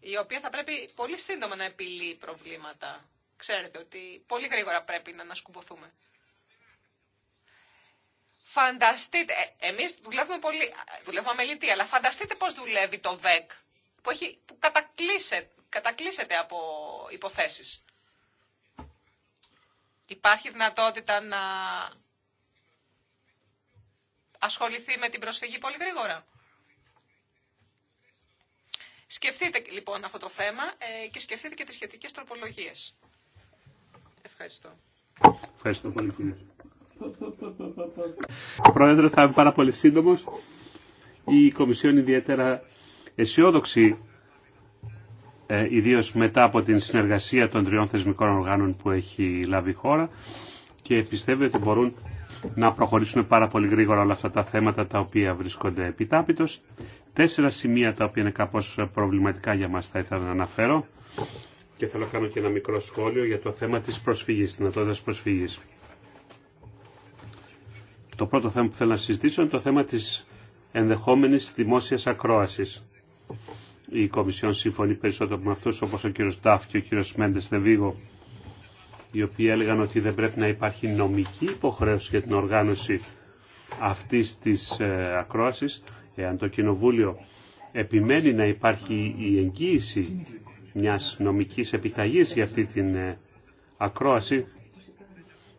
η οποία θα πρέπει πολύ σύντομα να επιλύει προβλήματα Ξέρετε ότι πολύ γρήγορα πρέπει να ανασκουμποθούμε. Φανταστείτε, ε, εμείς δουλεύουμε πολύ, δουλεύουμε αμελητή, αλλά φανταστείτε πώς δουλεύει το ΔΕΚ, που, έχει, που κατακλείσεται, κατακλείσεται από υποθέσεις. Υπάρχει δυνατότητα να ασχοληθεί με την προσφυγή πολύ γρήγορα. Σκεφτείτε λοιπόν αυτό το θέμα ε, και σκεφτείτε και τις σχετικές τροπολογίες. Ευχαριστώ. Ευχαριστώ πολύ κύριε. Πρόεδρε, θα είμαι πάρα πολύ σύντομο. Η Κομισιόν ιδιαίτερα αισιόδοξη, ε, ιδίω μετά από την συνεργασία των τριών θεσμικών οργάνων που έχει λάβει η χώρα και πιστεύει ότι μπορούν να προχωρήσουν πάρα πολύ γρήγορα όλα αυτά τα θέματα τα οποία βρίσκονται επιτάπητος. Τέσσερα σημεία τα οποία είναι κάπως προβληματικά για μας θα ήθελα να αναφέρω και θέλω να κάνω και ένα μικρό σχόλιο για το θέμα της προσφυγής, δυνατότητας προσφυγής. Το πρώτο θέμα που θέλω να συζητήσω είναι το θέμα της ενδεχόμενης δημόσιας ακρόασης. Η Κομισιόν συμφωνεί περισσότερο με αυτούς όπως ο κύριος Ντάφ και ο κύριος Μέντες Δεβίγο οι οποίοι έλεγαν ότι δεν πρέπει να υπάρχει νομική υποχρέωση για την οργάνωση αυτής της ε, ακρόασης εάν το Κοινοβούλιο επιμένει να υπάρχει η εγγύηση μια νομικής επιταγής για αυτή την ε, ακρόαση.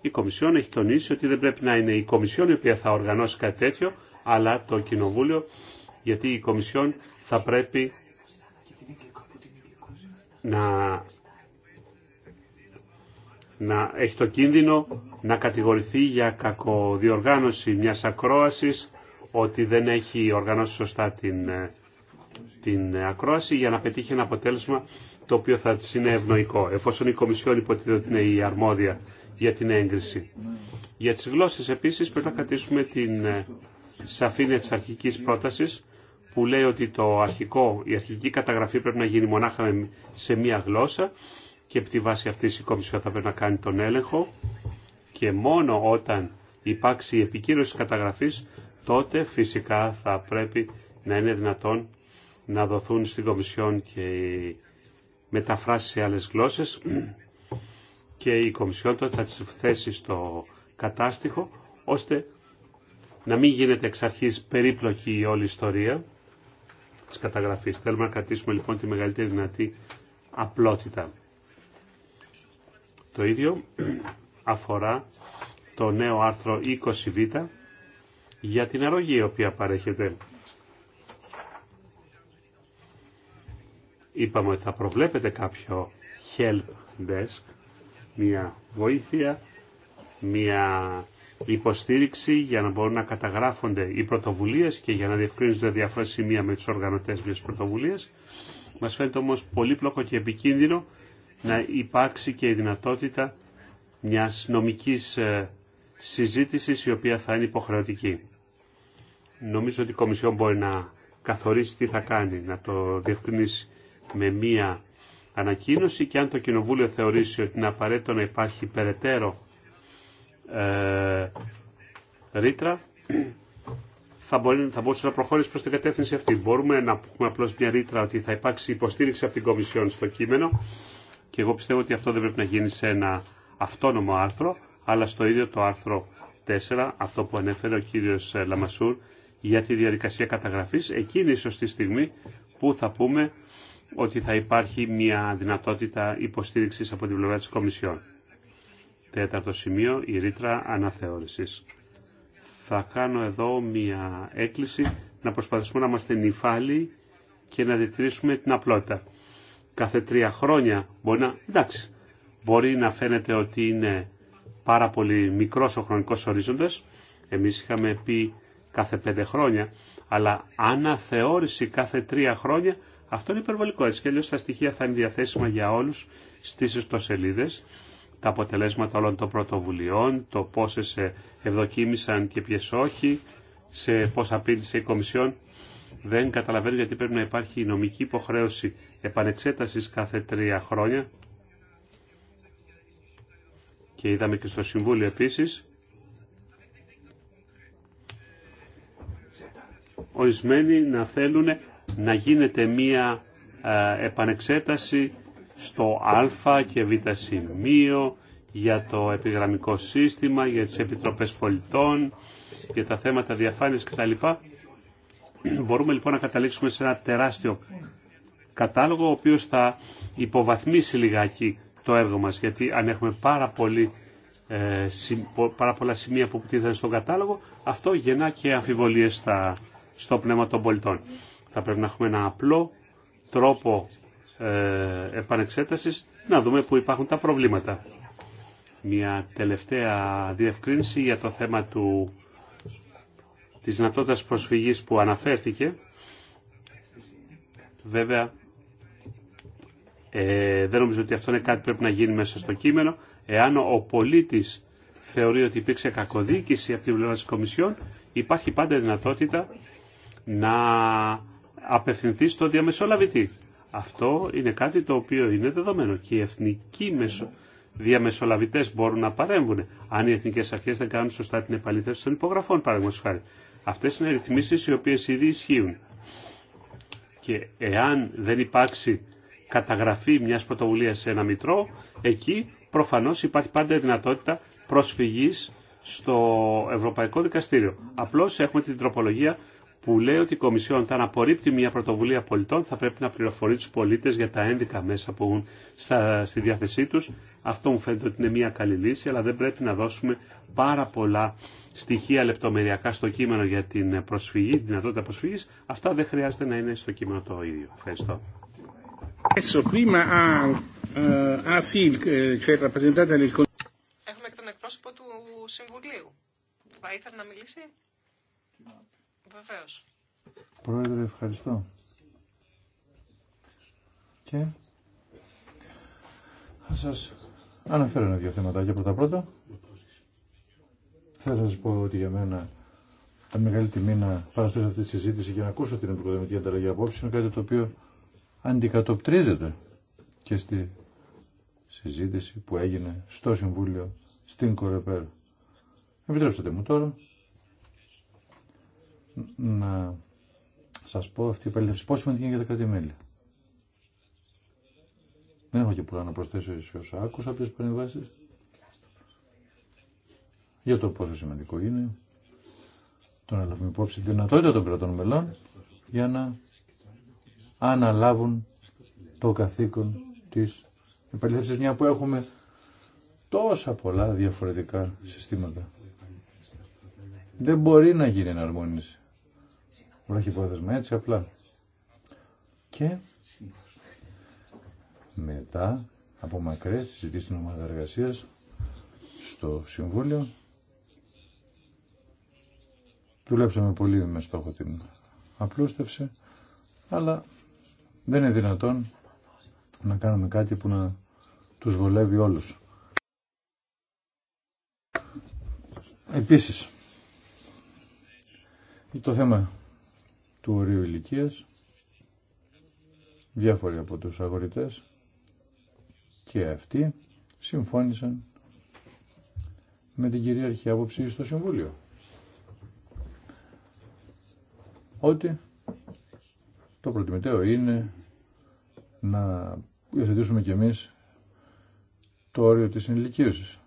Η Κομισιόν έχει τονίσει ότι δεν πρέπει να είναι η Κομισιόν η οποία θα οργανώσει κάτι τέτοιο, αλλά το Κοινοβούλιο, γιατί η Κομισιόν θα πρέπει να, να έχει το κίνδυνο να κατηγορηθεί για κακοδιοργάνωση μιας ακρόασης, ότι δεν έχει οργανώσει σωστά την, ε, την ε, ακρόαση για να πετύχει ένα αποτέλεσμα το οποίο θα είναι ευνοϊκό, εφόσον η Κομισιόν υποτίθεται ότι είναι η αρμόδια για την έγκριση. Για τις γλώσσες επίσης πρέπει να κρατήσουμε την ε, σαφήνεια της αρχικής πρότασης που λέει ότι το αρχικό, η αρχική καταγραφή πρέπει να γίνει μονάχα σε μία γλώσσα και επί τη βάση αυτής η Κομισιόν θα πρέπει να κάνει τον έλεγχο και μόνο όταν υπάρξει η επικύρωση καταγραφής τότε φυσικά θα πρέπει να είναι δυνατόν να δοθούν στην Κομισιόν και οι μεταφράσει σε άλλες γλώσσες και η Κομισιόν θα τις θέσει στο κατάστοιχο ώστε να μην γίνεται εξ αρχής περίπλοκη η όλη ιστορία της καταγραφής. Θέλουμε να κρατήσουμε λοιπόν τη μεγαλύτερη δυνατή απλότητα. Το ίδιο αφορά το νέο άρθρο 20β για την αρρωγή η οποία παρέχεται. είπαμε ότι θα προβλέπετε κάποιο help desk, μια βοήθεια, μια υποστήριξη για να μπορούν να καταγράφονται οι πρωτοβουλίες και για να διευκρίνονται διάφορα σημεία με τους οργανωτές μιας πρωτοβουλίας. Μας φαίνεται όμως πολύπλοκο και επικίνδυνο να υπάρξει και η δυνατότητα μιας νομικής ε, συζήτησης η οποία θα είναι υποχρεωτική. Νομίζω ότι η Κομισιόν μπορεί να καθορίσει τι θα κάνει, να το διευκρινίσει με μία ανακοίνωση και αν το Κοινοβούλιο θεωρήσει ότι είναι απαραίτητο να υπάρχει περαιτέρω ε, ρήτρα, θα, μπορεί, θα μπορούσε να προχωρήσει προς την κατεύθυνση αυτή. Μπορούμε να πούμε απλώς μια ρήτρα ότι θα υπάρξει υποστήριξη από την Κομισιόν στο κείμενο και εγώ πιστεύω ότι αυτό δεν πρέπει να γίνει σε ένα αυτόνομο άρθρο, αλλά στο ίδιο το άρθρο 4, αυτό που ανέφερε ο κύριος ε, Λαμασούρ, για τη διαδικασία καταγραφής, εκείνη ίσως τη στιγμή που θα πούμε ότι θα υπάρχει μια δυνατότητα υποστήριξης από την πλευρά της Κομισιόν. Τέταρτο σημείο, η ρήτρα αναθεώρησης. Θα κάνω εδώ μια έκκληση να προσπαθήσουμε να είμαστε νυφάλοι και να διατηρήσουμε την απλότητα. Κάθε τρία χρόνια μπορεί να... Εντάξει, μπορεί να φαίνεται ότι είναι πάρα πολύ μικρός ο χρονικός ορίζοντας. Εμείς είχαμε πει κάθε πέντε χρόνια, αλλά αναθεώρηση κάθε τρία χρόνια αυτό είναι υπερβολικό. Έτσι και αλλιώ τα στοιχεία θα είναι διαθέσιμα για όλους στις ιστοσελίδε, Τα αποτελέσματα όλων των πρωτοβουλειών, το πόσε ε, ευδοκίμησαν και ποιε όχι, σε πόσα απήντησε η Κομισιόν. Δεν καταλαβαίνω γιατί πρέπει να υπάρχει η νομική υποχρέωση επανεξέτασης κάθε τρία χρόνια. Και είδαμε και στο Συμβούλιο επίσης. Ορισμένοι να θέλουν να γίνεται μία επανεξέταση στο α και β σημείο για το επιγραμμικό σύστημα, για τις επιτροπές πολιτών, για τα θέματα διαφάνειας κτλ. Μπορούμε λοιπόν να καταλήξουμε σε ένα τεράστιο κατάλογο ο οποίος θα υποβαθμίσει λιγάκι το έργο μας γιατί αν έχουμε πάρα, πολύ, ε, πολλά σημεία που πτήθανε στον κατάλογο αυτό γεννά και αμφιβολίες στο πνεύμα των πολιτών. Θα πρέπει να έχουμε ένα απλό τρόπο ε, επανεξέτασης, να δούμε πού υπάρχουν τα προβλήματα. Μια τελευταία διευκρίνηση για το θέμα του, της δυνατότητα προσφυγής που αναφέρθηκε. Βέβαια, ε, δεν νομίζω ότι αυτό είναι κάτι που πρέπει να γίνει μέσα στο κείμενο. Εάν ο πολίτης θεωρεί ότι υπήρξε κακοδίκηση από την πλευρά της Κομισιόν, υπάρχει πάντα δυνατότητα να απευθυνθεί στο διαμεσολαβητή. Αυτό είναι κάτι το οποίο είναι δεδομένο και οι εθνικοί μεσο... διαμεσολαβητές μπορούν να παρέμβουν αν οι εθνικέ αρχέ δεν κάνουν σωστά την επαλήθευση των υπογραφών παραδείγματο χάρη. Αυτές είναι ρυθμίσει οι οποίε ήδη ισχύουν. Και εάν δεν υπάρξει καταγραφή μια πρωτοβουλία σε ένα μητρό, εκεί προφανώ υπάρχει πάντα η δυνατότητα προσφυγή στο Ευρωπαϊκό Δικαστήριο. Απλώ έχουμε την τροπολογία που λέει ότι η Κομισιόν όταν απορρίπτει μια πρωτοβουλία πολιτών θα πρέπει να πληροφορεί του πολίτε για τα ένδικα μέσα που έχουν στη διάθεσή του. Αυτό μου φαίνεται ότι είναι μια καλή λύση, αλλά δεν πρέπει να δώσουμε πάρα πολλά στοιχεία λεπτομεριακά στο κείμενο για την προσφυγή, την δυνατότητα προσφύγή. Αυτά δεν χρειάζεται να είναι στο κείμενο το ίδιο. Ευχαριστώ. Eh, ah, eh, Έχουμε και τον εκπρόσωπο του Συμβουλίου. Θα ήθελα να μιλήσει. Βεβαίω. Πρόεδρε, ευχαριστώ. Και θα σας αναφέρω ένα δύο θέματα. πρώτα πρώτα θα σα πω ότι για μένα τα μεγάλη τιμή να παραστώ σε αυτή τη συζήτηση και να ακούσω την επικοδομητική ανταλλαγή απόψη. Είναι κάτι το οποίο αντικατοπτρίζεται και στη συζήτηση που έγινε στο Συμβούλιο στην κορεπέρ. Επιτρέψτε μου τώρα να σας πω αυτή η επαλήθευση πόσο σημαντική είναι για τα κρατημέλη. Δεν έχω και πολλά να προσθέσω σε όσα άκουσα από τις παρεμβάσεις για το πόσο σημαντικό είναι το να λάβουμε υπόψη τη δυνατότητα των κρατών μελών για να αναλάβουν το καθήκον της επαλήθευσης μια που έχουμε τόσα πολλά διαφορετικά συστήματα. Δεν μπορεί να γίνει εναρμόνιση βροχυπρόθεσμα, έτσι απλά. Και μετά από μακρές συζητήσεις στην ομάδα εργασίας στο Συμβούλιο δουλέψαμε πολύ με στόχο την απλούστευση αλλά δεν είναι δυνατόν να κάνουμε κάτι που να τους βολεύει όλους. Επίσης, το θέμα του ορίου ηλικία, διάφοροι από τους αγορητές και αυτοί συμφώνησαν με την κυρίαρχη άποψη στο Συμβούλιο. Ότι το προτιμητέο είναι να υιοθετήσουμε κι εμείς το όριο της ενηλικίωσης.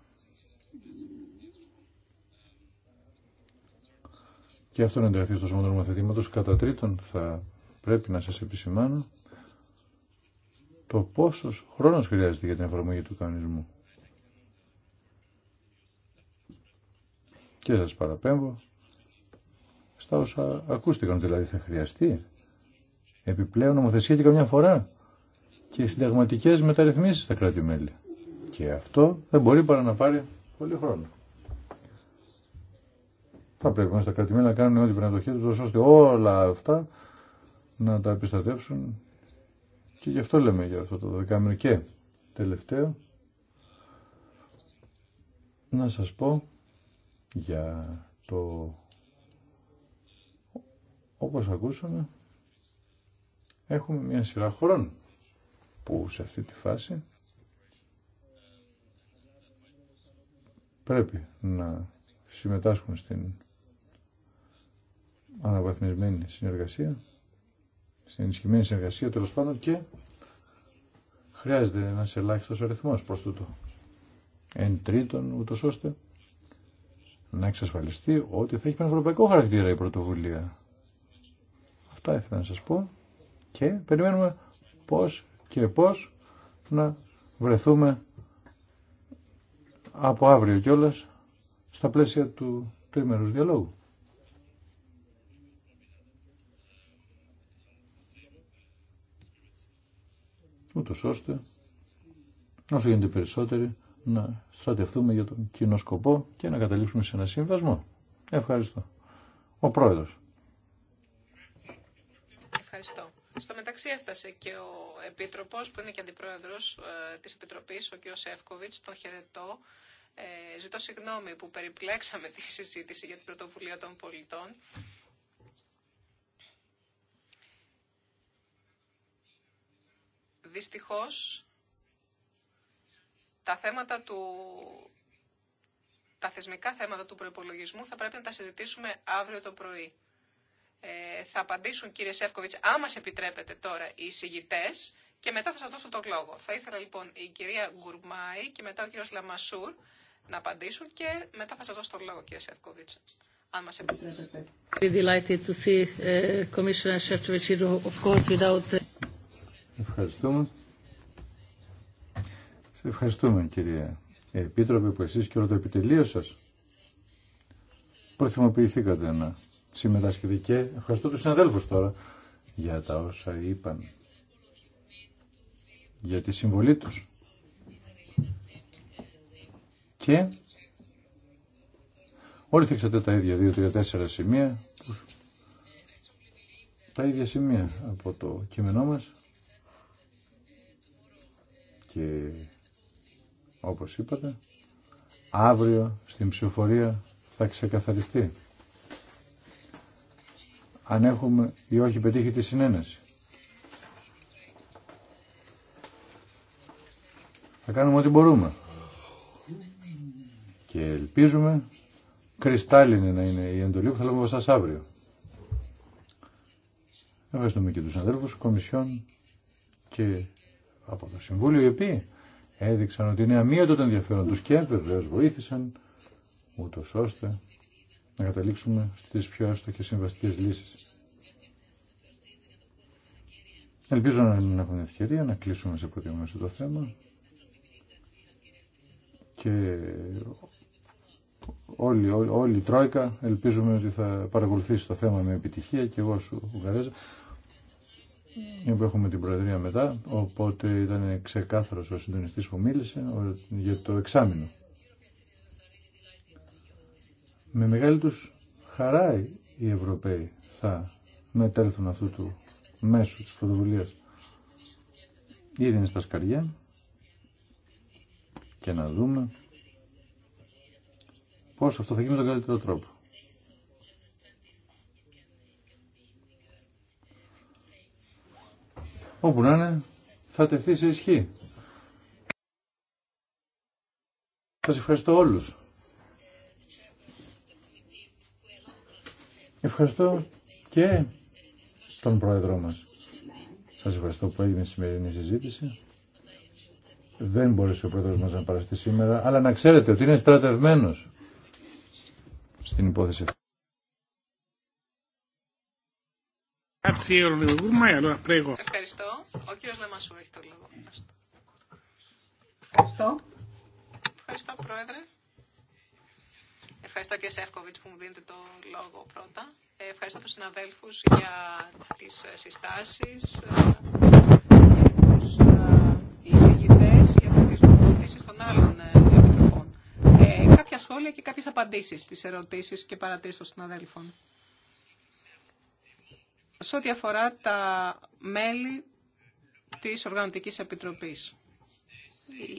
και αυτό να ενταχθεί στο σώμα νομοθετήματος. Κατά τρίτον θα πρέπει να σας επισημάνω το πόσος χρόνος χρειάζεται για την εφαρμογή του κανονισμού. Και σας παραπέμπω στα όσα ακούστηκαν, δηλαδή θα χρειαστεί επιπλέον νομοθεσία και καμιά φορά και συνταγματικές μεταρρυθμίσεις στα κράτη-μέλη. Και αυτό δεν μπορεί παρά να πάρει πολύ χρόνο. Θα πρέπει στα τα κρατημένα να κάνουν ό,τι πρέπει να το ώστε όλα αυτά να τα επιστατεύσουν. Και γι' αυτό λέμε για αυτό το δεκάμενο. Και τελευταίο, να σας πω για το όπως ακούσαμε έχουμε μια σειρά χωρών που σε αυτή τη φάση πρέπει να συμμετάσχουν στην αναβαθμισμένη συνεργασία, στην συνεργασία τέλο πάντων και χρειάζεται ένα ελάχιστο αριθμό προ τούτο. Εν τρίτον, ούτω ώστε να εξασφαλιστεί ότι θα έχει πανευρωπαϊκό χαρακτήρα η πρωτοβουλία. Αυτά ήθελα να σα πω και περιμένουμε πώς και πώς να βρεθούμε από αύριο κιόλας στα πλαίσια του τρίμερους διαλόγου. ούτως ώστε όσο γίνεται περισσότεροι να στρατευτούμε για τον κοινό σκοπό και να καταλήξουμε σε ένα συμβασμό. Ευχαριστώ. Ο Πρόεδρος. Ευχαριστώ. Στο μεταξύ έφτασε και ο Επίτροπος, που είναι και Αντιπρόεδρος ε, της Επιτροπής, ο κ. Σεύκοβιτς, τον χαιρετώ. Ε, ζητώ συγγνώμη που περιπλέξαμε τη συζήτηση για την πρωτοβουλία των πολιτών. δυστυχώς τα θέματα του, τα θεσμικά θέματα του προϋπολογισμού θα πρέπει να τα συζητήσουμε αύριο το πρωί. Ε, θα απαντήσουν κύριε Σεύκοβιτς, άμα σε επιτρέπετε τώρα, οι συγητές και μετά θα σας δώσω τον λόγο. Θα ήθελα λοιπόν η κυρία Γκουρμάη και μετά ο κύριος Λαμασούρ να απαντήσουν και μετά θα σας δώσω τον λόγο κύριε Σεύκοβιτς. Αν μας επιτρέπετε. Ευχαριστούμε. Σε ευχαριστούμε κυρία Επίτροπε που εσείς και όλο το επιτελείο σας προθυμοποιηθήκατε να συμμετάσχετε και ευχαριστώ τους συναδέλφους τώρα για τα όσα είπαν για τη συμβολή τους και όλοι θέξατε τα ίδια 2-3-4 σημεία τα ίδια σημεία από το κείμενό μας και όπως είπατε αύριο στην ψηφοφορία θα ξεκαθαριστεί αν έχουμε ή όχι πετύχει τη συνένεση. Θα κάνουμε ό,τι μπορούμε. Και ελπίζουμε κρυστάλλινη να είναι η εντολή που θα λάβουμε σας αύριο. Ευχαριστούμε και τους αδέρφους Κομισιόν και από το Συμβούλιο, οι οποίοι έδειξαν ότι είναι αμύωτο το ενδιαφέρον τους και βεβαίω βοήθησαν ούτω ώστε να καταλήξουμε στις πιο άστοχες συμβαστικέ λύσεις. Ελπίζω να μην έχουμε ευκαιρία να κλείσουμε σε πρώτη το θέμα και όλοι όλη, όλη Τρόικα ελπίζουμε ότι θα παρακολουθήσει το θέμα με επιτυχία και εγώ σου Ουγγαρέζα που έχουμε την Προεδρία μετά, οπότε ήταν ξεκάθαρος ο συντονιστής που μίλησε για το εξάμεινο. Με μεγάλη τους χαρά οι Ευρωπαίοι θα μετέλθουν αυτού του μέσου της πρωτοβουλία. Ήδη είναι στα σκαριά και να δούμε πώς αυτό θα γίνει με τον καλύτερο τρόπο. όπου να είναι θα τεθεί σε ισχύ. Σας ευχαριστώ όλους. Ευχαριστώ και τον πρόεδρό μας. Σας ευχαριστώ που έγινε η σημερινή συζήτηση. Δεν μπορέσε ο πρόεδρος μας να παραστεί σήμερα, αλλά να ξέρετε ότι είναι στρατευμένος στην υπόθεση αυτή. Ευχαριστώ. Ο κύριο Λεμασού έχει το λόγο. Ευχαριστώ. Ευχαριστώ, Πρόεδρε. Ευχαριστώ και Σεύκοβιτ που μου δίνετε το λόγο πρώτα. Ε, ευχαριστώ του συναδέλφου για τι ε, συστάσει ε, για του εισηγητέ, για τι γνωμοτήσεις των άλλων επιτροπών. Ε, κάποια σχόλια και κάποιε απαντήσει στι ερωτήσει και παρατηρήσει των συναδέλφων σε ό,τι αφορά τα μέλη της Οργανωτικής Επιτροπής.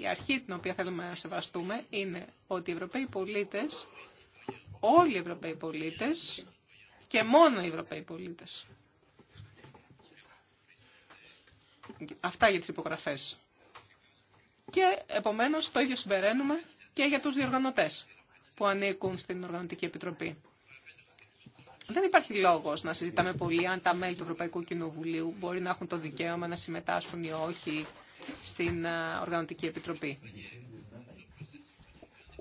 Η αρχή την οποία θέλουμε να σεβαστούμε είναι ότι οι Ευρωπαίοι πολίτες, όλοι οι Ευρωπαίοι πολίτες και μόνο οι Ευρωπαίοι πολίτες. Αυτά για τις υπογραφές. Και επομένως το ίδιο συμπεραίνουμε και για τους διοργανωτές που ανήκουν στην Οργανωτική Επιτροπή. Δεν υπάρχει λόγο να συζητάμε πολύ αν τα μέλη του Ευρωπαϊκού Κοινοβουλίου μπορεί να έχουν το δικαίωμα να συμμετάσχουν ή όχι στην Οργανωτική Επιτροπή.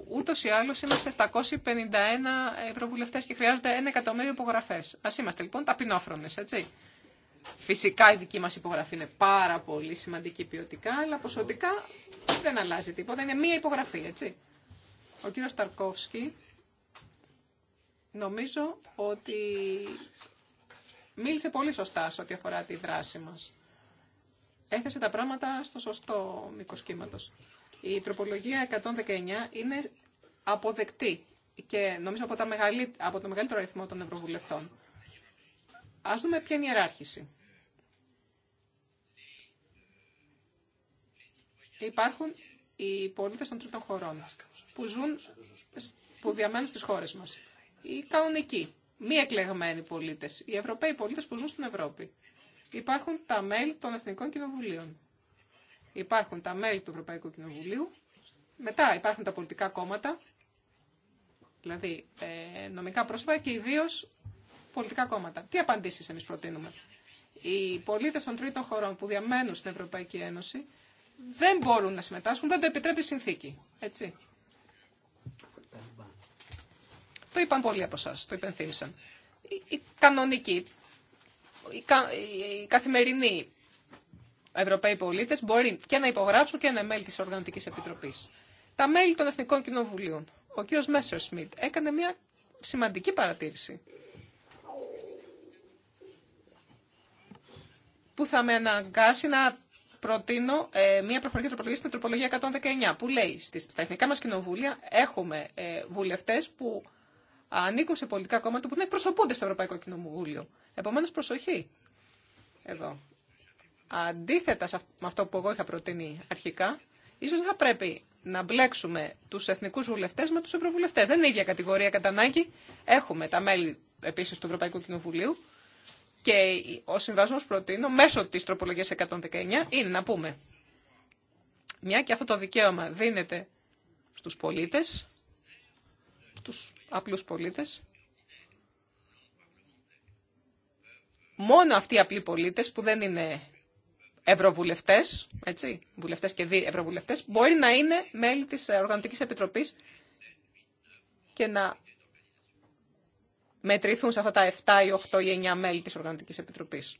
Ούτως ή άλλως είμαστε 751 ευρωβουλευτές και χρειάζονται ένα εκατομμύριο υπογραφές. Ας είμαστε λοιπόν ταπεινόφρονες, έτσι. Φυσικά η οχι στην οργανωτικη επιτροπη ουτω η αλλω ειμαστε 751 ευρωβουλευτέ και χρειαζονται ενα εκατομμυριο υπογραφέ. Α ειμαστε λοιπον ταπεινόφρονε, ετσι φυσικα η δικη μα υπογραφή είναι πάρα πολύ σημαντική ποιοτικά, αλλά ποσοτικά δεν αλλάζει τίποτα. Είναι μία υπογραφή, έτσι. Ο κύριο Ταρκόφσκι Νομίζω ότι μίλησε πολύ σωστά σε ό,τι αφορά τη δράση μας. Έθεσε τα πράγματα στο σωστό μήκο κύματο. Η τροπολογία 119 είναι αποδεκτή και νομίζω από, τα μεγαλύ... από το μεγαλύτερο αριθμό των ευρωβουλευτών. Ας δούμε ποια είναι η ιεράρχηση. Υπάρχουν οι πολίτες των τρίτων χωρών που ζουν, που διαμένουν στις χώρες μας οι κανονικοί, μη εκλεγμένοι πολίτε. οι Ευρωπαίοι πολίτε που ζουν στην Ευρώπη. Υπάρχουν τα μέλη των Εθνικών Κοινοβουλίων. Υπάρχουν τα μέλη του Ευρωπαϊκού Κοινοβουλίου. Μετά υπάρχουν τα πολιτικά κόμματα, δηλαδή ε, νομικά πρόσωπα και ιδίω πολιτικά κόμματα. Τι απαντήσει εμεί προτείνουμε. Οι πολίτε των τρίτων χωρών που διαμένουν στην Ευρωπαϊκή Ένωση δεν μπορούν να συμμετάσχουν, δεν το επιτρέπει η συνθήκη. Έτσι. Το είπαν πολλοί από εσά, το υπενθύμησαν. Οι, κανονικοί, οι, καθημερινοί Ευρωπαίοι πολίτες μπορεί και να υπογράψουν και να είναι μέλη της Οργανωτικής Επιτροπής. Τα μέλη των Εθνικών Κοινοβουλίων. Ο κύριος Μέσσερ Σμιτ έκανε μια σημαντική παρατήρηση. Που θα με αναγκάσει να προτείνω ε, μια προφορική τροπολογία στην τροπολογία 119 που λέει στα εθνικά μας κοινοβούλια έχουμε ε, βουλευτές που ανήκουν σε πολιτικά κόμματα που δεν εκπροσωπούνται στο Ευρωπαϊκό Κοινοβούλιο. Επομένω, προσοχή. Εδώ. Αντίθετα με αυτό που εγώ είχα προτείνει αρχικά, ίσω θα πρέπει να μπλέξουμε του εθνικού βουλευτέ με του ευρωβουλευτέ. Δεν είναι η ίδια κατηγορία κατά ανάγκη. Έχουμε τα μέλη επίση του Ευρωπαϊκού Κοινοβουλίου και ο συμβασμό προτείνω μέσω τη τροπολογία 119 είναι να πούμε μια και αυτό το δικαίωμα δίνεται στους πολίτες, στους απλούς πολίτες. Μόνο αυτοί οι απλοί πολίτες που δεν είναι ευρωβουλευτές, έτσι, βουλευτές και δι ευρωβουλευτές, μπορεί να είναι μέλη της Οργανωτικής Επιτροπής και να μετρηθούν σε αυτά τα 7 ή 8 ή 9 μέλη της Οργανωτικής Επιτροπής.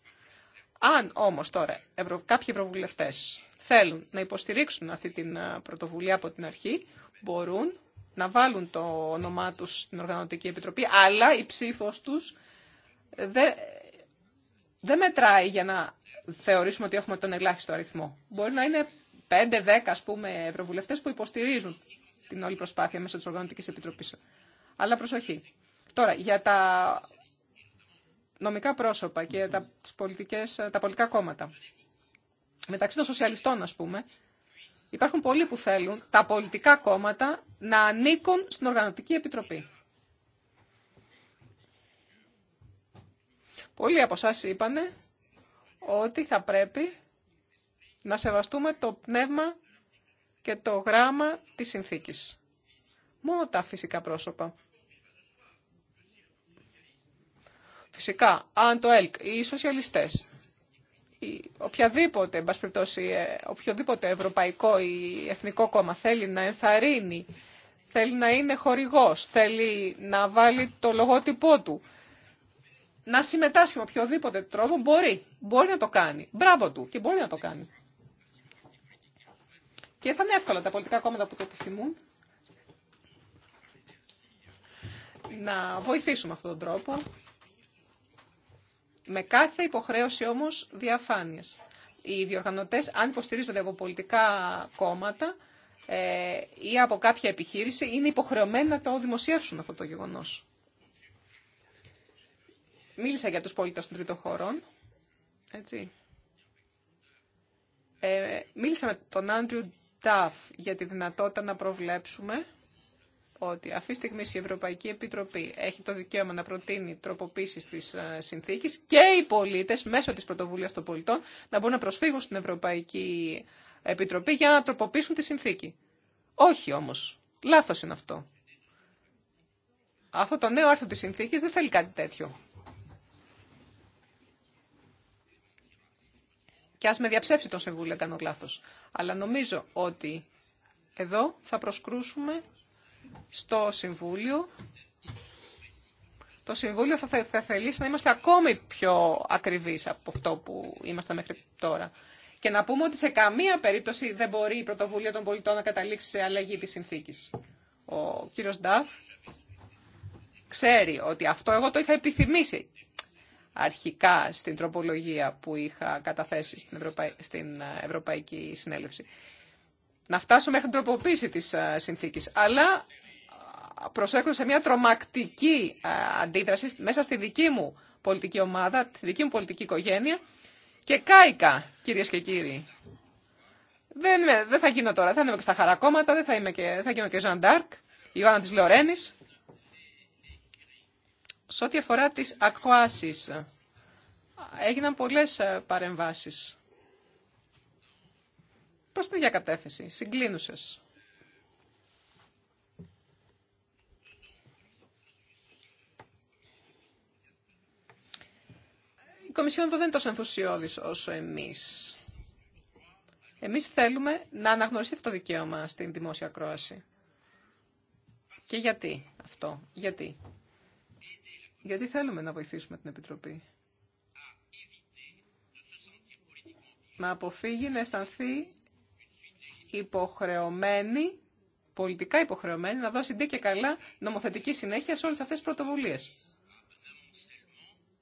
Αν όμως τώρα κάποιοι ευρωβουλευτές θέλουν να υποστηρίξουν αυτή την πρωτοβουλία από την αρχή, μπορούν να βάλουν το όνομά τους στην Οργανωτική Επιτροπή, αλλά η ψήφος τους δεν, δεν μετράει για να θεωρήσουμε ότι έχουμε τον ελάχιστο αριθμό. Μπορεί να είναι 5-10 ας πούμε ευρωβουλευτές που υποστηρίζουν την όλη προσπάθεια μέσα της Οργανωτικής Επιτροπής. Αλλά προσοχή. Τώρα, για τα νομικά πρόσωπα και τα, πολιτικές, τα πολιτικά κόμματα. Μεταξύ των σοσιαλιστών, ας πούμε, Υπάρχουν πολλοί που θέλουν τα πολιτικά κόμματα να ανήκουν στην Οργανωτική Επιτροπή. Πολλοί από εσά είπανε ότι θα πρέπει να σεβαστούμε το πνεύμα και το γράμμα της συνθήκης. Μόνο τα φυσικά πρόσωπα. Φυσικά, αν το ΕΛΚ ή οι σοσιαλιστές οποιαδήποτε, ε, οποιοδήποτε ευρωπαϊκό ή εθνικό κόμμα θέλει να ενθαρρύνει, θέλει να είναι χορηγός, θέλει να βάλει το λογότυπό του, να συμμετάσχει με οποιοδήποτε τρόπο, μπορεί. Μπορεί να το κάνει. Μπράβο του και μπορεί να το κάνει. Και θα είναι εύκολα τα πολιτικά κόμματα που το επιθυμούν να βοηθήσουμε αυτόν τον τρόπο. Με κάθε υποχρέωση όμως διαφάνειας. Οι διοργανωτέ, αν υποστηρίζονται από πολιτικά κόμματα ε, ή από κάποια επιχείρηση, είναι υποχρεωμένοι να το δημοσιεύσουν αυτό το γεγονός. Μίλησα για τους πολίτες των τρίτων χωρών. Έτσι. Ε, μίλησα με τον Άντριου Νταφ για τη δυνατότητα να προβλέψουμε ότι αυτή τη στιγμή η Ευρωπαϊκή Επιτροπή έχει το δικαίωμα να προτείνει τροποποίηση τη ε, συνθήκη και οι πολίτε μέσω τη πρωτοβουλία των πολιτών να μπορούν να προσφύγουν στην Ευρωπαϊκή Επιτροπή για να τροποποιήσουν τη συνθήκη. Όχι όμω. Λάθο είναι αυτό. Αυτό το νέο άρθρο τη συνθήκη δεν θέλει κάτι τέτοιο. Και ας με διαψεύσει τον Συμβούλιο, κάνω λάθος. Αλλά νομίζω ότι εδώ θα προσκρούσουμε στο Συμβούλιο. Το Συμβούλιο θα, θα θελήσει να είμαστε ακόμη πιο ακριβείς από αυτό που είμαστε μέχρι τώρα. Και να πούμε ότι σε καμία περίπτωση δεν μπορεί η πρωτοβουλία των πολιτών να καταλήξει σε αλλαγή της συνθήκης. Ο κύριος Νταφ ξέρει ότι αυτό εγώ το είχα επιθυμήσει αρχικά στην τροπολογία που είχα καταθέσει στην, ε, Ευρωπαϊκή Συνέλευση. Να φτάσουμε μέχρι την τροποποίηση της ε, συνθήκης. Αλλά προσέχουν σε μια τρομακτική ε, αντίδραση μέσα στη δική μου πολιτική ομάδα, στη δική μου πολιτική οικογένεια και κάηκα, κυρίες και κύριοι. Δεν, δεν θα γίνω τώρα, θα είμαι και στα χαρακόμματα, δεν θα, είμαι και, θα γίνω και Ζαν Ντάρκ, Ιωάννα της Λορένης. Σε ό,τι αφορά τις ακροάσεις, έγιναν πολλές ε, παρεμβάσεις. Προς την διακατεύθυνση, συγκλίνουσες. Η Κομισιόν δεν είναι τόσο ενθουσιώδης όσο εμεί. Εμεί θέλουμε να αναγνωριστεί αυτό το δικαίωμα στην δημόσια κρόαση. Και γιατί αυτό, γιατί. Γιατί θέλουμε να βοηθήσουμε την Επιτροπή. Να αποφύγει να αισθανθεί υποχρεωμένη, πολιτικά υποχρεωμένη, να δώσει ντύ και καλά νομοθετική συνέχεια σε όλες αυτές τις πρωτοβουλίες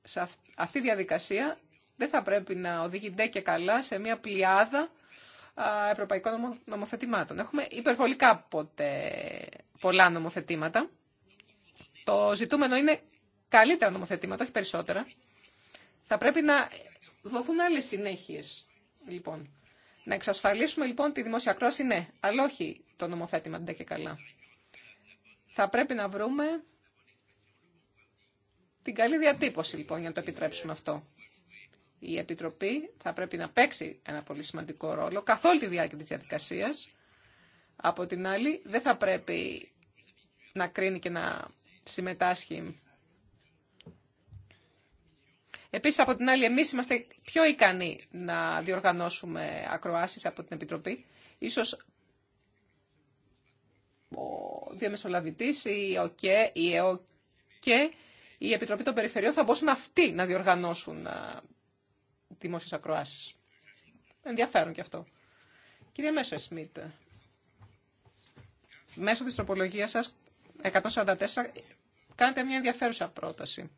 σε αυτή τη διαδικασία δεν θα πρέπει να οδηγεί ντε και καλά σε μια πλειάδα ευρωπαϊκών νομοθετημάτων. Έχουμε υπερβολικά ποτέ πολλά νομοθετήματα. Το ζητούμενο είναι καλύτερα νομοθετήματα, όχι περισσότερα. Θα πρέπει να δοθούν άλλες συνέχειες, λοιπόν. Να εξασφαλίσουμε, λοιπόν, τη δημόσια κρόση, ναι, αλλά όχι το νομοθέτημα ντε και καλά. Θα πρέπει να βρούμε την καλή διατύπωση λοιπόν για να το επιτρέψουμε αυτό. Η Επιτροπή θα πρέπει να παίξει ένα πολύ σημαντικό ρόλο καθ' όλη τη διάρκεια της διαδικασίας. Από την άλλη, δεν θα πρέπει να κρίνει και να συμμετάσχει. Επίσης, από την άλλη, εμείς είμαστε πιο ικανοί να διοργανώσουμε ακροάσεις από την Επιτροπή. Ίσως ο διαμεσολαβητής ή ο ΚΕ, η ΕΟΚΕ η Επιτροπή των Περιφερειών θα μπορούσαν αυτοί να διοργανώσουν ε, δημόσιες ακροάσεις. Ενδιαφέρον και αυτό. Κύριε Μέσο Σμιτ, μέσω της τροπολογίας σας 144 κάνετε μια ενδιαφέρουσα πρόταση,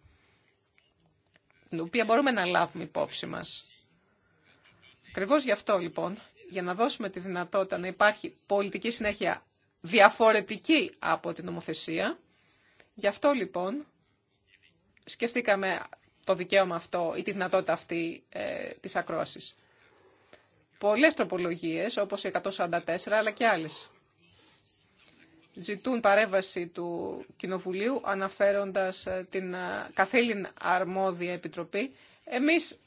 την οποία μπορούμε να λάβουμε υπόψη μας. Ακριβώ γι' αυτό λοιπόν, για να δώσουμε τη δυνατότητα να υπάρχει πολιτική συνέχεια διαφορετική από την νομοθεσία, γι' αυτό λοιπόν σκεφτήκαμε το δικαίωμα αυτό ή τη δυνατότητα αυτή ε, της ακρόασης. Πολλές τροπολογίες, όπως η 144, αλλά και άλλες, ζητούν παρέμβαση του Κοινοβουλίου αναφέροντας ε, την ε, καθήλυν αρμόδια επιτροπή. Εμείς, ε,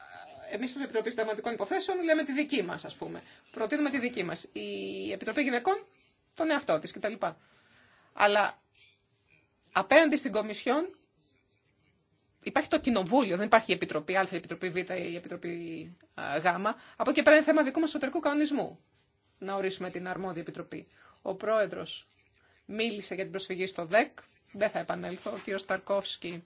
εμείς στην Επιτροπή Συνταγματικών Υποθέσεων λέμε τη δική μας, ας πούμε. Προτείνουμε τη δική μας. Η Επιτροπή Γυναικών τον εαυτό της κτλ. Αλλά απέναντι στην Κομισιόν υπάρχει το κοινοβούλιο, δεν υπάρχει η Επιτροπή Α, η Επιτροπή Β ή η Επιτροπή Γ. Από εκεί πέρα είναι θέμα δικού μα εσωτερικού κανονισμού να ορίσουμε την αρμόδια επιτροπή. Ο πρόεδρο μίλησε για την προσφυγή στο ΔΕΚ. Δεν θα επανέλθω. Ο κ. Σταρκόφσκι,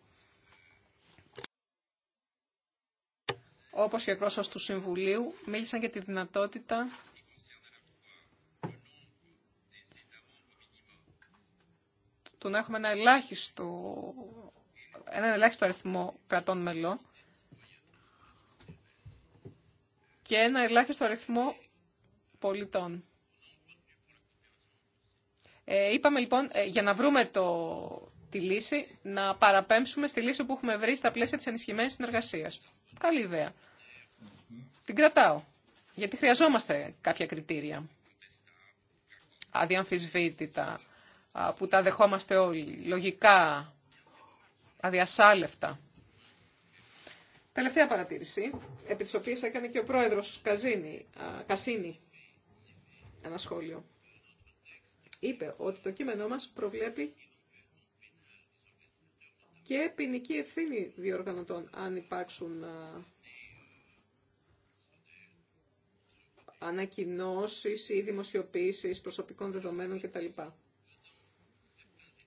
όπω και ο εκπρόσωπο του Συμβουλίου, μίλησαν για τη δυνατότητα του να έχουμε ένα ελάχιστο έναν ελάχιστο αριθμό κρατών μελών και ένα ελάχιστο αριθμό πολιτών. Ε, είπαμε λοιπόν, ε, για να βρούμε το, τη λύση, να παραπέμψουμε στη λύση που έχουμε βρει στα πλαίσια της ενισχυμένης συνεργασίας. Καλή ιδέα. Την κρατάω, γιατί χρειαζόμαστε κάποια κριτήρια. Αδιαμφισβήτητα, που τα δεχόμαστε όλοι, λογικά αδιασάλευτα. Τελευταία παρατήρηση, επί της οποίας έκανε και ο πρόεδρος Καζίνη, Κασίνη ένα σχόλιο. Είπε ότι το κείμενό μας προβλέπει και ποινική ευθύνη διοργανωτών αν υπάρξουν ανακοινώσεις ή δημοσιοποίησεις προσωπικών δεδομένων κτλ.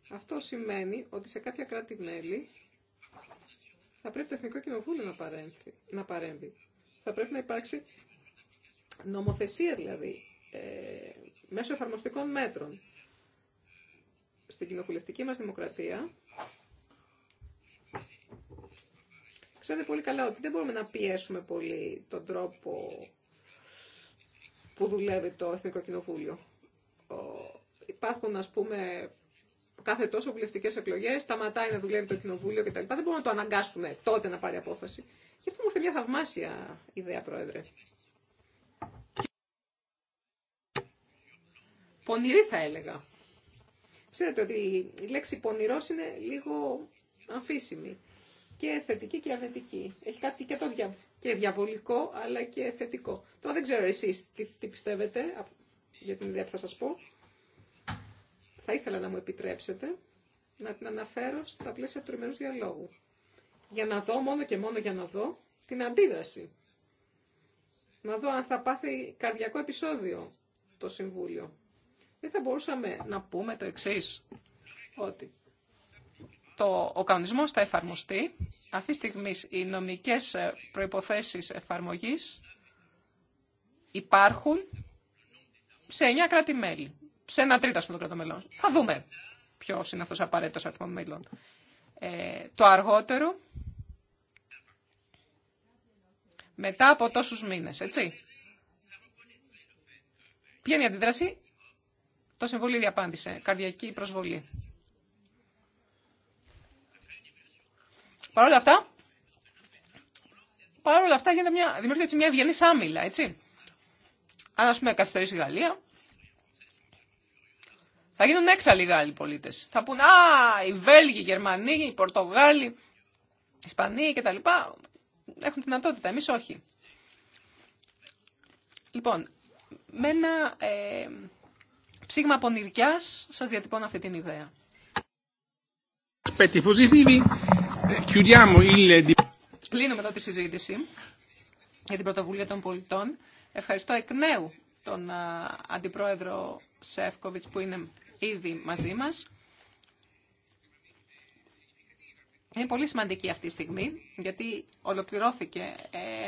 Αυτό σημαίνει ότι σε κάποια κράτη-μέλη θα πρέπει το Εθνικό Κοινοβούλιο να, παρέμβει, να παρέμβει. Θα πρέπει να υπάρξει νομοθεσία δηλαδή, ε, μέσω εφαρμοστικών μέτρων. Στην κοινοβουλευτική μας δημοκρατία, ξέρετε πολύ καλά ότι δεν μπορούμε να πιέσουμε πολύ τον τρόπο που δουλεύει το Εθνικό Κοινοβούλιο. Υπάρχουν, ας πούμε, κάθε τόσο βουλευτικέ εκλογέ, σταματάει να δουλεύει το κοινοβούλιο κτλ. Δεν μπορούμε να το αναγκάσουμε τότε να πάρει απόφαση. Γι' αυτό μου έρθει μια θαυμάσια ιδέα, Πρόεδρε. Πονηρή θα έλεγα. Ξέρετε ότι η λέξη πονηρός είναι λίγο αμφίσιμη. Και θετική και αρνητική. Έχει κάτι και το και διαβολικό αλλά και θετικό. Τώρα δεν ξέρω εσεί. τι, τι πιστεύετε για την ιδέα που θα σα πω θα ήθελα να μου επιτρέψετε να την αναφέρω στα πλαίσια του τριμερούς διαλόγου. Για να δω, μόνο και μόνο για να δω, την αντίδραση. Να δω αν θα πάθει καρδιακό επεισόδιο το Συμβούλιο. Δεν θα μπορούσαμε να πούμε το εξή ότι το, ο κανονισμός θα εφαρμοστεί. Αυτή τη στιγμή οι νομικές ε, προϋποθέσεις εφαρμογής υπάρχουν σε εννια κράτη-μέλη σε ένα τρίτο ας πούμε μελών. Θα δούμε ποιο είναι αυτός απαραίτητο αριθμό μελών. Ε, το αργότερο, μετά από τόσους μήνες, έτσι. Ποια είναι η αντίδραση. Το Συμβούλιο διαπάντησε. Καρδιακή προσβολή. Παρ' όλα αυτά, παρ' όλα αυτά γίνεται μια, δημιουργείται μια ευγενή άμυλα, έτσι. Αν ας πούμε καθυστερήσει η Γαλλία, θα γίνουν έξαλλοι Γάλλοι πολίτε. Θα πούν Α, οι Βέλγοι, οι Γερμανοί, οι Πορτογάλοι, οι Ισπανοί κτλ. Έχουν δυνατότητα. Εμεί όχι. Λοιπόν, με ένα ε, ψήγμα πονηριάς σας διατυπώνω αυτή την ιδέα. Σπλήνουμε εδώ τη συζήτηση για την πρωτοβουλία των πολιτών Ευχαριστώ εκ νέου τον Αντιπρόεδρο Σεύκοβιτς που είναι ήδη μαζί μας. Είναι πολύ σημαντική αυτή η στιγμή, γιατί ολοκληρώθηκε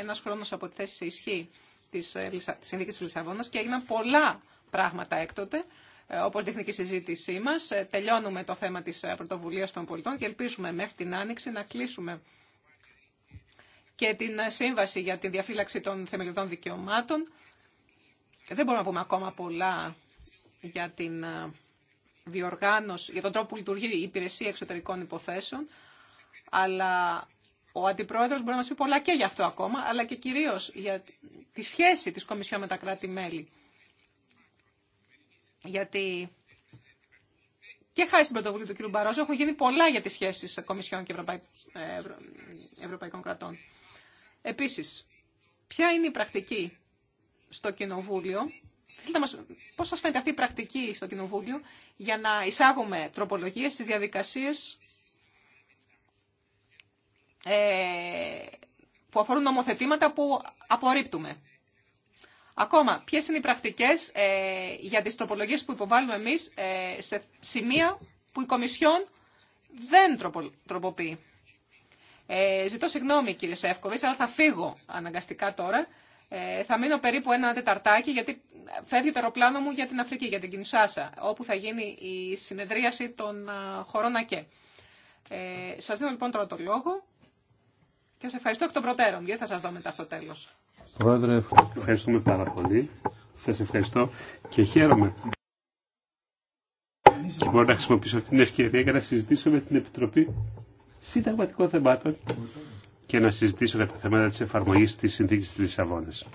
ένας χρόνος από τη θέση σε ισχύ της ε, Συνδίκης της Λισαβόνας και έγιναν πολλά πράγματα έκτοτε, ε, όπως δείχνει και η συζήτησή μας. Ε, τελειώνουμε το θέμα της πρωτοβουλίας των πολιτών και ελπίζουμε μέχρι την Άνοιξη να κλείσουμε και την Σύμβαση για τη Διαφύλαξη των Θεμελιωδών Δικαιωμάτων. Δεν μπορούμε να πούμε ακόμα πολλά για την ε, διοργάνωση, για τον τρόπο που λειτουργεί η Υπηρεσία Εξωτερικών Υποθέσεων, αλλά ο Αντιπρόεδρος μπορεί να μας πει πολλά και για αυτό ακόμα, αλλά και κυρίως για τη σχέση της Κομισιόν με τα κράτη-μέλη. Γιατί και χάρη στην πρωτοβουλία του κ. Μπαρόζο έχουν γίνει πολλά για τις σχέσεις Κομισιόν και Ευρωπαϊ... Ε, Ευρωπαϊκών κρατών. Επίσης, ποια είναι η πρακτική στο Κοινοβούλιο, μας, πώς σας φαίνεται αυτή η πρακτική στο Κοινοβούλιο για να εισάγουμε τροπολογίες στις διαδικασίες ε, που αφορούν νομοθετήματα που απορρίπτουμε. Ακόμα, ποιε είναι οι πρακτικέ ε, για τι τροπολογίε που υποβάλλουμε εμεί ε, σε σημεία που η Κομισιόν δεν τροποποιεί. Ε, ζητώ συγγνώμη κύριε Σεύκοβιτς, αλλά θα φύγω αναγκαστικά τώρα. Ε, θα μείνω περίπου ένα τεταρτάκι, γιατί φεύγει το αεροπλάνο μου για την Αφρική, για την Κινσάσα, όπου θα γίνει η συνεδρίαση των α, χωρών ΑΚΕ. Ε, σας δίνω λοιπόν τώρα το λόγο και σε ευχαριστώ εκ των προτέρων, γιατί θα σας δω μετά στο τέλος. Πρόεδρε, ευχαριστούμε πάρα πολύ. Σας ευχαριστώ και χαίρομαι. Και μπορώ να χρησιμοποιήσω την ευκαιρία για να συζητήσω με την Επιτροπή συνταγματικών θεμάτων και να συζητήσω για τα θέματα της εφαρμογής της συνθήκης της Λισαβόνας.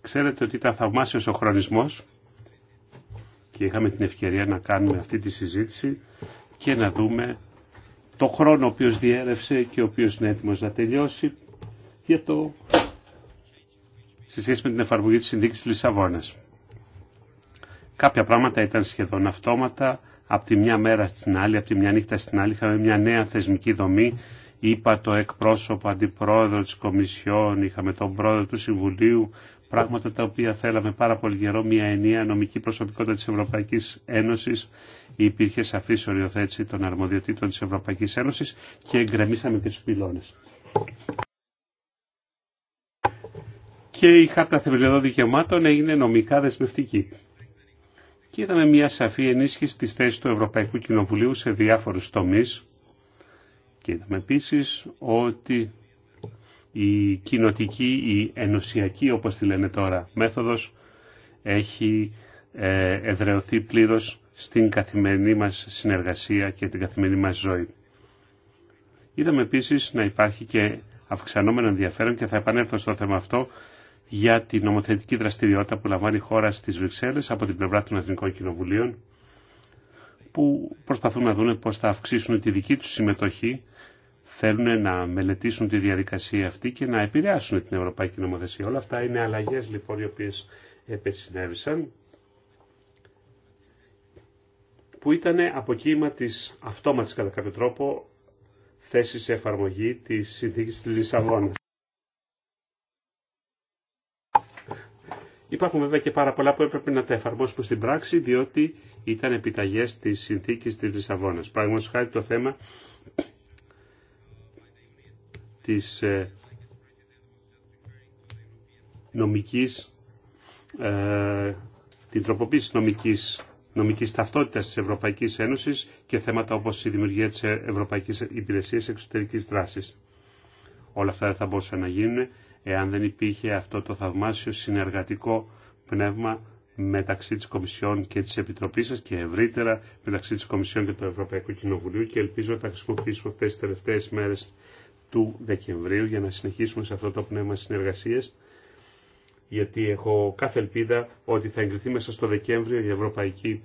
Ξέρετε ότι ήταν θαυμάσιος ο χρονισμός και είχαμε την ευκαιρία να κάνουμε αυτή τη συζήτηση και να δούμε το χρόνο ο οποίος διέρευσε και ο οποίος είναι έτοιμος να τελειώσει για το σε σχέση με την εφαρμογή της συνθήκης της Λισαβόνας. Κάποια πράγματα ήταν σχεδόν αυτόματα, από τη μια μέρα στην άλλη, από τη μια νύχτα στην άλλη, είχαμε μια νέα θεσμική δομή. Είπα το εκπρόσωπο αντιπρόεδρο της Κομισιόν, είχαμε τον πρόεδρο του Συμβουλίου, πράγματα τα οποία θέλαμε πάρα πολύ καιρό, μια ενιαία νομική προσωπικότητα της Ευρωπαϊκής Ένωσης, υπήρχε σαφή οριοθέτηση των αρμοδιοτήτων της Ευρωπαϊκής Ένωσης και εγκρεμίσαμε και τους πυλώνες. Και η Χάρτα Θεμελιωδών Δικαιωμάτων έγινε νομικά δεσμευτική και είδαμε μια σαφή ενίσχυση της θέσης του Ευρωπαϊκού Κοινοβουλίου σε διάφορους τομείς και είδαμε επίσης ότι η κοινοτική, η ενωσιακή όπως τη λένε τώρα μέθοδος έχει ε, εδρεωθεί πλήρως στην καθημερινή μας συνεργασία και την καθημερινή μας ζωή. Είδαμε επίσης να υπάρχει και αυξανόμενο ενδιαφέρον και θα επανέλθω στο θέμα αυτό για την νομοθετική δραστηριότητα που λαμβάνει η χώρα στις Βρυξέλλες από την πλευρά των Εθνικών Κοινοβουλίων που προσπαθούν να δουν πώς θα αυξήσουν τη δική τους συμμετοχή θέλουν να μελετήσουν τη διαδικασία αυτή και να επηρεάσουν την Ευρωπαϊκή Νομοθεσία. Όλα αυτά είναι αλλαγές λοιπόν οι οποίες επεσυνέβησαν που ήταν από κύμα της αυτόματης κατά κάποιο τρόπο θέσης εφαρμογή της συνθήκης της Λισαβόνας. Υπάρχουν βέβαια και πάρα πολλά που έπρεπε να τα εφαρμόσουμε στην πράξη, διότι ήταν επιταγέ τη συνθήκη τη Λισαβόνα. Παραδείγματο χάρη το θέμα τη ε, νομική, ε, την τροποποίηση νομικής, νομικής ταυτότητας της Ευρωπαϊκής Ένωσης και θέματα όπως η δημιουργία της Ευρωπαϊκής Υπηρεσίας Εξωτερικής δράση Όλα αυτά δεν θα μπορούσαν να γίνουν εάν δεν υπήρχε αυτό το θαυμάσιο συνεργατικό πνεύμα μεταξύ της Κομισιόν και της Επιτροπής σας και ευρύτερα μεταξύ της Κομισιόν και του Ευρωπαϊκού Κοινοβουλίου και ελπίζω να τα χρησιμοποιήσουμε αυτές τις τελευταίες μέρες του Δεκεμβρίου για να συνεχίσουμε σε αυτό το πνεύμα συνεργασίες, γιατί έχω κάθε ελπίδα ότι θα εγκριθεί μέσα στο Δεκέμβριο η Ευρωπαϊκή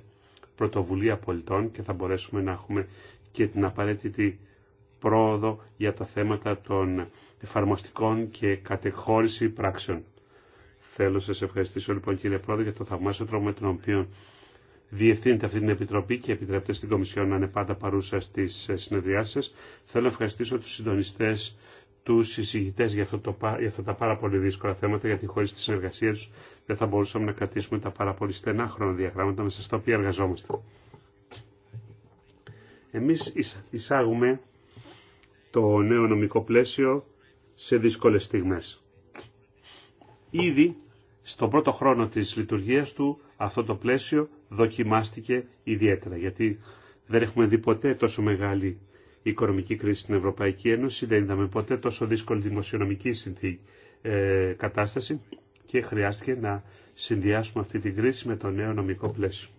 Πρωτοβουλία Πολιτών και θα μπορέσουμε να έχουμε και την απαραίτητη πρόοδο για τα θέματα των εφαρμοστικών και κατεχώρηση πράξεων. Θέλω σα σας ευχαριστήσω λοιπόν κύριε Πρόεδρε για το θαυμάσιο τρόπο με τον οποίο διευθύνεται αυτή την Επιτροπή και επιτρέπετε στην Κομισιόν να είναι πάντα παρούσα στις συνεδριάσεις σας. Θέλω να ευχαριστήσω τους συντονιστές του συζητητέ για, για, αυτά τα πάρα πολύ δύσκολα θέματα, γιατί χωρί τη συνεργασία του δεν θα μπορούσαμε να κρατήσουμε τα πάρα πολύ στενά χρονοδιαγράμματα μέσα στα οποία εργαζόμαστε. Εμεί εισάγουμε το νέο νομικό πλαίσιο σε δύσκολες στιγμές. Ήδη στον πρώτο χρόνο της λειτουργίας του αυτό το πλαίσιο δοκιμάστηκε ιδιαίτερα γιατί δεν έχουμε δει ποτέ τόσο μεγάλη οικονομική κρίση στην Ευρωπαϊκή Ένωση, δεν είδαμε ποτέ τόσο δύσκολη δημοσιονομική ε, κατάσταση και χρειάστηκε να συνδυάσουμε αυτή την κρίση με το νέο νομικό πλαίσιο.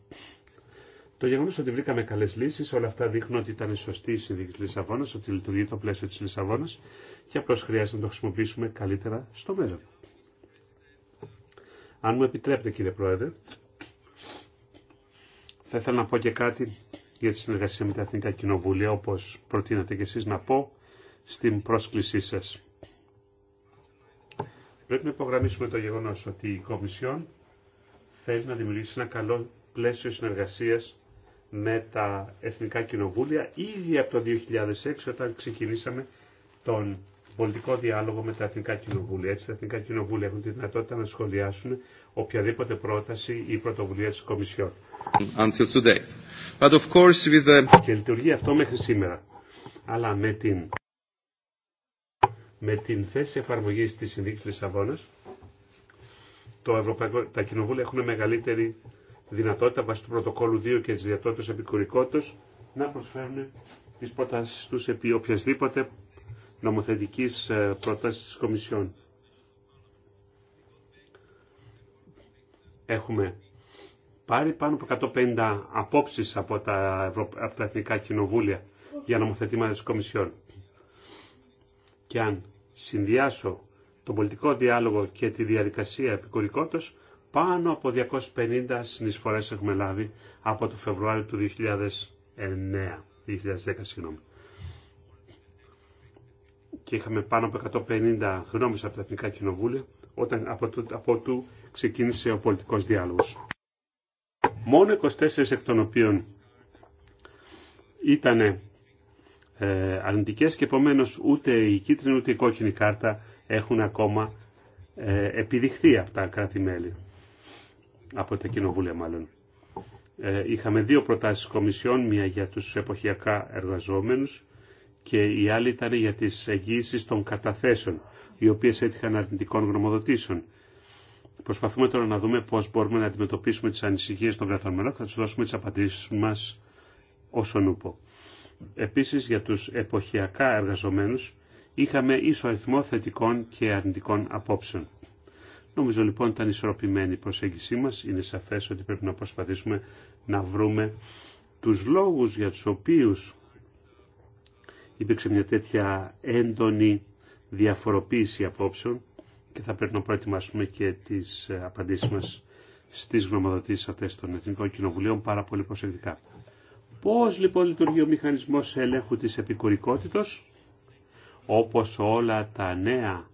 Το γεγονό ότι βρήκαμε καλέ λύσει, όλα αυτά δείχνουν ότι ήταν σωστή η συνδίκη τη Λισαβόνα, ότι λειτουργεί το πλαίσιο τη Λισαβόνα και απλώ χρειάζεται να το χρησιμοποιήσουμε καλύτερα στο μέλλον. Αν μου επιτρέπετε κύριε Πρόεδρε, θα ήθελα να πω και κάτι για τη συνεργασία με τα Εθνικά Κοινοβούλια, όπω προτείνατε και εσεί να πω στην πρόσκλησή σα. Πρέπει να υπογραμμίσουμε το γεγονό ότι η Κομισιόν θέλει να δημιουργήσει ένα καλό πλαίσιο συνεργασίας με τα Εθνικά Κοινοβούλια ήδη από το 2006 όταν ξεκινήσαμε τον πολιτικό διάλογο με τα Εθνικά Κοινοβούλια. Έτσι τα Εθνικά Κοινοβούλια έχουν τη δυνατότητα να σχολιάσουν οποιαδήποτε πρόταση ή πρωτοβουλία της Κομισιόν. the... Και λειτουργεί αυτό μέχρι σήμερα. Αλλά με την, με την θέση εφαρμογής της Συνδίκης Λισαβόνας το Ευρωπαϊκό... τα Κοινοβούλια έχουν μεγαλύτερη δυνατότητα βάσει του πρωτοκόλου 2 και της διατότητα επικουρικότητα να προσφέρουν τι προτάσει του επί οποιασδήποτε νομοθετικής ε, πρόταση της Κομισιόν. Έχουμε πάρει πάνω από 150 απόψεις από τα, Ευρω... από τα Εθνικά Κοινοβούλια για νομοθετήματα της Κομισιόν. Και αν συνδυάσω τον πολιτικό διάλογο και τη διαδικασία επικουρικότητας, πάνω από 250 συνεισφορές έχουμε λάβει από το Φεβρουάριο του 2009, 2010 συγγνώμη. Και είχαμε πάνω από 150 γνώμες από τα Εθνικά Κοινοβούλια όταν από του, από το ξεκίνησε ο πολιτικός διάλογος. Μόνο 24 εκ των οποίων ήταν ε, αρνητικές και επομένως ούτε η κίτρινη ούτε η κόκκινη κάρτα έχουν ακόμα ε, επιδειχθεί από τα κράτη-μέλη από τα κοινοβούλια μάλλον. Ε, είχαμε δύο προτάσεις κομισιών, μία για τους εποχιακά εργαζόμενους και η άλλη ήταν για τις εγγύησεις των καταθέσεων, οι οποίες έτυχαν αρνητικών γνωμοδοτήσεων. Προσπαθούμε τώρα να δούμε πώς μπορούμε να αντιμετωπίσουμε τις ανησυχίες των κρατών και θα τους δώσουμε τις απαντήσεις μας όσον νούπο. Επίσης για τους εποχιακά εργαζομένους είχαμε ίσο αριθμό θετικών και αρνητικών απόψεων. Νομίζω λοιπόν ήταν ισορροπημένη η προσέγγισή μας. Είναι σαφές ότι πρέπει να προσπαθήσουμε να βρούμε τους λόγους για τους οποίους υπήρξε μια τέτοια έντονη διαφοροποίηση απόψεων και θα πρέπει να προετοιμάσουμε και τις απαντήσεις μας στις γνωμοδοτήσεις αυτές των Εθνικών Κοινοβουλίων πάρα πολύ προσεκτικά. Πώς λοιπόν λειτουργεί ο μηχανισμός ελέγχου της επικουρικότητος, όπως όλα τα νέα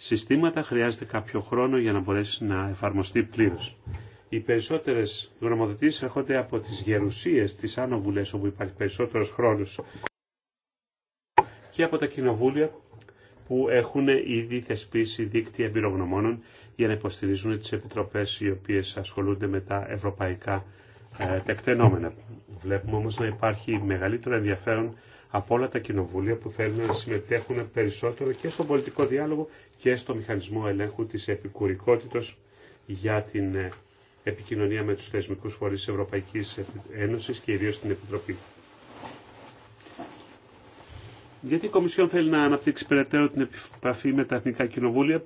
συστήματα χρειάζεται κάποιο χρόνο για να μπορέσει να εφαρμοστεί πλήρως. Οι περισσότερε γνωμοδοτήσει έρχονται από τι γερουσίε, τι άνω όπου υπάρχει περισσότερο χρόνο, και από τα κοινοβούλια που έχουν ήδη θεσπίσει δίκτυα εμπειρογνωμόνων για να υποστηρίζουν τι επιτροπέ οι οποίε ασχολούνται με τα ευρωπαϊκά ε, τεκτενόμενα. Βλέπουμε όμω να υπάρχει μεγαλύτερο ενδιαφέρον από όλα τα κοινοβούλια που θέλουν να συμμετέχουν περισσότερο και στον πολιτικό διάλογο και στο μηχανισμό ελέγχου της επικουρικότητος για την ε, επικοινωνία με τους θεσμικούς φορείς της Ευρωπαϊκής Ένωσης και ιδίως την Επιτροπή. Γιατί η Κομισιόν θέλει να αναπτύξει περαιτέρω την επαφή με τα εθνικά κοινοβούλια,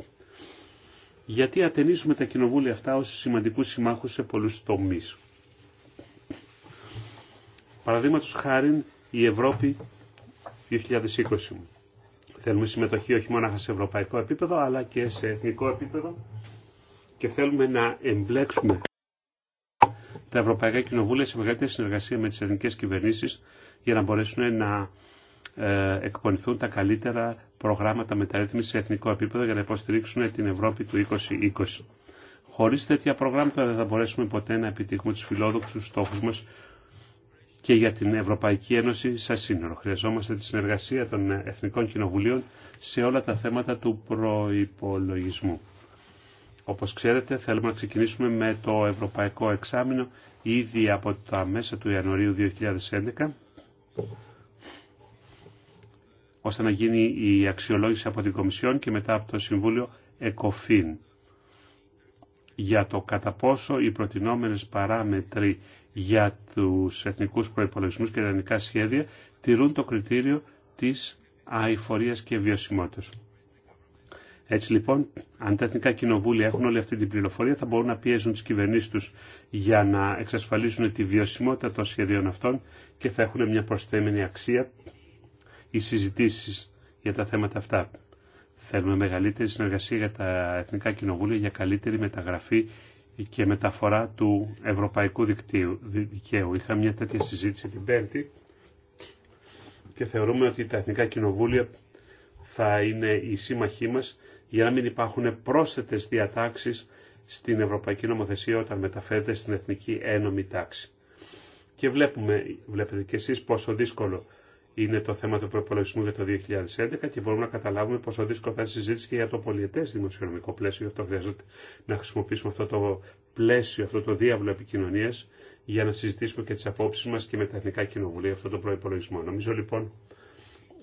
γιατί ατενίζουμε τα κοινοβούλια αυτά ως σημαντικούς συμμάχους σε πολλούς τομείς. Παραδείγματο χάρη η Ευρώπη 2020. Θέλουμε συμμετοχή όχι μόνο σε ευρωπαϊκό επίπεδο αλλά και σε εθνικό επίπεδο και θέλουμε να εμπλέξουμε τα Ευρωπαϊκά Κοινοβούλια σε μεγαλύτερη συνεργασία με τις εθνικές κυβερνήσεις για να μπορέσουν να ε, εκπονηθούν τα καλύτερα προγράμματα μεταρρύθμισης σε εθνικό επίπεδο για να υποστηρίξουν την Ευρώπη του 2020. Χωρίς τέτοια προγράμματα δεν θα μπορέσουμε ποτέ να επιτύχουμε τους φιλόδοξους στόχους μας και για την Ευρωπαϊκή Ένωση σαν σύνορο. Χρειαζόμαστε τη συνεργασία των Εθνικών Κοινοβουλίων σε όλα τα θέματα του προϋπολογισμού. Όπως ξέρετε θέλουμε να ξεκινήσουμε με το Ευρωπαϊκό Εξάμεινο ήδη από τα μέσα του Ιανουαρίου 2011 ώστε να γίνει η αξιολόγηση από την Κομισιόν και μετά από το Συμβούλιο ΕΚΟΦΗΝ για το κατά πόσο οι προτινόμενες παράμετροι για τους εθνικούς προϋπολογισμούς και ελληνικά σχέδια τηρούν το κριτήριο της αηφορίας και βιωσιμότητας. Έτσι λοιπόν, αν τα εθνικά κοινοβούλια έχουν όλη αυτή την πληροφορία, θα μπορούν να πιέζουν τι κυβερνήσεις του για να εξασφαλίσουν τη βιωσιμότητα των σχεδίων αυτών και θα έχουν μια προσθέμενη αξία οι συζητήσει για τα θέματα αυτά. Θέλουμε μεγαλύτερη συνεργασία για τα εθνικά κοινοβούλια για καλύτερη μεταγραφή και μεταφορά του ευρωπαϊκού δικτύου, δικαίου. Είχα μια τέτοια συζήτηση την Πέμπτη και θεωρούμε ότι τα εθνικά κοινοβούλια θα είναι οι σύμμαχοί μας για να μην υπάρχουν πρόσθετες διατάξεις στην Ευρωπαϊκή Νομοθεσία όταν μεταφέρεται στην Εθνική Ένωμη Τάξη. Και βλέπουμε, βλέπετε και εσείς πόσο δύσκολο είναι το θέμα του προπολογισμού για το 2011 και μπορούμε να καταλάβουμε πόσο δύσκολο θα είναι συζήτηση και για το πολιετέ δημοσιονομικό πλαίσιο. Γι' αυτό χρειάζεται να χρησιμοποιήσουμε αυτό το πλαίσιο, αυτό το διάβολο επικοινωνία για να συζητήσουμε και τι απόψει μα και με τα Εθνικά Κοινοβουλία αυτό το προπολογισμό. Νομίζω λοιπόν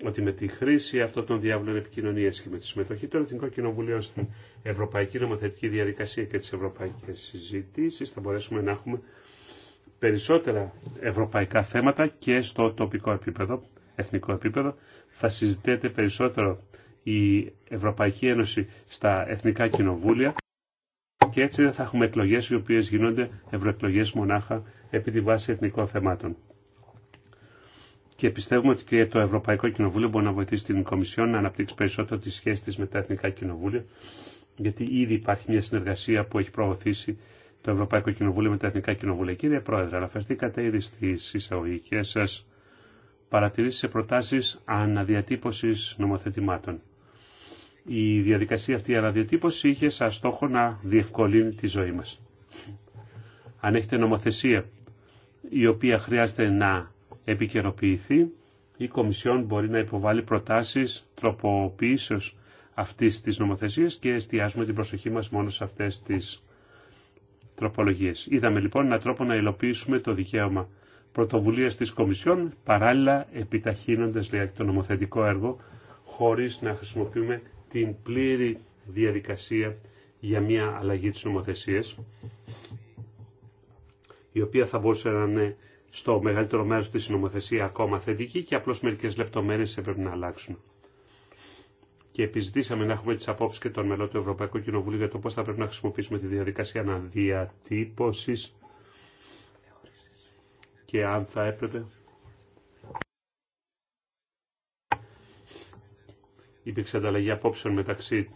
ότι με τη χρήση αυτών των διάβλων επικοινωνία και με τη συμμετοχή των Εθνικών Κοινοβουλίων στην Ευρωπαϊκή Νομοθετική Διαδικασία και τι Ευρωπαϊκέ Συζητήσει θα μπορέσουμε να έχουμε περισσότερα ευρωπαϊκά θέματα και στο τοπικό επίπεδο εθνικό επίπεδο. Θα συζητείται περισσότερο η Ευρωπαϊκή Ένωση στα εθνικά κοινοβούλια και έτσι δεν θα έχουμε εκλογέ οι οποίε γίνονται ευρωεκλογέ μονάχα επί τη βάση εθνικών θεμάτων. Και πιστεύουμε ότι και το Ευρωπαϊκό Κοινοβούλιο μπορεί να βοηθήσει την Κομισιόν να αναπτύξει περισσότερο τη σχέση τη με τα εθνικά κοινοβούλια, γιατί ήδη υπάρχει μια συνεργασία που έχει προωθήσει το Ευρωπαϊκό Κοινοβούλιο με τα Εθνικά Κοινοβούλια. Κύριε Πρόεδρε, αναφερθήκατε ήδη στι εισαγωγικέ σα παρατηρήσεις σε προτάσεις αναδιατύπωσης νομοθετημάτων. Η διαδικασία αυτή η αναδιατύπωση είχε σαν στόχο να διευκολύνει τη ζωή μας. Αν έχετε νομοθεσία η οποία χρειάζεται να επικαιροποιηθεί, η Κομισιόν μπορεί να υποβάλει προτάσεις τροποποίησεως αυτής της νομοθεσίας και εστιάζουμε την προσοχή μας μόνο σε αυτές τις τροπολογίες. Είδαμε λοιπόν έναν τρόπο να υλοποιήσουμε το δικαίωμα Πρωτοβουλίε τη Κομισιόν παράλληλα επιταχύνοντα το νομοθετικό έργο χωρί να χρησιμοποιούμε την πλήρη διαδικασία για μια αλλαγή της νομοθεσίας η οποία θα μπορούσε να είναι στο μεγαλύτερο μέρος της νομοθεσία ακόμα θετική και απλώς μερικές λεπτομέρειες έπρεπε να αλλάξουν. Και επιζητήσαμε να έχουμε τις απόψεις και των μελών του Ευρωπαϊκού Κοινοβουλίου για το πώς θα πρέπει να χρησιμοποιήσουμε τη διαδικασία αναδιατύπωσης και αν θα έπρεπε υπήρξε ανταλλαγή απόψεων μεταξύ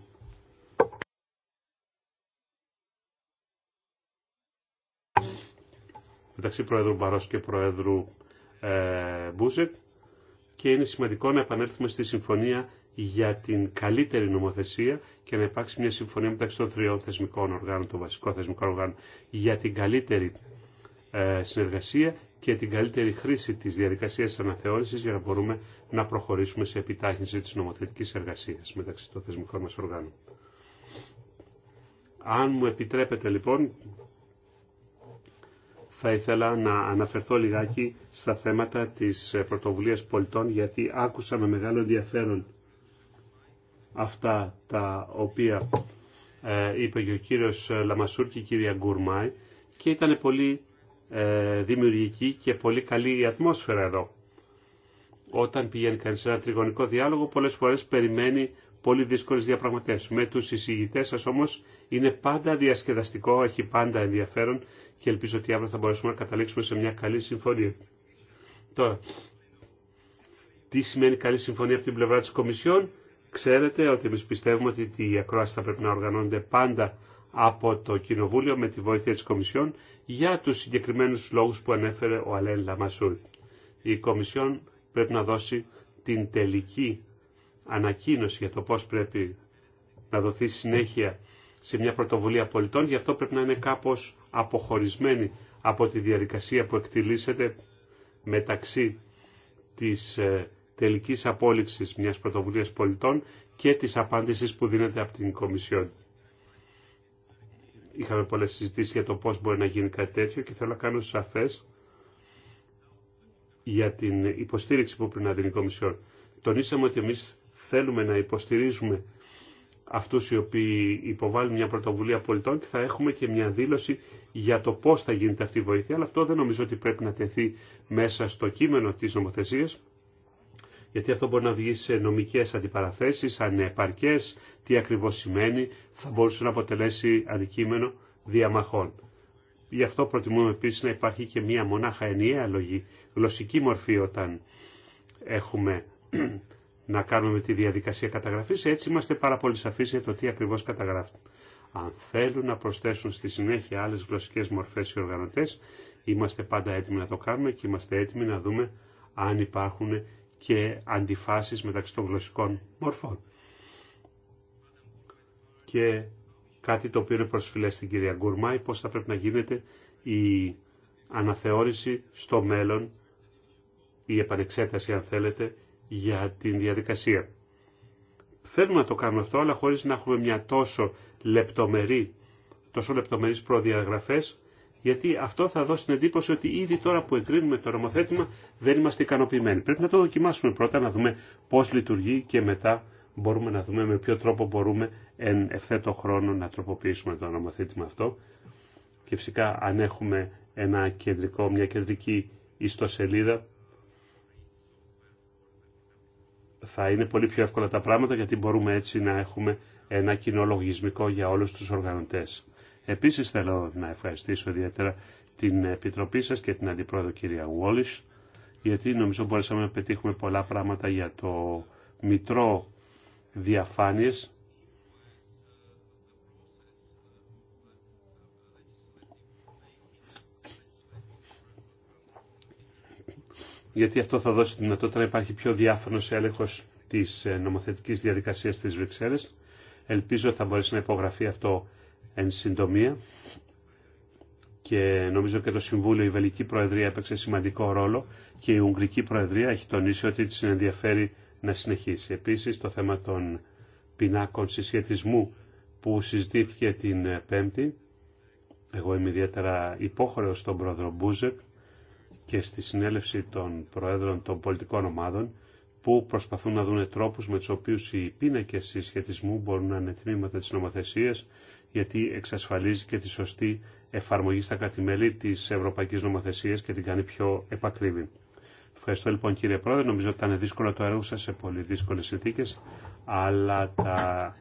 μεταξύ Προέδρου Μπαρός και Προέδρου ε, Μπούζεκ και είναι σημαντικό να επανέλθουμε στη συμφωνία για την καλύτερη νομοθεσία και να υπάρξει μια συμφωνία μεταξύ των τριών θεσμικών οργάνων, των βασικών θεσμικών οργάνων για την καλύτερη ε, συνεργασία και την καλύτερη χρήση της διαδικασίας αναθεώρηση αναθεώρησης για να μπορούμε να προχωρήσουμε σε επιτάχυνση της νομοθετικής εργασίας μεταξύ των θεσμικών μας οργάνων. Αν μου επιτρέπετε λοιπόν, θα ήθελα να αναφερθώ λιγάκι στα θέματα της πρωτοβουλίας πολιτών, γιατί άκουσα με μεγάλο ενδιαφέρον αυτά τα οποία ε, είπε και ο κύριος Λαμασούρ και η κυρία Γκουρμάη και ήταν πολύ ε, δημιουργική και πολύ καλή η ατμόσφαιρα εδώ. Όταν πηγαίνει κανεί σε ένα τριγωνικό διάλογο, πολλέ φορέ περιμένει πολύ δύσκολε διαπραγματεύσει. Με του εισηγητέ σα όμω είναι πάντα διασκεδαστικό, έχει πάντα ενδιαφέρον και ελπίζω ότι αύριο θα μπορέσουμε να καταλήξουμε σε μια καλή συμφωνία. Τώρα, τι σημαίνει καλή συμφωνία από την πλευρά τη Κομισιόν. Ξέρετε ότι εμεί πιστεύουμε ότι οι ακρόασει θα πρέπει να οργανώνονται πάντα από το Κοινοβούλιο με τη βοήθεια της Κομισιόν για τους συγκεκριμένους λόγους που ανέφερε ο Αλέν Λαμασούρ. Η Κομισιόν πρέπει να δώσει την τελική ανακοίνωση για το πώς πρέπει να δοθεί συνέχεια σε μια πρωτοβουλία πολιτών, γι' αυτό πρέπει να είναι κάπως αποχωρισμένη από τη διαδικασία που εκτιλήσεται μεταξύ της ε, τελικής απόλυξης μιας πρωτοβουλίας πολιτών και της απάντησης που δίνεται από την Κομισιόν είχαμε πολλές συζητήσεις για το πώς μπορεί να γίνει κάτι τέτοιο και θέλω να κάνω σαφές για την υποστήριξη που πρέπει να δίνει η Κομισιόν. Τονίσαμε ότι εμείς θέλουμε να υποστηρίζουμε αυτούς οι οποίοι υποβάλλουν μια πρωτοβουλία πολιτών και θα έχουμε και μια δήλωση για το πώς θα γίνεται αυτή η βοήθεια, αλλά αυτό δεν νομίζω ότι πρέπει να τεθεί μέσα στο κείμενο της νομοθεσίας γιατί αυτό μπορεί να βγει σε νομικές αντιπαραθέσεις, ανεπαρκές, τι ακριβώς σημαίνει, θα μπορούσε να αποτελέσει αντικείμενο διαμαχών. Γι' αυτό προτιμούμε επίσης να υπάρχει και μία μονάχα ενιαία λογή, γλωσσική μορφή όταν έχουμε [CLEARS THROAT] να κάνουμε τη διαδικασία καταγραφής, έτσι είμαστε πάρα πολύ σαφείς για το τι ακριβώς καταγράφει. Αν θέλουν να προσθέσουν στη συνέχεια άλλες γλωσσικές μορφές οι οργανωτές, είμαστε πάντα έτοιμοι να το κάνουμε και είμαστε έτοιμοι να δούμε αν υπάρχουν και αντιφάσεις μεταξύ των γλωσσικών μορφών. Και κάτι το οποίο είναι προσφυλές στην κυρία Γκουρμάη, πώς θα πρέπει να γίνεται η αναθεώρηση στο μέλλον, η επανεξέταση αν θέλετε, για την διαδικασία. Θέλουμε να το κάνουμε αυτό, αλλά χωρίς να έχουμε μια τόσο λεπτομερή, τόσο λεπτομερής προδιαγραφές, γιατί αυτό θα δώσει την εντύπωση ότι ήδη τώρα που εγκρίνουμε το νομοθέτημα δεν είμαστε ικανοποιημένοι. Πρέπει να το δοκιμάσουμε πρώτα, να δούμε πώ λειτουργεί και μετά μπορούμε να δούμε με ποιο τρόπο μπορούμε εν ευθέτω χρόνο να τροποποιήσουμε το νομοθέτημα αυτό. Και φυσικά αν έχουμε ένα κεντρικό, μια κεντρική ιστοσελίδα θα είναι πολύ πιο εύκολα τα πράγματα γιατί μπορούμε έτσι να έχουμε ένα κοινό λογισμικό για όλους τους οργανωτές. Επίσης θέλω να ευχαριστήσω ιδιαίτερα την Επιτροπή σας και την Αντιπρόεδρο κυρία Βόλις γιατί νομίζω μπορέσαμε να πετύχουμε πολλά πράγματα για το μητρό διαφάνειες γιατί αυτό θα δώσει τη δυνατότητα να υπάρχει πιο διάφανος έλεγχος της νομοθετικής διαδικασίας της Βρυξέλλες. Ελπίζω ότι θα μπορέσει να υπογραφεί αυτό εν συντομία και νομίζω και το Συμβούλιο η Βελική Προεδρία έπαιξε σημαντικό ρόλο και η Ουγγρική Προεδρία έχει τονίσει ότι της ενδιαφέρει να συνεχίσει. Επίσης το θέμα των πινάκων συσχετισμού που συζητήθηκε την Πέμπτη, εγώ είμαι ιδιαίτερα υπόχρεος στον πρόεδρο Μπούζεκ και στη συνέλευση των προέδρων των πολιτικών ομάδων που προσπαθούν να δουν τρόπους με τους οποίους οι πίνακες συσχετισμού μπορούν να είναι τμήματα της νομοθεσίας γιατί εξασφαλίζει και τη σωστή εφαρμογή στα κρατη τη Ευρωπαϊκή Νομοθεσία και την κάνει πιο επακρίβη. Ευχαριστώ λοιπόν κύριε Πρόεδρε. Νομίζω ότι ήταν δύσκολο το έργο σα σε πολύ δύσκολε συνθήκε, αλλά τα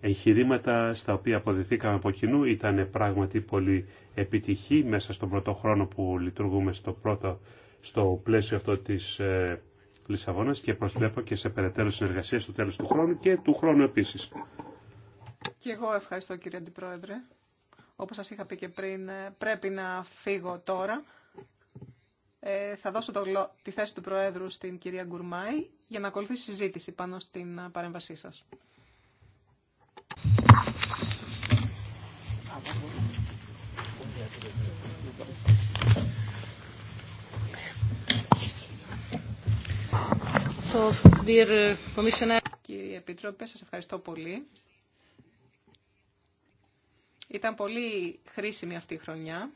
εγχειρήματα στα οποία αποδεθήκαμε από κοινού ήταν πράγματι πολύ επιτυχή μέσα στον πρώτο χρόνο που λειτουργούμε στο, πρώτο, στο πλαίσιο αυτό της Λισαβόνα ε, Λισαβόνας και προσβλέπω και σε περαιτέρω συνεργασία στο τέλος του χρόνου και του χρόνου επίση. Και εγώ ευχαριστώ κύριε Αντιπρόεδρε. Όπως σας είχα πει και πριν, ε, πρέπει να φύγω τώρα. Ε, θα δώσω το, τη θέση του Προέδρου στην κυρία Γκουρμάη για να ακολουθήσει συζήτηση πάνω στην ε, παρέμβασή σας. So, dear uh, Commissioner... Κύριε Επίτροπε, σας ευχαριστώ πολύ. Ήταν πολύ χρήσιμη αυτή η χρονιά.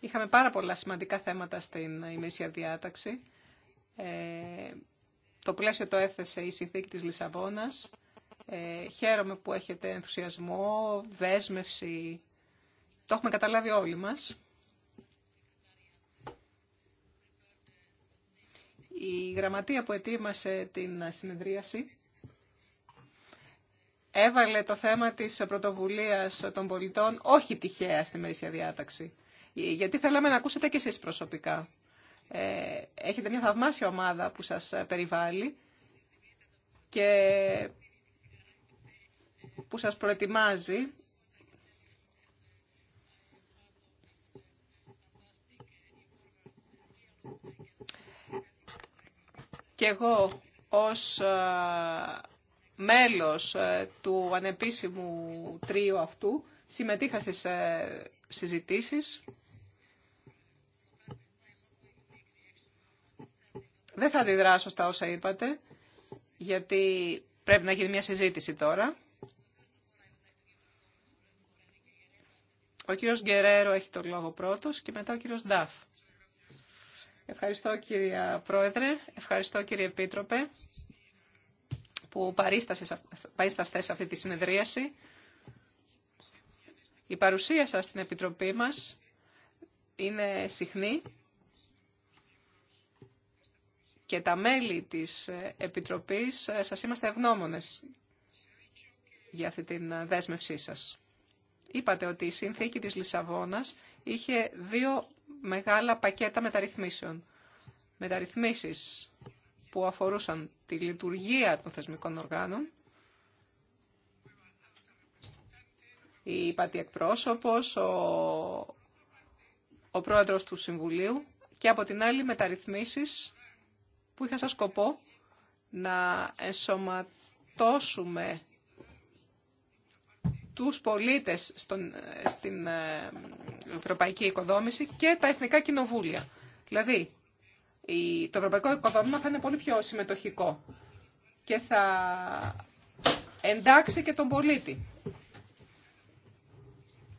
Είχαμε πάρα πολλά σημαντικά θέματα στην ημερήσια διάταξη. Ε, το πλαίσιο το έθεσε η συνθήκη της Λισαβόνας. Ε, χαίρομαι που έχετε ενθουσιασμό, δέσμευση. Το έχουμε καταλάβει όλοι μας. Η γραμματεία που ετοίμασε την συνεδρίαση έβαλε το θέμα της πρωτοβουλίας των πολιτών όχι τυχαία στη μερίσια διάταξη. Γιατί θέλαμε να ακούσετε και εσείς προσωπικά. Ε, έχετε μια θαυμάσια ομάδα που σας περιβάλλει και που σας προετοιμάζει και εγώ ως ε, μέλος ε, του ανεπίσημου τρίου αυτού. Συμμετείχα στις ε, συζητήσεις. Δεν θα αντιδράσω στα όσα είπατε, γιατί πρέπει να γίνει μια συζήτηση τώρα. Ο κύριος Γκερέρο έχει τον λόγο πρώτος και μετά ο κύριος Νταφ. Ευχαριστώ κύριε Πρόεδρε, ευχαριστώ κύριε Επίτροπε που παρίσταστε σε αυτή τη συνεδρίαση. Η παρουσία σας στην Επιτροπή μας είναι συχνή και τα μέλη της Επιτροπής ε, σας είμαστε ευγνώμονες για αυτή την ε, δέσμευσή σας. Είπατε ότι η συνθήκη της Λισαβόνας είχε δύο μεγάλα πακέτα μεταρρυθμίσεων. Μεταρρυθμίσεις που αφορούσαν τη λειτουργία των θεσμικών οργάνων. Η πατή εκπρόσωπος, ο, ο πρόεδρος του Συμβουλίου και από την άλλη μεταρρυθμίσεις που είχα σαν σκοπό να ενσωματώσουμε τους πολίτες στον, στην ε, ευρωπαϊκή οικοδόμηση και τα εθνικά κοινοβούλια. Δηλαδή, το ευρωπαϊκό οικοδόμημα θα είναι πολύ πιο συμμετοχικό και θα εντάξει και τον πολίτη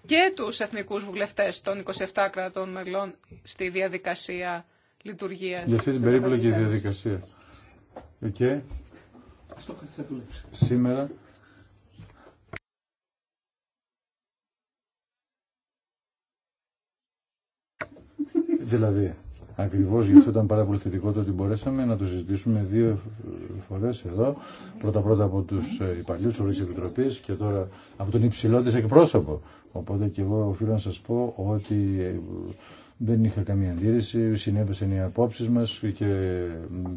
και τους εθνικούς βουλευτές των 27 κρατών μελών στη διαδικασία λειτουργίας. Για αυτή την περίπλοκη διαδικασία. Και σήμερα [LAUGHS] δηλαδή Ακριβώς γι' αυτό ήταν πάρα πολύ θετικό το ότι μπορέσαμε να το συζητήσουμε δύο φορές εδώ. Πρώτα-πρώτα από τους τη ε, της Επιτροπή και τώρα από τον υψηλό τη εκπρόσωπο. Οπότε και εγώ οφείλω να σας πω ότι ε, δεν είχα καμία αντίρρηση, συνέπεσαν οι απόψει μας και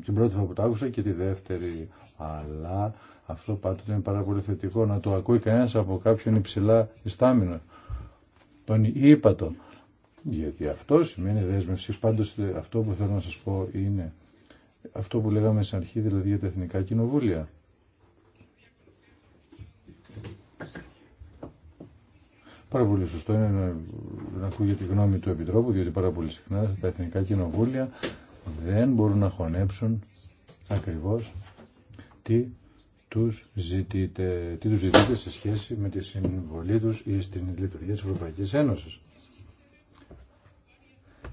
την πρώτη φορά που το άκουσα και τη δεύτερη. Αλλά αυτό πάντοτε είναι πάρα πολύ θετικό να το ακούει κανένα από κάποιον υψηλά ιστάμινο. Τον το... Γιατί αυτό σημαίνει δέσμευση. Πάντως αυτό που θέλω να σας πω είναι αυτό που λέγαμε στην αρχή, δηλαδή για τα εθνικά κοινοβούλια. Πάρα πολύ σωστό είναι να, να ακούγεται η γνώμη του Επιτρόπου, διότι πάρα πολύ συχνά τα εθνικά κοινοβούλια δεν μπορούν να χωνέψουν ακριβώς τι τους ζητείτε, τι τους ζητείτε σε σχέση με τη συμβολή τους ή στην λειτουργία της Ευρωπαϊκής Ένωσης.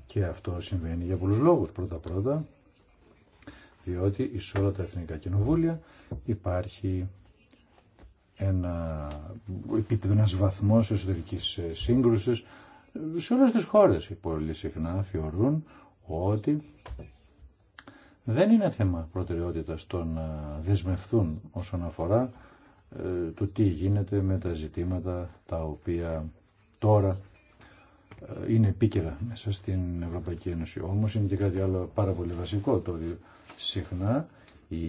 Και αυτό συμβαίνει για πολλούς λόγους. Πρώτα-πρώτα, διότι σε όλα τα εθνικά κοινοβούλια υπάρχει ένα επίπεδο, ένας βαθμός εσωτερικής ε, σύγκρουσης. Σε όλες τις χώρες πολύ συχνά θεωρούν ότι δεν είναι θέμα προτεραιότητας το να δεσμευθούν όσον αφορά ε, το τι γίνεται με τα ζητήματα τα οποία τώρα ε, είναι επίκαιρα μέσα στην Ευρωπαϊκή Ένωση. Όμως είναι και κάτι άλλο πάρα πολύ βασικό το ότι συχνά οι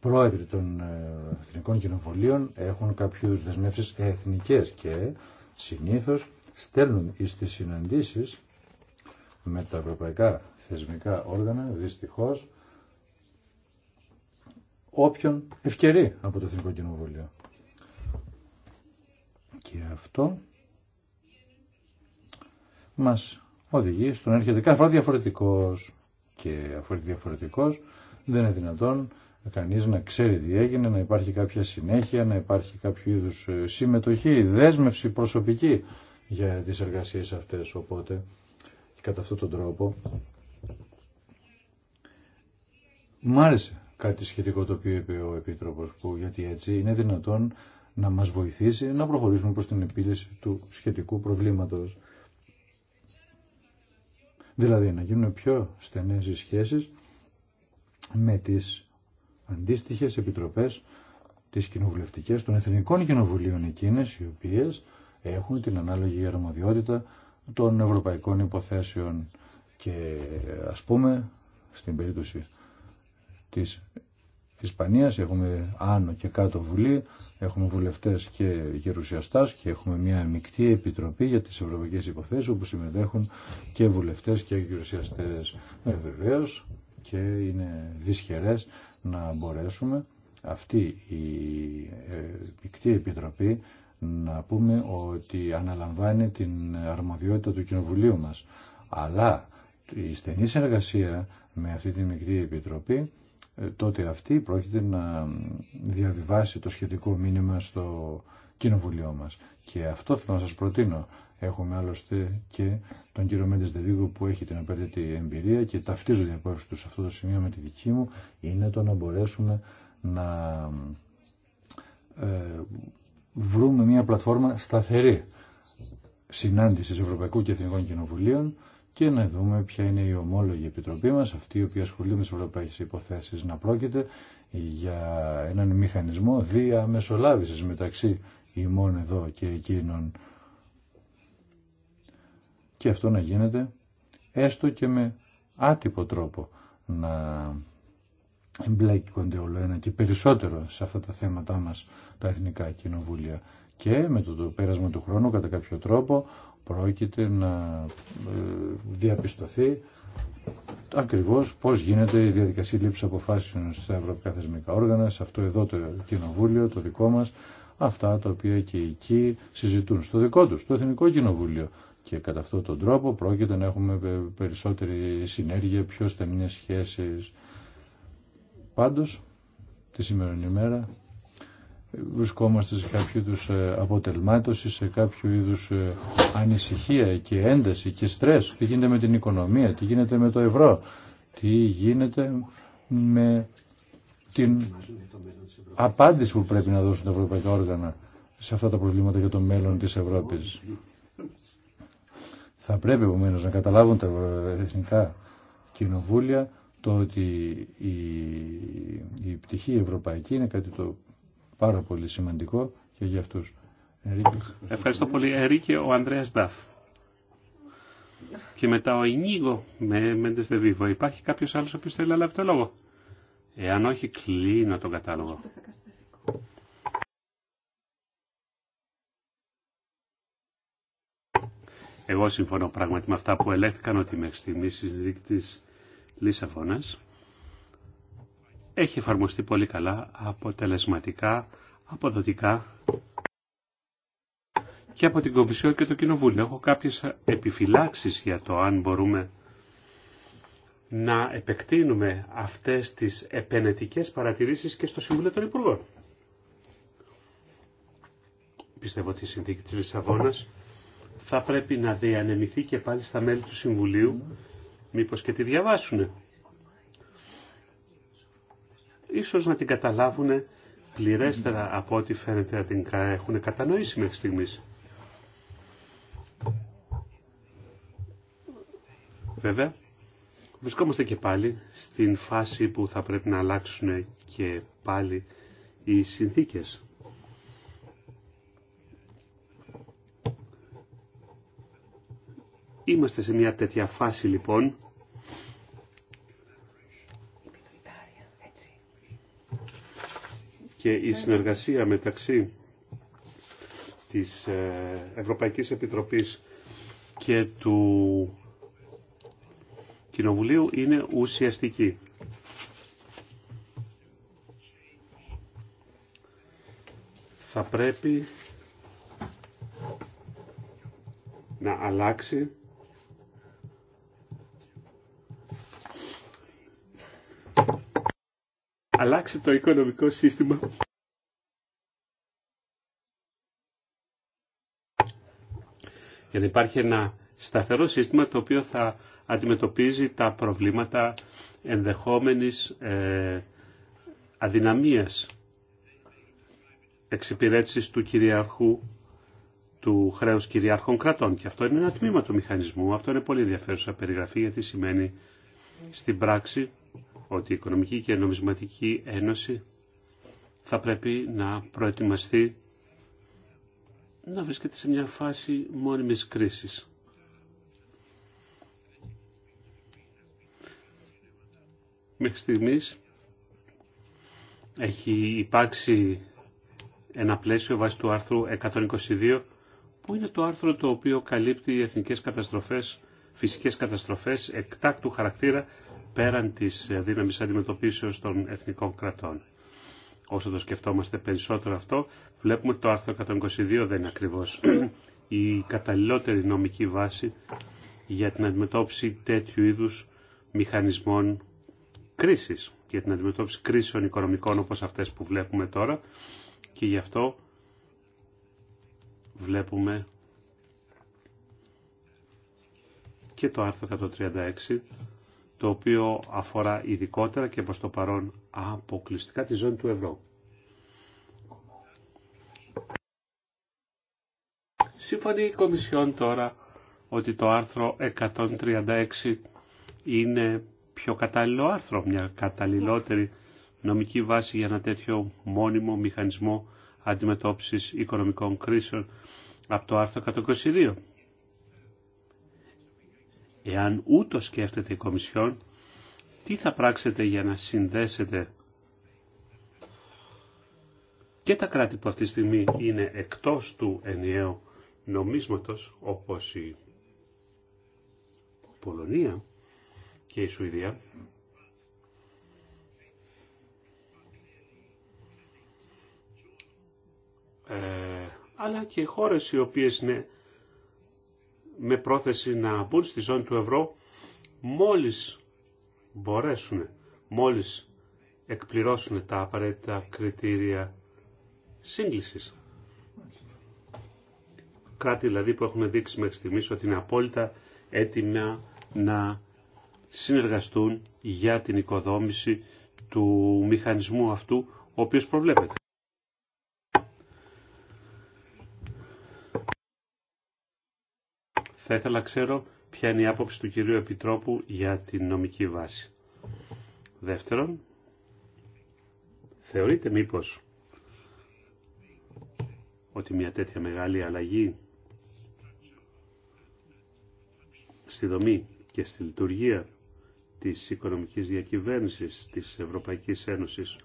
πρόεδροι των ε, εθνικών κοινοβουλίων έχουν κάποιου δεσμεύσει εθνικές και συνήθως στέλνουν τι συναντήσεις με τα ευρωπαϊκά θεσμικά όργανα, δυστυχώς, όποιον ευκαιρεί από το Εθνικό Κοινοβούλιο. Και αυτό μας οδηγεί στο να έρχεται κάθε φορά διαφορετικός και αφού είναι διαφορετικός δεν είναι δυνατόν κανείς να ξέρει τι έγινε, να υπάρχει κάποια συνέχεια, να υπάρχει κάποιο είδους ε, συμμετοχή, δέσμευση προσωπική για τις εργασίες αυτές. Οπότε, κατά αυτόν τον τρόπο, μου άρεσε κάτι σχετικό το οποίο είπε ο Επίτροπος, που, γιατί έτσι είναι δυνατόν να μας βοηθήσει να προχωρήσουμε προς την επίλυση του σχετικού προβλήματος. Δηλαδή να γίνουν πιο στενές οι σχέσεις με τις αντίστοιχες επιτροπές τις κοινοβουλευτικές των εθνικών κοινοβουλίων εκείνες οι οποίες έχουν την ανάλογη αρμοδιότητα των ευρωπαϊκών υποθέσεων και ας πούμε στην περίπτωση της Ισπανίας, έχουμε άνω και κάτω βουλή, έχουμε βουλευτές και γερουσιαστάς και έχουμε μια μεικτή επιτροπή για τις ευρωπαϊκέ υποθέσεις όπου συμμετέχουν και βουλευτές και γερουσιαστές. Ε, Βεβαίω και είναι δυσχερές να μπορέσουμε αυτή η ε, μεικτή επιτροπή να πούμε ότι αναλαμβάνει την αρμοδιότητα του Κοινοβουλίου μας. Αλλά η στενή συνεργασία με αυτή τη μικρή επιτροπή τότε αυτή πρόκειται να διαβιβάσει το σχετικό μήνυμα στο κοινοβουλίο μας. Και αυτό θέλω να σας προτείνω. Έχουμε άλλωστε και τον κύριο Μέντε που έχει την απαραίτητη εμπειρία και ταυτίζονται οι του σε αυτό το σημείο με τη δική μου. Είναι το να μπορέσουμε να ε, βρούμε μια πλατφόρμα σταθερή συνάντησης Ευρωπαϊκού και Εθνικών Κοινοβουλίων και να δούμε ποια είναι η ομόλογη επιτροπή μας, αυτή η οποία ασχολείται με τις ευρωπαϊκές υποθέσεις, να πρόκειται για έναν μηχανισμό διαμεσολάβησης μεταξύ ημών εδώ και εκείνων. Και αυτό να γίνεται έστω και με άτυπο τρόπο να εμπλέκονται όλο ένα και περισσότερο σε αυτά τα θέματα μας τα εθνικά κοινοβούλια και με το, το πέρασμα του χρόνου κατά κάποιο τρόπο πρόκειται να ε, διαπιστωθεί ακριβώς πώς γίνεται η διαδικασία λήψη αποφάσεων στα ευρωπαϊκά θεσμικά όργανα, σε αυτό εδώ το κοινοβούλιο, το δικό μας, αυτά τα οποία και εκεί συζητούν στο δικό τους, το Εθνικό Κοινοβούλιο. Και κατά αυτόν τον τρόπο πρόκειται να έχουμε ε, περισσότερη συνέργεια, πιο στενές σχέσεις. Πάντως, τη σημερινή μέρα βρισκόμαστε σε κάποιο είδους ε, αποτελμάτωση, σε κάποιο είδους ε, ανησυχία και ένταση και στρες. Τι γίνεται με την οικονομία, τι γίνεται με το ευρώ, τι γίνεται με την απάντηση που πρέπει να δώσουν τα ευρωπαϊκά όργανα σε αυτά τα προβλήματα για το μέλλον της Ευρώπης. Θα πρέπει επομένω να καταλάβουν τα εθνικά κοινοβούλια το ότι η, η πτυχή ευρωπαϊκή είναι κάτι το πάρα πολύ σημαντικό και για αυτούς. Ευχαριστώ πολύ. Ερίκε, ο Ανδρέας Νταφ. Και μετά ο Ινίγο με Μέντες Δεβίβο. Υπάρχει κάποιος άλλος ο οποίος θέλει να λάβει το λόγο. Εάν όχι, κλείνω τον κατάλογο. Εγώ συμφωνώ πραγματικά με αυτά που ελέγχθηκαν ότι μέχρι στιγμή η συζήτηση της έχει εφαρμοστεί πολύ καλά, αποτελεσματικά, αποδοτικά και από την Κομισιό και το Κοινοβούλιο. Έχω κάποιες επιφυλάξεις για το αν μπορούμε να επεκτείνουμε αυτές τις επενετικές παρατηρήσεις και στο Συμβούλιο των Υπουργών. Πιστεύω ότι η συνθήκη της Λισαβόνας θα πρέπει να διανεμηθεί και πάλι στα μέλη του Συμβουλίου, μήπως και τη διαβάσουν ίσως να την καταλάβουν πληρέστερα από ό,τι φαίνεται να την έχουν κατανοήσει μέχρι στιγμής. Βέβαια, βρισκόμαστε και πάλι στην φάση που θα πρέπει να αλλάξουν και πάλι οι συνθήκες. Είμαστε σε μια τέτοια φάση λοιπόν και η συνεργασία μεταξύ της ε, Ευρωπαϊκής Επιτροπής και του Κοινοβουλίου είναι ουσιαστική. Θα πρέπει να αλλάξει αλλάξει το οικονομικό σύστημα. Για να υπάρχει ένα σταθερό σύστημα το οποίο θα αντιμετωπίζει τα προβλήματα ενδεχόμενης ε, αδυναμίας εξυπηρέτησης του κυριαρχού του χρέους κυριαρχών κρατών. Και αυτό είναι ένα τμήμα του μηχανισμού. Αυτό είναι πολύ ενδιαφέρουσα περιγραφή γιατί σημαίνει στην πράξη ότι η Οικονομική και Νομισματική Ένωση θα πρέπει να προετοιμαστεί να βρίσκεται σε μια φάση μόνιμης κρίσης. Μέχρι στιγμής έχει υπάρξει ένα πλαίσιο βάσει του άρθρου 122 που είναι το άρθρο το οποίο καλύπτει εθνικές καταστροφές, φυσικές καταστροφές εκτάκτου χαρακτήρα πέραν της δύναμης αντιμετωπίσεως των εθνικών κρατών. Όσο το σκεφτόμαστε περισσότερο αυτό, βλέπουμε ότι το άρθρο 122 δεν είναι ακριβώς [CLEARS THROAT] η καταλληλότερη νομική βάση για την αντιμετώπιση τέτοιου είδους μηχανισμών κρίσης, για την αντιμετώπιση κρίσεων οικονομικών όπως αυτές που βλέπουμε τώρα και γι' αυτό βλέπουμε και το άρθρο 136 το οποίο αφορά ειδικότερα και προς το παρόν αποκλειστικά τη ζώνη του ευρώ. Σύμφωνη η Κομισιόν τώρα ότι το άρθρο 136 είναι πιο κατάλληλο άρθρο, μια καταλληλότερη νομική βάση για ένα τέτοιο μόνιμο μηχανισμό αντιμετώπισης οικονομικών κρίσεων από το άρθρο 122. Εάν ούτω σκέφτεται η Κομισιόν, τι θα πράξετε για να συνδέσετε και τα κράτη που αυτή τη στιγμή είναι εκτός του ενιαίου νομίσματος, όπως η Πολωνία και η Σουηδία, ε, αλλά και χώρες οι οποίες είναι με πρόθεση να μπουν στη ζώνη του ευρώ μόλις μπορέσουν, μόλις εκπληρώσουν τα απαραίτητα κριτήρια σύγκλησης. Κράτη δηλαδή που έχουν δείξει μέχρι στιγμής ότι είναι απόλυτα έτοιμα να συνεργαστούν για την οικοδόμηση του μηχανισμού αυτού ο οποίος προβλέπεται. Θα ήθελα να ξέρω ποια είναι η άποψη του κυρίου Επιτρόπου για την νομική βάση. Δεύτερον, θεωρείτε μήπως ότι μια τέτοια μεγάλη αλλαγή στη δομή και στη λειτουργία της οικονομικής διακυβέρνησης της Ευρωπαϊκής Ένωσης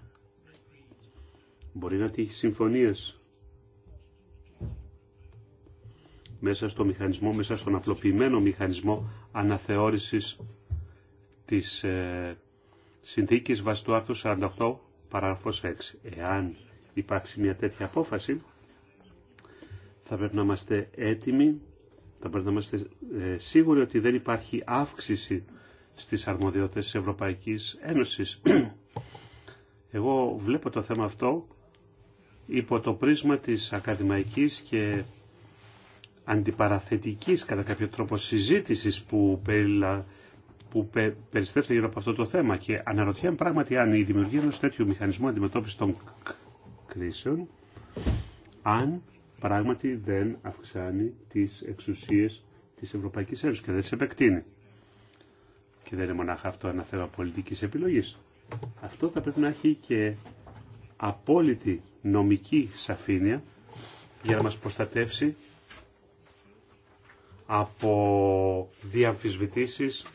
μπορεί να τύχει συμφωνίες μέσα στο μηχανισμό, μέσα στον απλοποιημένο μηχανισμό αναθεώρησης της ε, συνθήκης βάσει άρθρου 48 παράγραφος 6. Εάν υπάρξει μια τέτοια απόφαση, θα πρέπει να είμαστε έτοιμοι, θα πρέπει να είμαστε ε, σίγουροι ότι δεν υπάρχει αύξηση στις αρμοδιότητες της Ευρωπαϊκής Ένωσης. Εγώ βλέπω το θέμα αυτό υπό το πρίσμα της ακαδημαϊκής και αντιπαραθετικής κατά κάποιο τρόπο συζήτησης που, περιλα... που πε... περιστρέφεται γύρω από αυτό το θέμα και αναρωτιέμαι πράγματι αν η δημιουργία ενός τέτοιου μηχανισμού αντιμετώπισης των κρίσεων αν πράγματι δεν αυξάνει τις εξουσίες της Ευρωπαϊκής Ένωσης και δεν τις επεκτείνει. Και δεν είναι μονάχα αυτό ένα θέμα πολιτικής επιλογής. Αυτό θα πρέπει να έχει και απόλυτη νομική σαφήνεια για να μας προστατεύσει από διαμφισβητήσεις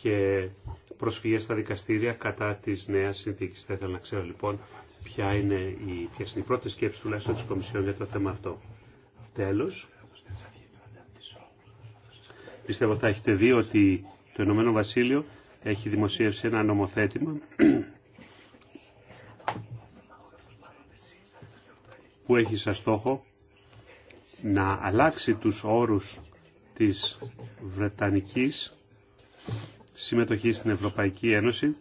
και προσφυγές στα δικαστήρια κατά της νέας συνθήκης. Θα ήθελα να ξέρω λοιπόν ποια είναι η, ποιες είναι οι πρώτες σκέψεις τουλάχιστον της Κομισιόν για το θέμα αυτό. Τέλος, πιστεύω θα έχετε δει ότι το Ηνωμένο Βασίλειο έχει δημοσίευσει ένα νομοθέτημα που έχει σαν στόχο να αλλάξει τους όρους της Βρετανικής συμμετοχή στην Ευρωπαϊκή Ένωση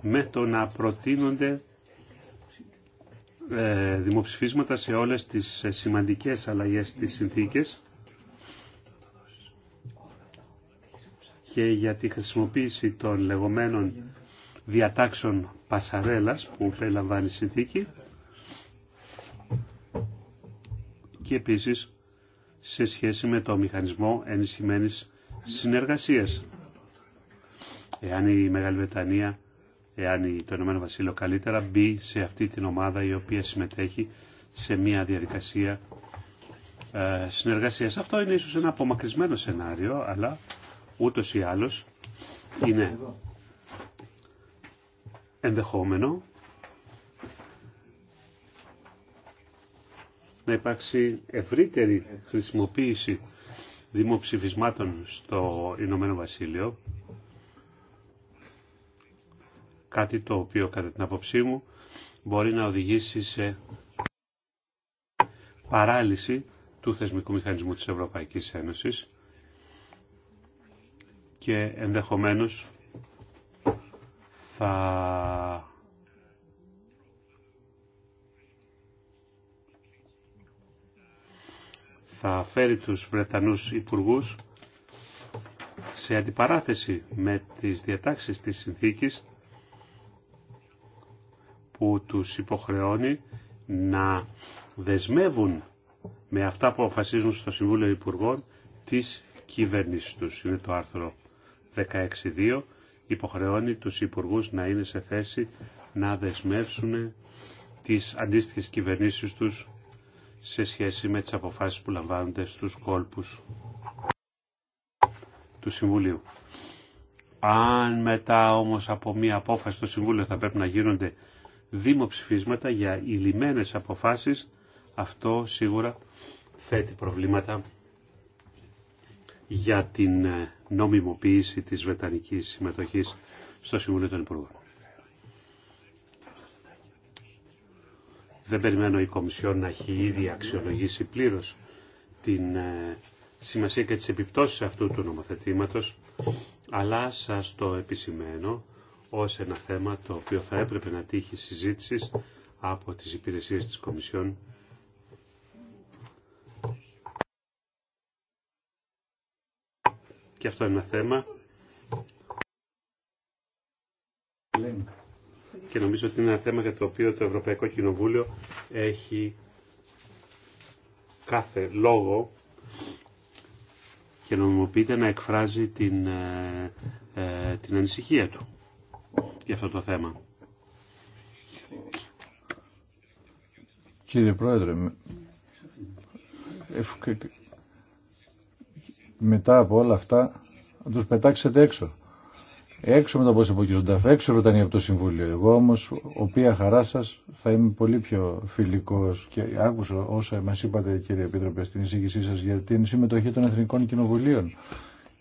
με το να προτείνονται ε, δημοψηφίσματα σε όλες τις ε, σημαντικές αλλαγές της συνθήκες και για τη χρησιμοποίηση των λεγόμενων διατάξεων πασαρέλας που περιλαμβάνει η συνθήκη και επίσης σε σχέση με το μηχανισμό ενισχυμένης συνεργασίας. Εάν η Μεγάλη Βρετανία, εάν το Ηνωμένο Βασίλειο καλύτερα, μπει σε αυτή την ομάδα η οποία συμμετέχει σε μια διαδικασία ε, συνεργασίας. Αυτό είναι ίσως ένα απομακρυσμένο σενάριο, αλλά ούτως ή άλλως είναι ενδεχόμενο να υπάρξει ευρύτερη χρησιμοποίηση δημοψηφισμάτων στο Ηνωμένο Βασίλειο. Κάτι το οποίο κατά την απόψή μου μπορεί να οδηγήσει σε παράλυση του θεσμικού μηχανισμού της Ευρωπαϊκής Ένωσης και ενδεχομένως θα θα φέρει τους Βρετανούς υπουργούς σε αντιπαράθεση με τις διατάξεις της συνθήκης που τους υποχρεώνει να δεσμεύουν με αυτά που αποφασίζουν στο Συμβούλιο Υπουργών της κυβέρνησης τους. Είναι το άρθρο 16.2. Υποχρεώνει τους υπουργούς να είναι σε θέση να δεσμεύσουν τις αντίστοιχες κυβερνήσεις τους σε σχέση με τις αποφάσεις που λαμβάνονται στους κόλπους του Συμβουλίου. Αν μετά όμως από μία απόφαση στο Συμβούλιο θα πρέπει να γίνονται δημοψηφίσματα για ηλιμένες αποφάσεις, αυτό σίγουρα θέτει προβλήματα για την ε, νομιμοποίηση της Βρετανικής συμμετοχής στο Συμβούλιο των Υπουργών. Δεν περιμένω η Κομισιόν να έχει ήδη αξιολογήσει πλήρως την ε, σημασία και τις επιπτώσεις αυτού του νομοθετήματος, αλλά σας το επισημαίνω ως ένα θέμα το οποίο θα έπρεπε να τύχει συζήτηση από τις υπηρεσίες της Κομισιόν και αυτό είναι ένα θέμα και νομίζω ότι είναι ένα θέμα για το οποίο το Ευρωπαϊκό Κοινοβούλιο έχει κάθε λόγο και νομιμοποιείται να εκφράζει την, ε, ε, την ανησυχία του για αυτό το θέμα. Κύριε Πρόεδρε, μετά από όλα αυτά τους πετάξετε έξω έξω μετά από όσο είπε ο κ. Νταφ, έξω από το Συμβούλιο. Εγώ όμω, οποία χαρά σα, θα είμαι πολύ πιο φιλικό και άκουσα όσα μα είπατε, κύριε Επίτροπε, στην εισήγησή σα για την συμμετοχή των Εθνικών Κοινοβουλίων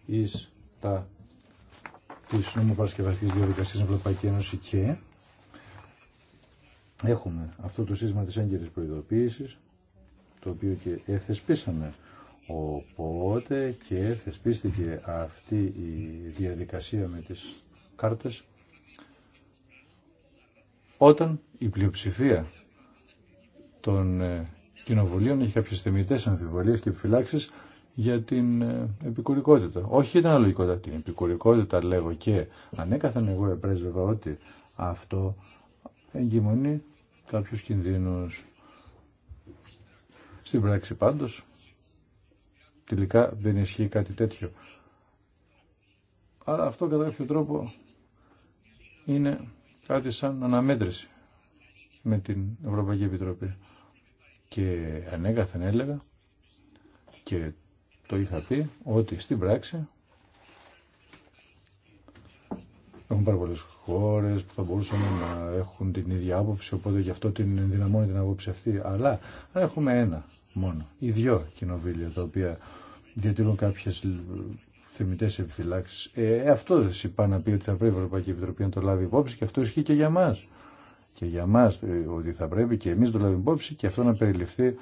ει τα τη νομοπαρασκευαστική διαδικασία Ευρωπαϊκή Ένωση και έχουμε αυτό το σύστημα τη έγκαιρη προειδοποίηση, το οποίο και εθεσπίσαμε Οπότε και θεσπίστηκε αυτή η διαδικασία με τις κάρτες όταν η πλειοψηφία των ε, κοινοβουλίων έχει κάποιες θεμητές αμφιβολίες και επιφυλάξεις για την ε, επικουρικότητα. Όχι την αναλογικότητα, την επικουρικότητα λέγω και ανέκαθεν εγώ επρέσβευα ότι αυτό εγκυμονεί κάποιους κινδύνους. Στην πράξη πάντως τελικά δεν ισχύει κάτι τέτοιο. Αλλά αυτό κατά κάποιο τρόπο είναι κάτι σαν αναμέτρηση με την Ευρωπαϊκή Επιτροπή. Και ανέκαθεν έλεγα και το είχα πει ότι στην πράξη έχουν πάρα πολλέ χώρε που θα μπορούσαν να έχουν την ίδια άποψη, οπότε γι' αυτό την ενδυναμώνει την άποψη αυτή. Αλλά αν έχουμε ένα μόνο. Οι δυο κοινοβούλια τα οποία διατηρούν κάποιε θεμητέ επιφυλάξει. Ε, αυτό δεν είπα να πει ότι θα πρέπει η Ευρωπαϊκή Επιτροπή να το λάβει υπόψη και αυτό ισχύει και για μα. Και για μα ε, ότι θα πρέπει και εμεί να το λάβουμε υπόψη και αυτό να περιληφθεί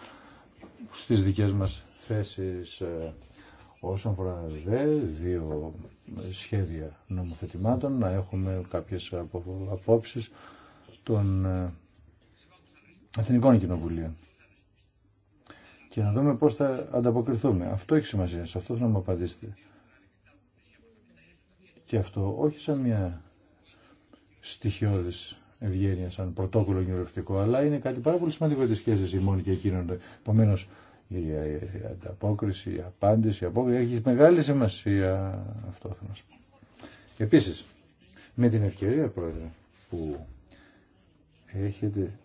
στι δικέ μα θέσει. Ε, όσον αφορά δε δύο σχέδια νομοθετημάτων, να έχουμε κάποιες απόψεις των ε, Εθνικών Κοινοβουλίων και να δούμε πώς θα ανταποκριθούμε. Αυτό έχει σημασία, σε αυτό θέλω να μου απαντήσετε. Και αυτό όχι σαν μια στοιχειώδης ευγένεια, σαν πρωτόκολλο γεωρευτικό, αλλά είναι κάτι πάρα πολύ σημαντικό σχέσεις σχέση ημών και εκείνων. Επομένω, η ανταπόκριση, η απάντηση, η απόκριση έχει μεγάλη σημασία αυτό να σου πω. Επίσης, με την ευκαιρία, Πρόεδρε, που έχετε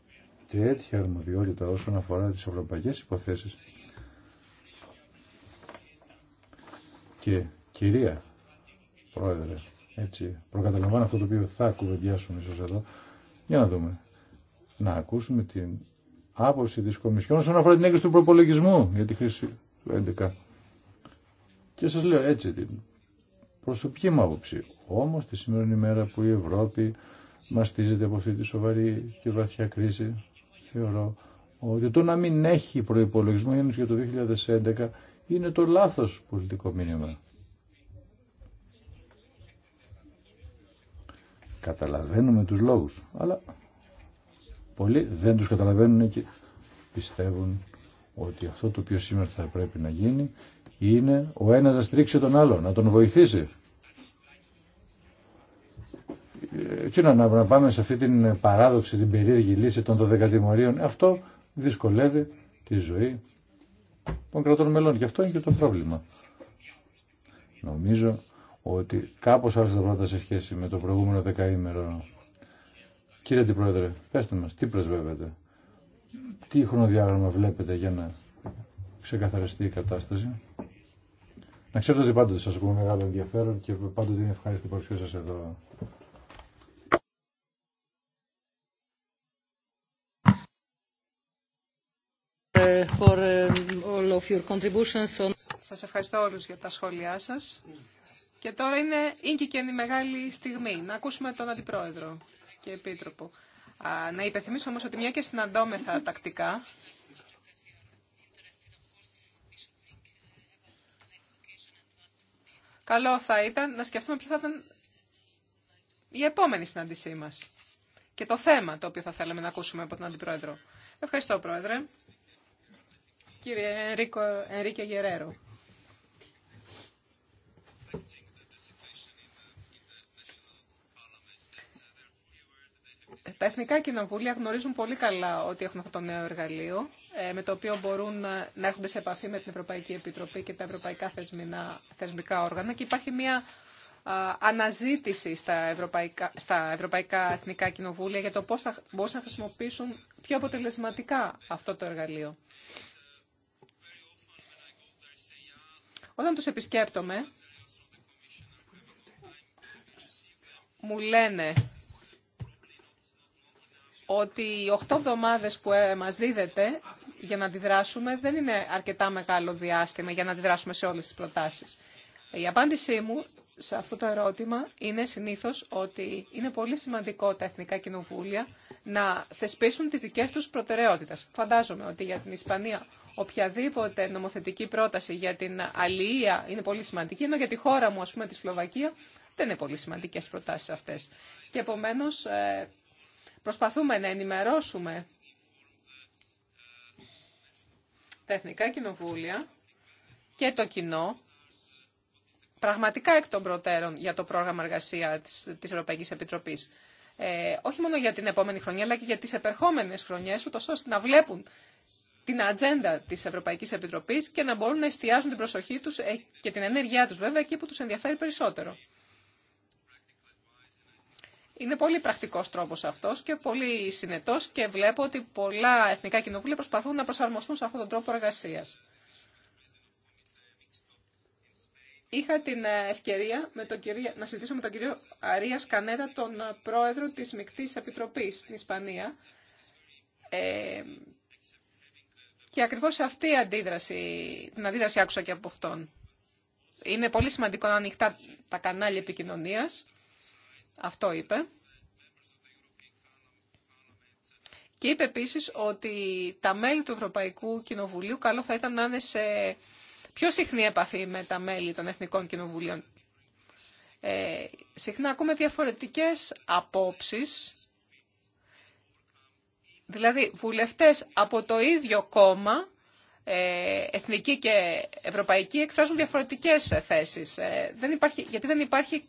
τέτοια αρμοδιότητα όσον αφορά τις ευρωπαϊκές υποθέσεις και κυρία Πρόεδρε, έτσι, προκαταλαμβάνω αυτό το οποίο θα κουβεντιάσουμε ίσως εδώ, για να δούμε, να ακούσουμε την άποψη της Κομισιόν όσον αφορά την έγκριση του προπολογισμού για τη χρήση του 11. Και σας λέω έτσι την προσωπική μου άποψη. Όμως τη σημερινή μέρα που η Ευρώπη μαστίζεται από αυτή τη σοβαρή και βαθιά κρίση θεωρώ ότι το να μην έχει προϋπολογισμό ένωση για το 2011 είναι το λάθος πολιτικό μήνυμα. Καταλαβαίνουμε τους λόγους, αλλά πολλοί δεν τους καταλαβαίνουν και πιστεύουν ότι αυτό το οποίο σήμερα θα πρέπει να γίνει είναι ο ένας να στρίξει τον άλλο, να τον βοηθήσει τι να, να πάμε σε αυτή την παράδοξη, την περίεργη λύση των τιμωρίων, Αυτό δυσκολεύει τη ζωή των κρατών μελών. Και αυτό είναι και το πρόβλημα. Νομίζω ότι κάπως άλλες τα πράγματα σε σχέση με το προηγούμενο δεκαήμερο. Κύριε Αντιπρόεδρε, πέστε μας, τι πρεσβεύετε, τι χρονοδιάγραμμα βλέπετε για να ξεκαθαριστεί η κατάσταση. Να ξέρετε ότι πάντοτε σας ακούμε μεγάλο ενδιαφέρον και πάντοτε είναι ευχάριστη η παρουσία σας εδώ. for um, Σας ευχαριστώ όλους για τα σχόλιά σας. Και τώρα είναι ίνκη και η μεγάλη στιγμή να ακούσουμε τον Αντιπρόεδρο και Επίτροπο. να υπενθυμίσω όμως ότι μια και συναντώμεθα τακτικά, καλό θα ήταν να σκεφτούμε ποιο θα ήταν η επόμενη συνάντησή μας και το θέμα το οποίο θα θέλαμε να ακούσουμε από τον Αντιπρόεδρο. Ευχαριστώ, Πρόεδρε κύριε Ενρίκε Γερέρο. Τα εθνικά κοινοβούλια γνωρίζουν πολύ καλά ότι έχουν αυτό το νέο εργαλείο, ε, με το οποίο μπορούν ε, να έρχονται σε επαφή με την Ευρωπαϊκή Επιτροπή και τα ευρωπαϊκά θεσμικά όργανα και υπάρχει μια αναζήτηση στα ευρωπαϊκά, στα ευρωπαϊκά εθνικά κοινοβούλια για το πώς θα μπορούσαν να χρησιμοποιήσουν πιο αποτελεσματικά αυτό το εργαλείο. Όταν τους επισκέπτομαι, μου λένε ότι οι οχτώ εβδομάδες που ε, μας δίδεται για να αντιδράσουμε δεν είναι αρκετά μεγάλο διάστημα για να αντιδράσουμε σε όλες τις προτάσεις. Η απάντησή μου σε αυτό το ερώτημα είναι συνήθως ότι είναι πολύ σημαντικό τα εθνικά κοινοβούλια να θεσπίσουν τις δικές τους προτεραιότητες. Φαντάζομαι ότι για την Ισπανία οποιαδήποτε νομοθετική πρόταση για την αλληλεία είναι πολύ σημαντική, ενώ για τη χώρα μου, ας πούμε, τη Σλοβακία, δεν είναι πολύ σημαντικές προτάσεις αυτές. Και επομένως ε, προσπαθούμε να ενημερώσουμε τα Εθνικά Κοινοβούλια και το κοινό πραγματικά εκ των προτέρων για το πρόγραμμα εργασία της, της Ευρωπαϊκής Επιτροπής. Ε, όχι μόνο για την επόμενη χρονιά, αλλά και για τις επερχόμενες χρονιές, ούτως ώστε να βλέπουν την ατζέντα τη Ευρωπαϊκή Επιτροπή και να μπορούν να εστιάζουν την προσοχή του ε, και την ενέργειά του, βέβαια εκεί που του ενδιαφέρει περισσότερο. Είναι πολύ πρακτικό τρόπο αυτό και πολύ συνετό και βλέπω ότι πολλά εθνικά κοινοβούλια προσπαθούν να προσαρμοστούν σε αυτόν τον τρόπο εργασία. Είχα την ε, ευκαιρία με τον να συζητήσω με τον κύριο Αρία Κανέτα, τον ε, πρόεδρο της Μικτής Επιτροπής στην Ισπανία, ε, και ακριβώς αυτή η αντίδραση, την αντίδραση άκουσα και από αυτόν. Είναι πολύ σημαντικό να ανοιχτά τα κανάλια επικοινωνίας. Αυτό είπε. Και είπε επίση ότι τα μέλη του Ευρωπαϊκού Κοινοβουλίου καλό θα ήταν να είναι σε πιο συχνή επαφή με τα μέλη των Εθνικών Κοινοβουλίων. Ε, συχνά ακούμε διαφορετικές απόψεις Δηλαδή, βουλευτές από το ίδιο κόμμα, ε, εθνική και ευρωπαϊκή, εκφράζουν διαφορετικές θέσεις. Ε, δεν υπάρχει, γιατί δεν υπάρχει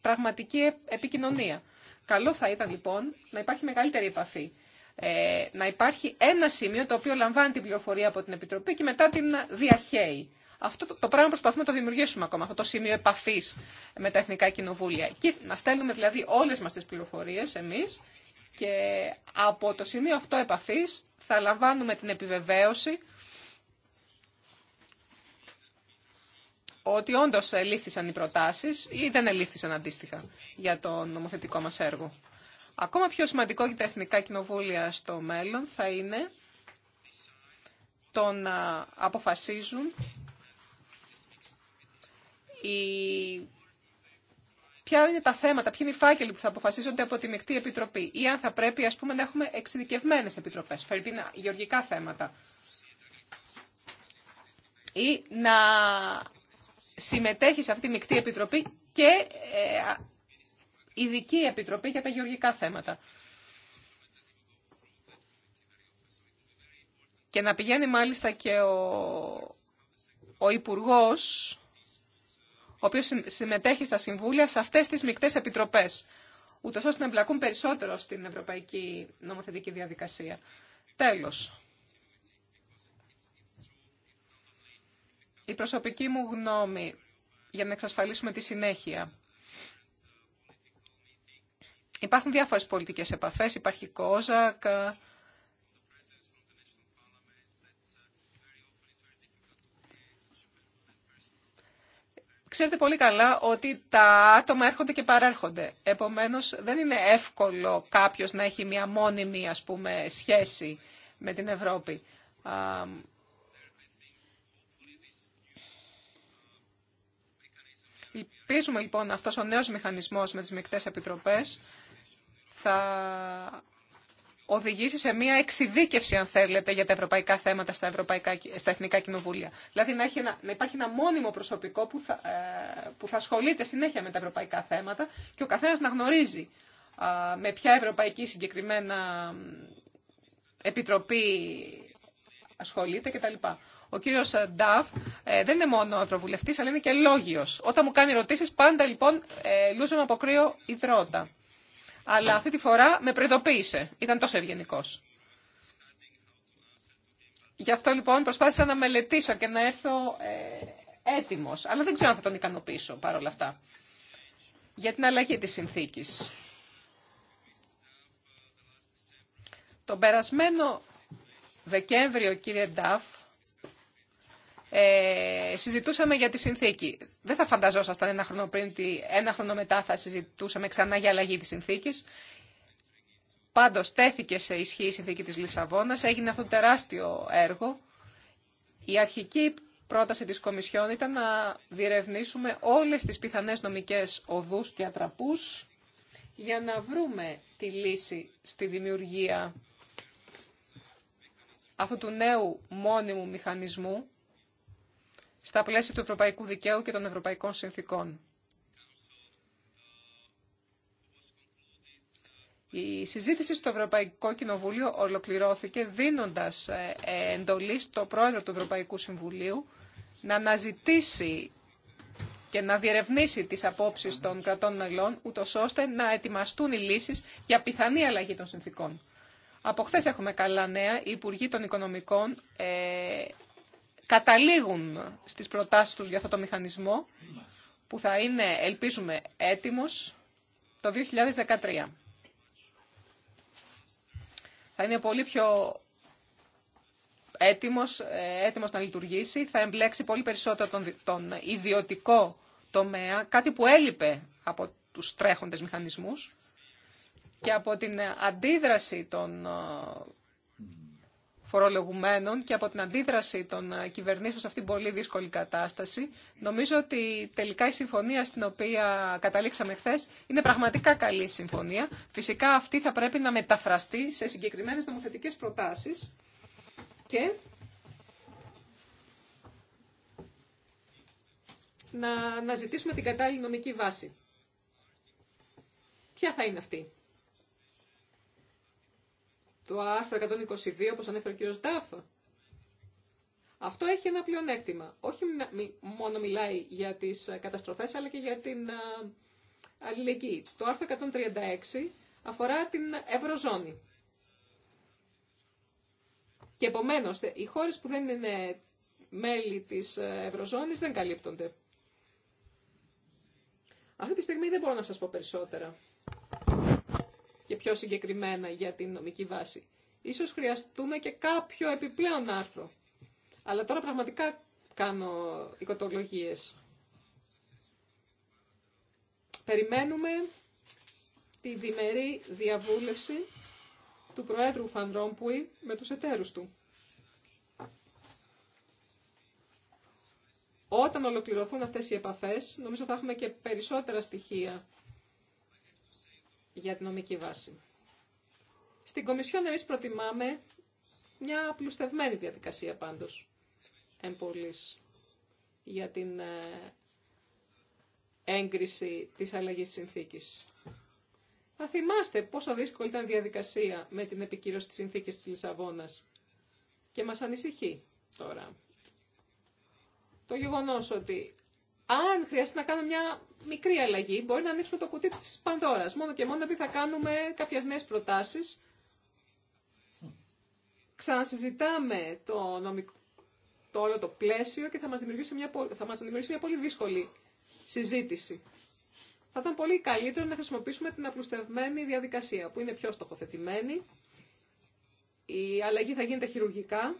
πραγματική επικοινωνία. Καλό θα ήταν λοιπόν να υπάρχει μεγαλύτερη επαφή. Ε, να υπάρχει ένα σημείο το οποίο λαμβάνει την πληροφορία από την Επιτροπή και μετά την διαχέει. Αυτό το, το πράγμα προσπαθούμε να το δημιουργήσουμε ακόμα, αυτό το σημείο επαφή με τα Εθνικά Κοινοβούλια. Και να στέλνουμε δηλαδή όλε μα τι πληροφορίε εμεί και από το σημείο αυτό επαφής θα λαμβάνουμε την επιβεβαίωση ότι όντως ελήφθησαν οι προτάσεις ή δεν ελήφθησαν αντίστοιχα για το νομοθετικό μας έργο. Ακόμα πιο σημαντικό για τα εθνικά κοινοβούλια στο μέλλον θα είναι το να αποφασίζουν οι ποια είναι τα θέματα, ποιοι είναι οι φάκελοι που θα αποφασίζονται από τη μεικτή επιτροπή ή αν θα πρέπει ας πούμε, να έχουμε εξειδικευμένε επιτροπέ, φερειπίνα γεωργικά θέματα. Ή να συμμετέχει σε αυτή τη μεικτή επιτροπή και ε, ειδική επιτροπή για τα γεωργικά θέματα. Και να πηγαίνει μάλιστα και ο, ο Υπουργός ο οποίο συμμετέχει στα συμβούλια σε αυτές τις μικτές επιτροπές, ούτω ώστε να εμπλακούν περισσότερο στην ευρωπαϊκή νομοθετική διαδικασία. Τέλος. Η προσωπική μου γνώμη για να εξασφαλίσουμε τη συνέχεια. Υπάρχουν διάφορες πολιτικές επαφές, υπάρχει κόζακα, Ξέρετε πολύ καλά ότι τα άτομα έρχονται και παρέρχονται. Επομένως, δεν είναι εύκολο κάποιος να έχει μια μόνιμη ας πούμε, σχέση με την Ευρώπη. Ελπίζουμε λοιπόν αυτός ο νέος μηχανισμός με τις μεικτές επιτροπές θα οδηγήσει σε μια εξειδίκευση, αν θέλετε, για τα ευρωπαϊκά θέματα στα, ευρωπαϊκά, στα εθνικά κοινοβούλια. Δηλαδή να, έχει ένα, να υπάρχει ένα μόνιμο προσωπικό που θα, ε, που θα ασχολείται συνέχεια με τα ευρωπαϊκά θέματα και ο καθένας να γνωρίζει με ποια ευρωπαϊκή συγκεκριμένα επιτροπή ασχολείται κτλ. Ο κύριο Νταφ ε, δεν είναι μόνο ευρωβουλευτή, αλλά είναι και λόγιο. Όταν μου κάνει ερωτήσει, πάντα λοιπόν ε, λούζω με κρύο υδρότα αλλά αυτή τη φορά με προειδοποίησε. Ήταν τόσο ευγενικό. Γι' αυτό λοιπόν προσπάθησα να μελετήσω και να έρθω ε, έτοιμος, αλλά δεν ξέρω αν θα τον ικανοποιήσω παρόλα αυτά. Για την αλλαγή της συνθήκης. Τον περασμένο Δεκέμβριο, κύριε Νταφ, ε, συζητούσαμε για τη συνθήκη. Δεν θα φανταζόσασταν ένα χρόνο πριν ότι ένα χρόνο μετά θα συζητούσαμε ξανά για αλλαγή τη συνθήκη. Πάντω τέθηκε σε ισχύ η συνθήκη της Λισαβόνας, έγινε αυτό το τεράστιο έργο. Η αρχική πρόταση της Κομισιόν ήταν να διερευνήσουμε όλες τις πιθανές νομικές οδούς και ατραπούς για να βρούμε τη λύση στη δημιουργία αυτού του νέου μόνιμου μηχανισμού στα πλαίσια του ευρωπαϊκού δικαίου και των ευρωπαϊκών συνθήκων. Η συζήτηση στο Ευρωπαϊκό Κοινοβούλιο ολοκληρώθηκε δίνοντας ε, εντολή στο πρόεδρο του Ευρωπαϊκού Συμβουλίου να αναζητήσει και να διερευνήσει τις απόψεις των κρατών μελών, ούτω ώστε να ετοιμαστούν οι λύσεις για πιθανή αλλαγή των συνθήκων. Από χθε έχουμε καλά νέα. Οι Υπουργοί των Οικονομικών ε, καταλήγουν στις προτάσεις τους για αυτό το μηχανισμό που θα είναι, ελπίζουμε, έτοιμος το 2013. Θα είναι πολύ πιο έτοιμος, ε, έτοιμος να λειτουργήσει, θα εμπλέξει πολύ περισσότερο τον, τον ιδιωτικό τομέα, κάτι που έλειπε από τους τρέχοντες μηχανισμούς και από την αντίδραση των φορολογουμένων και από την αντίδραση των ε, κυβερνήσεων σε αυτήν την πολύ δύσκολη κατάσταση, νομίζω ότι τελικά η συμφωνία στην οποία καταλήξαμε χθε είναι πραγματικά καλή συμφωνία. Φυσικά αυτή θα πρέπει να μεταφραστεί σε συγκεκριμένες νομοθετικές προτάσεις και να, να ζητήσουμε την κατάλληλη νομική βάση. Ποια θα είναι αυτή το άρθρο 122, όπως ανέφερε ο κύριος Ντάφα. Αυτό έχει ένα πλεονέκτημα. Όχι μόνο μιλάει για τις ε, καταστροφές, αλλά και για την ε, αλληλεγγύη. Το άρθρο 136 αφορά την Ευρωζώνη. Και επομένω, οι χώρες που δεν είναι μέλη της ε, Ευρωζώνης δεν καλύπτονται. Αυτή τη στιγμή δεν μπορώ να σας πω περισσότερα και πιο συγκεκριμένα για την νομική βάση. Ίσως χρειαστούμε και κάποιο επιπλέον άρθρο. Αλλά τώρα πραγματικά κάνω οικοτολογίες. Περιμένουμε τη διμερή διαβούλευση του Προέδρου Φανδρόμπουη με τους εταίρους του. Όταν ολοκληρωθούν αυτές οι επαφές, νομίζω θα έχουμε και περισσότερα στοιχεία για την νομική βάση. Στην Κομισιόν εμείς προτιμάμε μια απλουστευμένη διαδικασία πάντως εν για την ε, έγκριση της αλλαγής της συνθήκης. Θα θυμάστε πόσο δύσκολη ήταν η διαδικασία με την επικύρωση της συνθήκης της Λισαβόνας και μας ανησυχεί τώρα. Το γεγονός ότι αν χρειαστεί να κάνουμε μια μικρή αλλαγή, μπορεί να ανοίξουμε το κουτί της Πανδώρας, μόνο και μόνο επειδή θα κάνουμε κάποιες νέες προτάσεις. Ξανασυζητάμε το, το όλο το πλαίσιο και θα μας, δημιουργήσει μια, θα μας δημιουργήσει μια πολύ δύσκολη συζήτηση. Θα ήταν πολύ καλύτερο να χρησιμοποιήσουμε την απλουστευμένη διαδικασία, που είναι πιο στοχοθετημένη. Η αλλαγή θα γίνεται χειρουργικά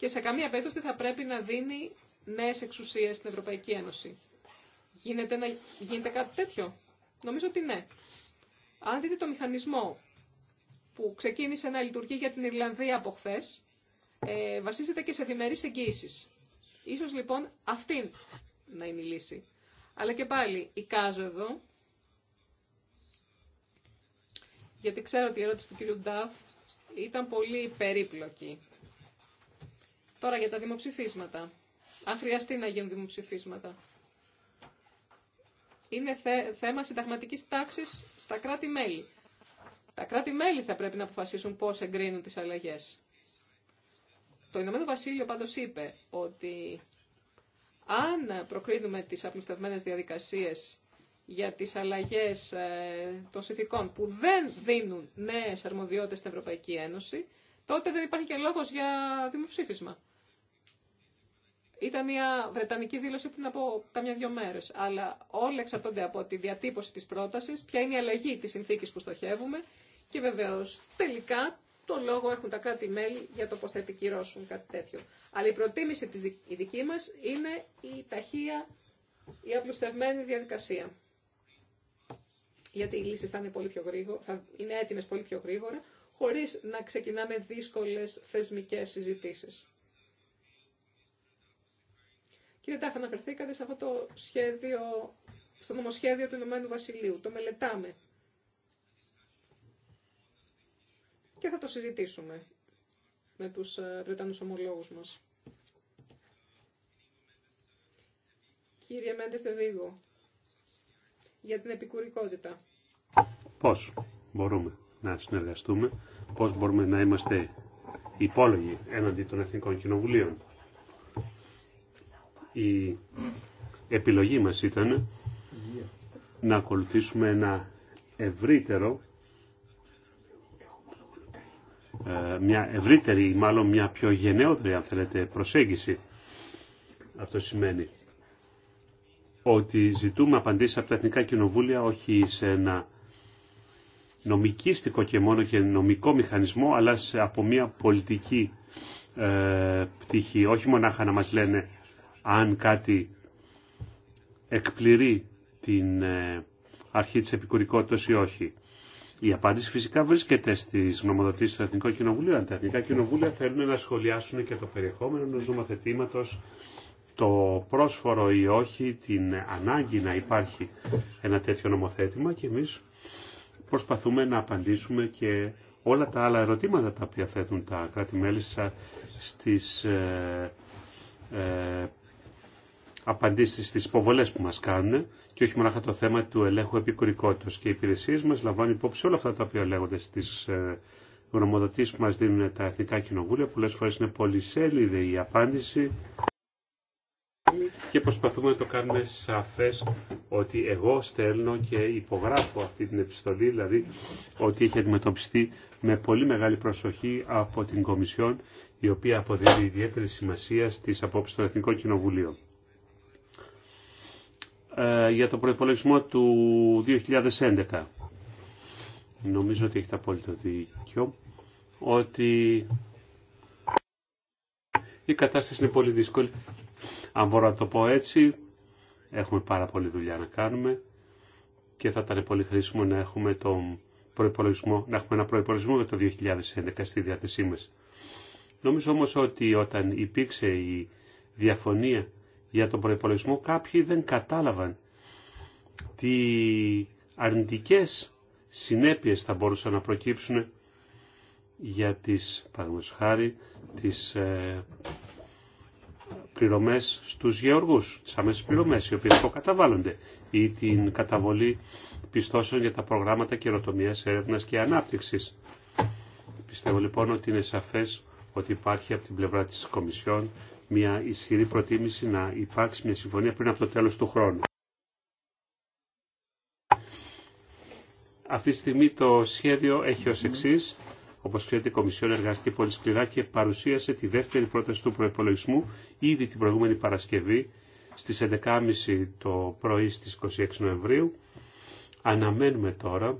και σε καμία περίπτωση θα πρέπει να δίνει νέε εξουσίες στην Ευρωπαϊκή Ένωση. Γίνεται, να... Γίνεται κάτι τέτοιο. Νομίζω ότι ναι. Αν δείτε το μηχανισμό που ξεκίνησε να λειτουργεί για την Ιρλανδία από χθε, ε, βασίζεται και σε διμερεί εγγύησει. Ίσως λοιπόν αυτήν να είναι η λύση. Αλλά και πάλι, η Κάζο εδώ, γιατί ξέρω ότι η ερώτηση του κ. Νταφ ήταν πολύ περίπλοκη. Τώρα για τα δημοψηφίσματα. Αν χρειαστεί να γίνουν δημοψηφίσματα. Είναι θέμα συνταγματική τάξη στα κράτη-μέλη. Τα κράτη-μέλη θα πρέπει να αποφασίσουν πώ εγκρίνουν τι αλλαγέ. Το Ηνωμένο Βασίλειο πάντω είπε ότι αν προκρίνουμε τι απλουστευμένε διαδικασίε για τις αλλαγές ε, των συνθηκών που δεν δίνουν νέε αρμοδιότητε στην Ευρωπαϊκή Ένωση, τότε δεν υπάρχει και λόγο για δημοψήφισμα. Ήταν μια βρετανική δήλωση πριν από καμιά δυο μέρε. αλλά όλα εξαρτώνται από τη διατύπωση τη πρόταση, ποια είναι η αλλαγή τη συνθήκη που στοχεύουμε και βεβαίω τελικά το λόγο έχουν τα κράτη-μέλη για το πώ θα επικυρώσουν κάτι τέτοιο. Αλλά η προτίμηση της η δική μα είναι η ταχεία, η απλουστευμένη διαδικασία. Γιατί οι λύσει θα είναι, πολύ πιο γρήγορα, θα είναι έτοιμες πολύ πιο γρήγορα, χωρίς να ξεκινάμε δύσκολες θεσμικές συζητήσεις. Κύριε Τάφα, αναφερθήκατε σε αυτό το σχέδιο, στο νομοσχέδιο του Ηνωμένου Βασιλείου. Το μελετάμε. Και θα το συζητήσουμε με τους ε, Βρετανούς ομολόγους μας. Κύριε Μέντες Δεβίγο, για την επικουρικότητα. Πώς μπορούμε να συνεργαστούμε, πώς μπορούμε να είμαστε υπόλογοι έναντι των Εθνικών Κοινοβουλίων η επιλογή μας ήταν να ακολουθήσουμε ένα ευρύτερο ε, μια ευρύτερη, μάλλον μια πιο γενναιότερη αν θέλετε προσέγγιση. Αυτό σημαίνει ότι ζητούμε απαντήσεις από τα Εθνικά Κοινοβούλια όχι σε ένα νομικίστικο και μόνο και νομικό μηχανισμό αλλά σε, από μια πολιτική ε, πτυχή. Όχι μονάχα να μας λένε αν κάτι εκπληρεί την ε, αρχή της επικουρικότητας ή όχι. Η απάντηση φυσικά βρίσκεται στις νομοδοτήσεις του Εθνικού Κοινοβουλίου. Αν τα Εθνικά Κοινοβούλια θέλουν να σχολιάσουν και το περιεχόμενο του νομοθετήματο, το πρόσφορο ή όχι, την ανάγκη να υπάρχει ένα τέτοιο νομοθέτημα και εμείς προσπαθούμε να απαντήσουμε και όλα τα άλλα ερωτήματα τα οποία θέτουν τα κράτη-μέλη στις ε, ε Απαντήσει στις υποβολέ που μα κάνουν και όχι μονάχα το θέμα του ελέγχου επικουρικότητα. Και οι υπηρεσίε μα λαμβάνουν υπόψη όλα αυτά τα οποία λέγονται στις ε, γνωμοδοτήσει που μα δίνουν τα Εθνικά Κοινοβούλια. πολλέ φορέ είναι πολυσέλιδη η απάντηση και προσπαθούμε να το κάνουμε σαφέ ότι εγώ στέλνω και υπογράφω αυτή την επιστολή, δηλαδή ότι έχει αντιμετωπιστεί με πολύ μεγάλη προσοχή από την Κομισιόν, η οποία αποδίδει ιδιαίτερη σημασία στις απόψεις των Εθνικών ε, για το προϋπολογισμό του 2011. Νομίζω ότι έχετε απόλυτο δίκιο ότι η κατάσταση είναι πολύ δύσκολη. Αν μπορώ να το πω έτσι, έχουμε πάρα πολλή δουλειά να κάνουμε και θα ήταν πολύ χρήσιμο να έχουμε, τον προϋπολογισμό, να έχουμε ένα προϋπολογισμό για το 2011 στη διάθεσή μας. Νομίζω όμως ότι όταν υπήρξε η διαφωνία για τον προϋπολογισμό κάποιοι δεν κατάλαβαν τι αρνητικές συνέπειες θα μπορούσαν να προκύψουν για τις, παραδείγματος χάρη, τις ε, πληρωμές στους γεωργούς, τις αμέσως πληρωμές οι οποίες προκαταβάλλονται ή την καταβολή πιστώσεων για τα προγράμματα καιροτομίας, έρευνα και ανάπτυξης. Πιστεύω λοιπόν ότι είναι σαφές ότι υπάρχει από την πλευρά της Κομισιόν μια ισχυρή προτίμηση να υπάρξει μια συμφωνία πριν από το τέλος του χρόνου. Αυτή τη στιγμή το σχέδιο έχει ως εξή. Όπως ξέρετε, η Κομισιόν εργαστεί πολύ σκληρά και παρουσίασε τη δεύτερη πρόταση του προπολογισμού ήδη την προηγούμενη Παρασκευή στις 11.30 το πρωί στις 26 Νοεμβρίου. Αναμένουμε τώρα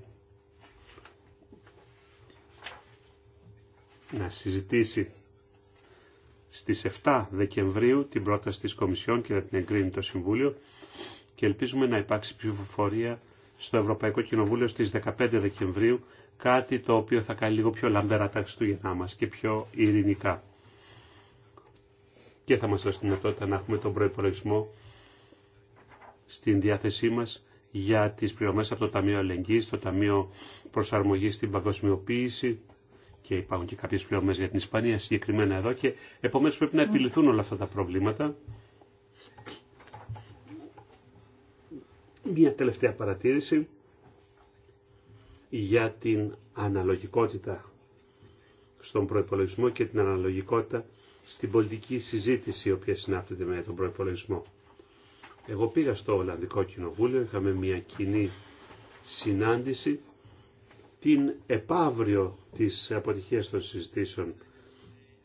να συζητήσει στις 7 Δεκεμβρίου την πρόταση της Κομισιόν και να την εγκρίνει το Συμβούλιο και ελπίζουμε να υπάρξει ψηφοφορία στο Ευρωπαϊκό Κοινοβούλιο στις 15 Δεκεμβρίου, κάτι το οποίο θα κάνει λίγο πιο λαμπερά τα Χριστούγεννά μας και πιο ειρηνικά. Και θα μας δώσει τη δυνατότητα να έχουμε τον προϋπολογισμό στην διάθεσή μας για τις πληρωμές από το Ταμείο Αλληλεγγύης, το Ταμείο Προσαρμογής στην Παγκοσμιοποίηση, και υπάρχουν και κάποιες πληρωμές για την Ισπανία συγκεκριμένα εδώ και επομένως πρέπει να επιληθούν όλα αυτά τα προβλήματα. Μία τελευταία παρατήρηση για την αναλογικότητα στον προϋπολογισμό και την αναλογικότητα στην πολιτική συζήτηση η οποία συνάπτεται με τον προϋπολογισμό. Εγώ πήγα στο Ολλανδικό Κοινοβούλιο, είχαμε μια κοινή συνάντηση την επαύριο της αποτυχίας των συζητήσεων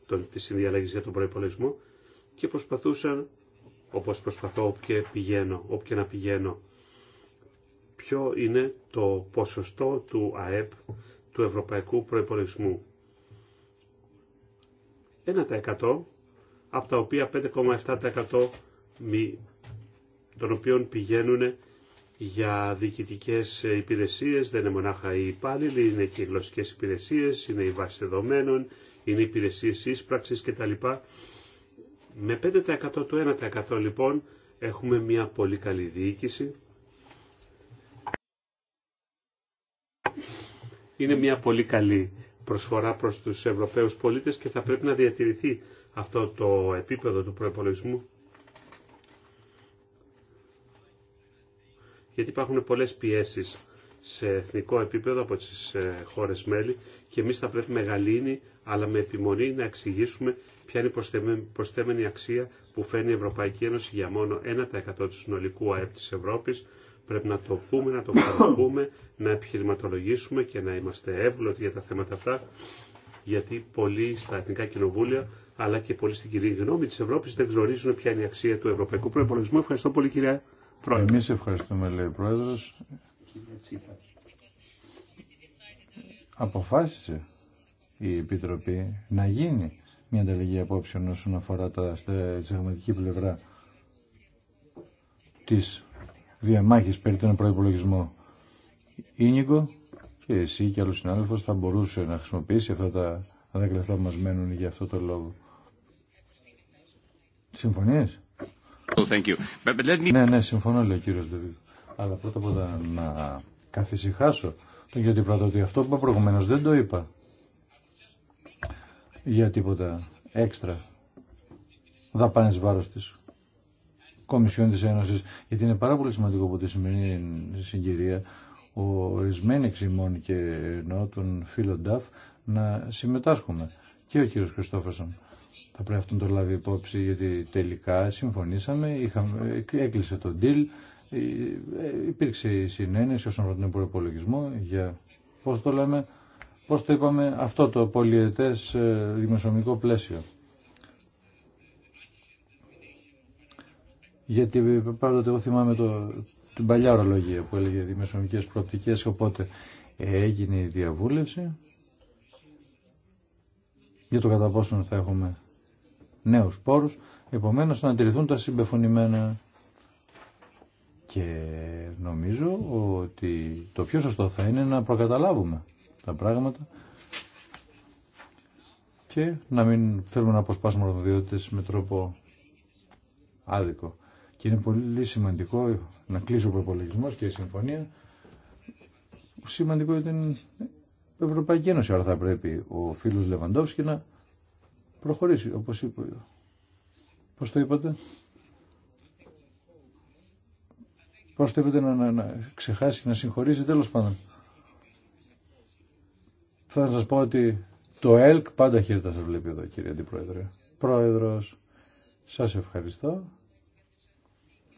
των, της για τον προϋπολογισμό και προσπαθούσαν, όπως προσπαθώ όπου και πηγαίνω, όπου να πηγαίνω, ποιο είναι το ποσοστό του ΑΕΠ, του Ευρωπαϊκού Προϋπολογισμού. 1% από τα οποία 5,7% των οποίων πηγαίνουν για διοικητικές υπηρεσίες, δεν είναι μονάχα οι υπάλληλοι, είναι και οι γλωσσικές υπηρεσίες, είναι οι βάσεις δεδομένων, είναι οι υπηρεσίες τα κτλ. Με 5% το 1% λοιπόν έχουμε μια πολύ καλή διοίκηση. Είναι μια πολύ καλή προσφορά προς τους Ευρωπαίους πολίτες και θα πρέπει να διατηρηθεί αυτό το επίπεδο του προϋπολογισμού γιατί υπάρχουν πολλές πιέσεις σε εθνικό επίπεδο από τις ε, χώρες μέλη και εμείς θα πρέπει με αλλά με επιμονή να εξηγήσουμε ποια είναι η προστέμενη αξία που φέρνει η Ευρωπαϊκή Ένωση για μόνο 1% του συνολικού ΑΕΠ της Ευρώπης. Πρέπει να το πούμε, να το παραπούμε, να επιχειρηματολογήσουμε και να είμαστε εύγλωτοι για τα θέματα αυτά, γιατί πολλοί στα εθνικά κοινοβούλια αλλά και πολλοί στην κυρία γνώμη της Ευρώπης δεν γνωρίζουν ποια είναι η αξία του ευρωπαϊκού προϋπολογισμού. Ευχαριστώ πολύ κυρία Πρόεδρε. Εμείς ευχαριστούμε, λέει ο Πρόεδρος. Αποφάσισε η Επιτροπή να γίνει μια ανταλλαγή απόψεων όσον αφορά τα, τη πλευρά της διαμάχης περί των προϋπολογισμών Ίνικο και εσύ και άλλος συνάδελφος θα μπορούσε να χρησιμοποιήσει αυτά τα δέκα λεφτά που μας μένουν για αυτό το λόγο. Συμφωνείς. Oh, ναι, ναι, συμφωνώ, λέει ο κύριο Αλλά πρώτα απ' όλα να καθησυχάσω τον κύριο Τιπράτο ότι αυτό που είπα προηγουμένω δεν το είπα για τίποτα έξτρα δαπάνε βάρο τη Κομισιόν τη Ένωση. Γιατί είναι πάρα πολύ σημαντικό από τη σημερινή συγκυρία ορισμένοι εξημών και εννοώ τον φίλων ΝΤΑΦ να συμμετάσχουμε. Και ο κύριος Χριστόφερσον θα πρέπει αυτόν το λάβει υπόψη γιατί τελικά συμφωνήσαμε, είχαμε, έκλεισε το deal, ε, ε, υπήρξε η συνένεση όσον αφορά τον υπολογισμό για πώς το λέμε, πώς το είπαμε, αυτό το πολυετές ε, δημοσιονομικό πλαίσιο. Γιατί πάντοτε εγώ θυμάμαι το, την παλιά ορολογία που έλεγε δημοσιονομικές προοπτικές, οπότε έγινε η διαβούλευση για το κατά πόσον θα έχουμε νέους πόρους, επομένως να τηρηθούν τα συμπεφωνημένα. Και νομίζω ότι το πιο σωστό θα είναι να προκαταλάβουμε τα πράγματα και να μην θέλουμε να αποσπάσουμε ορθοδιότητες με τρόπο άδικο. Και είναι πολύ σημαντικό να κλείσω ο προπολογισμό και η συμφωνία. Σημαντικό για την Ευρωπαϊκή Ένωση. Άρα θα πρέπει ο φίλο Λεβαντόφσκι να προχωρήσει, όπως είπε. Πώς το είπατε? Πώς το είπατε να, να, να ξεχάσει, να συγχωρήσει, τέλος πάντων. Θα σας πω ότι το ΕΛΚ πάντα χαίρετα σας βλέπει εδώ, κύριε Αντιπρόεδρε. Πρόεδρος, σας ευχαριστώ.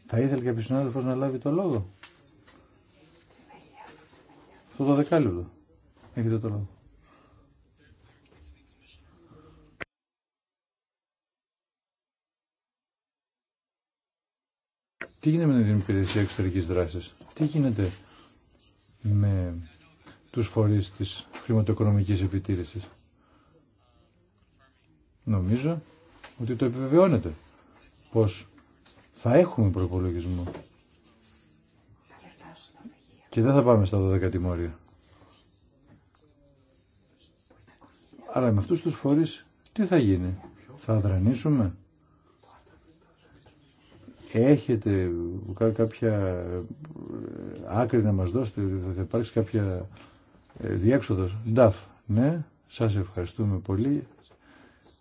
Θα ήθελε και συνάδελφος να λάβει το λόγο. Αυτό το δεκάλεπτο. Έχετε το λόγο. Τι γίνεται με την υπηρεσία εξωτερικής δράσης. Τι γίνεται με τους φορείς της χρηματοοικονομικής επιτήρησης. Νομίζω ότι το επιβεβαιώνεται πως θα έχουμε προπολογισμό. Και δεν θα πάμε στα 12 τιμόρια. Αλλά με αυτούς τους φορείς τι θα γίνει. Θα δρανίσουμε έχετε κάποια ε, άκρη να μας δώσετε, θα υπάρξει κάποια ε, διέξοδος. Νταφ, ναι, σας ευχαριστούμε πολύ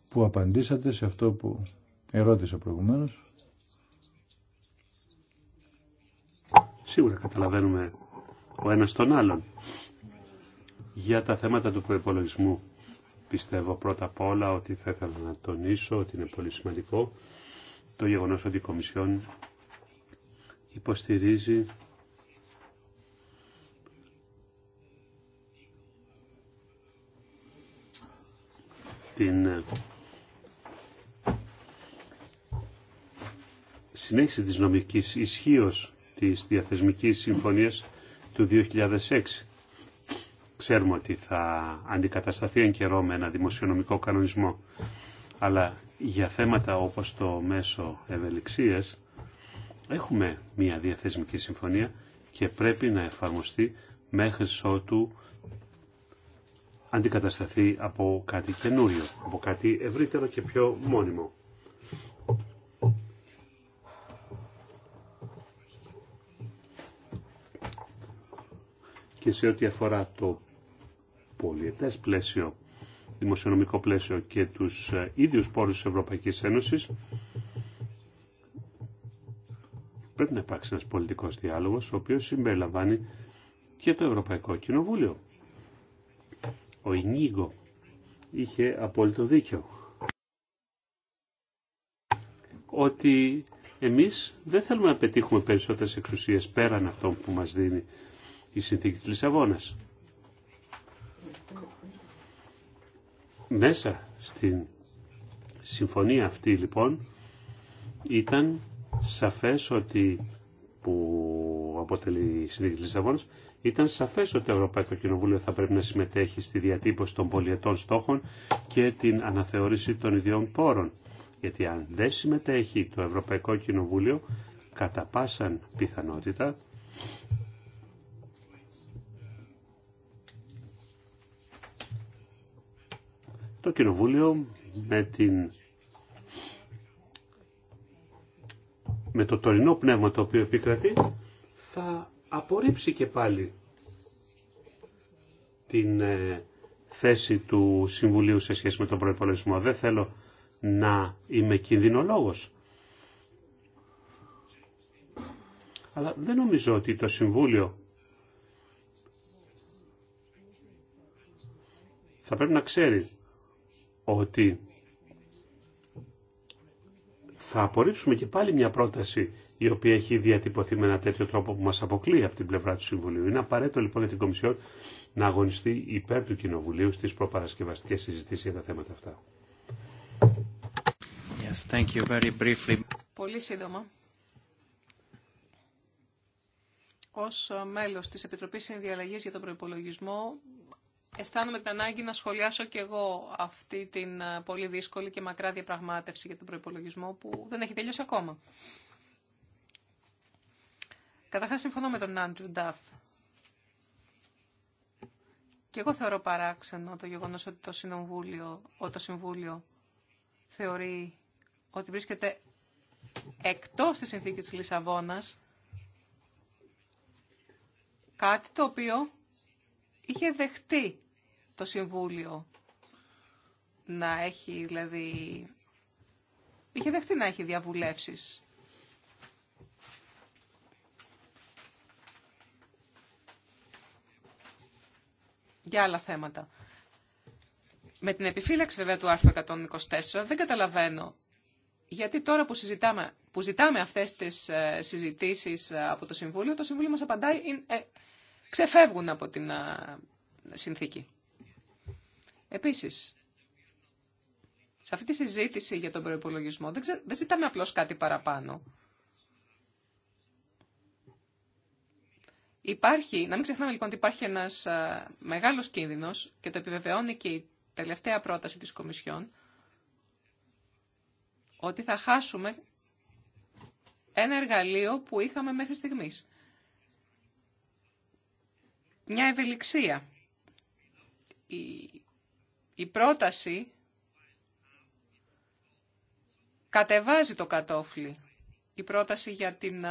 που απαντήσατε σε αυτό που ερώτησα προηγουμένως. Σίγουρα καταλαβαίνουμε ο ένας τον άλλον. Για τα θέματα του προϋπολογισμού πιστεύω πρώτα απ' όλα ότι θα ήθελα να τονίσω ότι είναι πολύ σημαντικό το γεγονός ότι η Κομισιόν υποστηρίζει την ε, συνέχιση της νομικής ισχύως της διαθεσμικής συμφωνίας του 2006. Ξέρουμε ότι θα αντικατασταθεί εν καιρό με ένα δημοσιονομικό κανονισμό, αλλά για θέματα όπως το μέσο ευελιξίας έχουμε μια διαθεσμική συμφωνία και πρέπει να εφαρμοστεί μέχρι ότου αντικατασταθεί από κάτι καινούριο, από κάτι ευρύτερο και πιο μόνιμο. Και σε ό,τι αφορά το πολιετές πλαίσιο δημοσιονομικό πλαίσιο και τους ε, ίδιους πόρους της Ευρωπαϊκής Ένωσης, πρέπει να υπάρξει ένας πολιτικός διάλογος, ο οποίος συμπεριλαμβάνει και το Ευρωπαϊκό Κοινοβούλιο. Ο Ινίγκο είχε απόλυτο δίκιο. Ότι εμείς δεν θέλουμε να πετύχουμε περισσότερες εξουσίες πέραν αυτών που μας δίνει η συνθήκη της Λισαβόνας. Μέσα στην συμφωνία αυτή λοιπόν ήταν σαφές ότι που αποτελεί η Συνδίκη Λισαβόνας, ήταν σαφές ότι το Ευρωπαϊκό Κοινοβούλιο θα πρέπει να συμμετέχει στη διατύπωση των πολιετών στόχων και την αναθεώρηση των ιδιών πόρων. Γιατί αν δεν συμμετέχει το Ευρωπαϊκό Κοινοβούλιο, κατά πάσαν πιθανότητα Το Κοινοβούλιο με, την... με το τωρινό πνεύμα το οποίο επικρατεί θα απορρίψει και πάλι την ε, θέση του Συμβουλίου σε σχέση με τον προϋπολογισμό. Δεν θέλω να είμαι κινδυνολόγος. Αλλά δεν νομίζω ότι το Συμβούλιο θα πρέπει να ξέρει ότι θα απορρίψουμε και πάλι μια πρόταση η οποία έχει διατυπωθεί με ένα τέτοιο τρόπο που μας αποκλεί από την πλευρά του Συμβουλίου. Είναι απαραίτητο λοιπόν για την Κομισιόν να αγωνιστεί υπέρ του Κοινοβουλίου στις προπαρασκευαστικές συζητήσεις για τα θέματα αυτά. Yes, thank you very briefly. Πολύ σύντομα. Ως μέλος της Επιτροπής Συνδιαλλαγής για τον Προϋπολογισμό αισθάνομαι την ανάγκη να σχολιάσω και εγώ αυτή την ε, πολύ δύσκολη και μακρά διαπραγμάτευση για τον προπολογισμό που δεν έχει τελειώσει ακόμα. Καταρχά, συμφωνώ με τον Άντρου Νταφ. Και εγώ θεωρώ παράξενο το γεγονός ότι το, συνομβούλιο, ότι το Συμβούλιο θεωρεί ότι βρίσκεται εκτός της συνθήκης της Λισαβόνας κάτι το οποίο είχε δεχτεί το Συμβούλιο να έχει, δηλαδή, είχε δεχτεί να έχει διαβουλεύσεις. Για άλλα θέματα. Με την επιφύλαξη βέβαια του άρθρου 124 δεν καταλαβαίνω γιατί τώρα που, συζητάμε, που ζητάμε αυτές τις ε, συζητήσεις ε, από το Συμβούλιο, το Συμβούλιο μας απαντάει ε, ξεφεύγουν από την συνθήκη. Επίσης, σε αυτή τη συζήτηση για τον προϋπολογισμό δεν, δεν ζητάμε απλώς κάτι παραπάνω. Υπάρχει, να μην ξεχνάμε λοιπόν ότι υπάρχει ένας μεγάλος κίνδυνος και το επιβεβαιώνει και η τελευταία πρόταση της Κομισιόν ότι θα χάσουμε ένα εργαλείο που είχαμε μέχρι στιγμής μια ευελιξία. Η, η πρόταση κατεβάζει το κατόφλι. Η πρόταση για την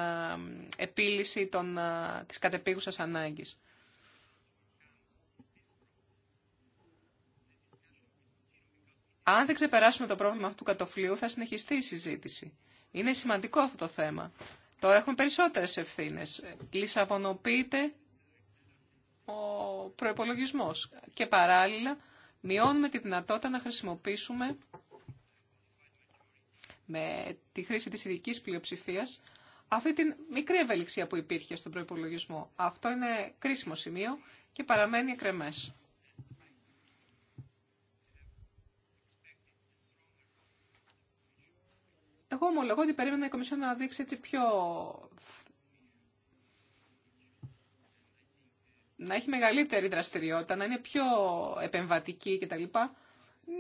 επίλυση των, της κατεπίγουσας ανάγκης. Αν δεν ξεπεράσουμε το πρόβλημα αυτού του κατοφλίου, θα συνεχιστεί η συζήτηση. Είναι σημαντικό αυτό το θέμα. Τώρα έχουμε περισσότερες ευθύνες. Λισαβονοποιείται ο προϋπολογισμός και παράλληλα μειώνουμε τη δυνατότητα να χρησιμοποιήσουμε με τη χρήση της ειδική πλειοψηφία αυτή τη μικρή ευελιξία που υπήρχε στον προϋπολογισμό. Αυτό είναι κρίσιμο σημείο και παραμένει εκρεμές. Εγώ ομολογώ ότι περίμενα η Κομισιόν να δείξει έτσι πιο να έχει μεγαλύτερη δραστηριότητα, να είναι πιο επεμβατική κτλ.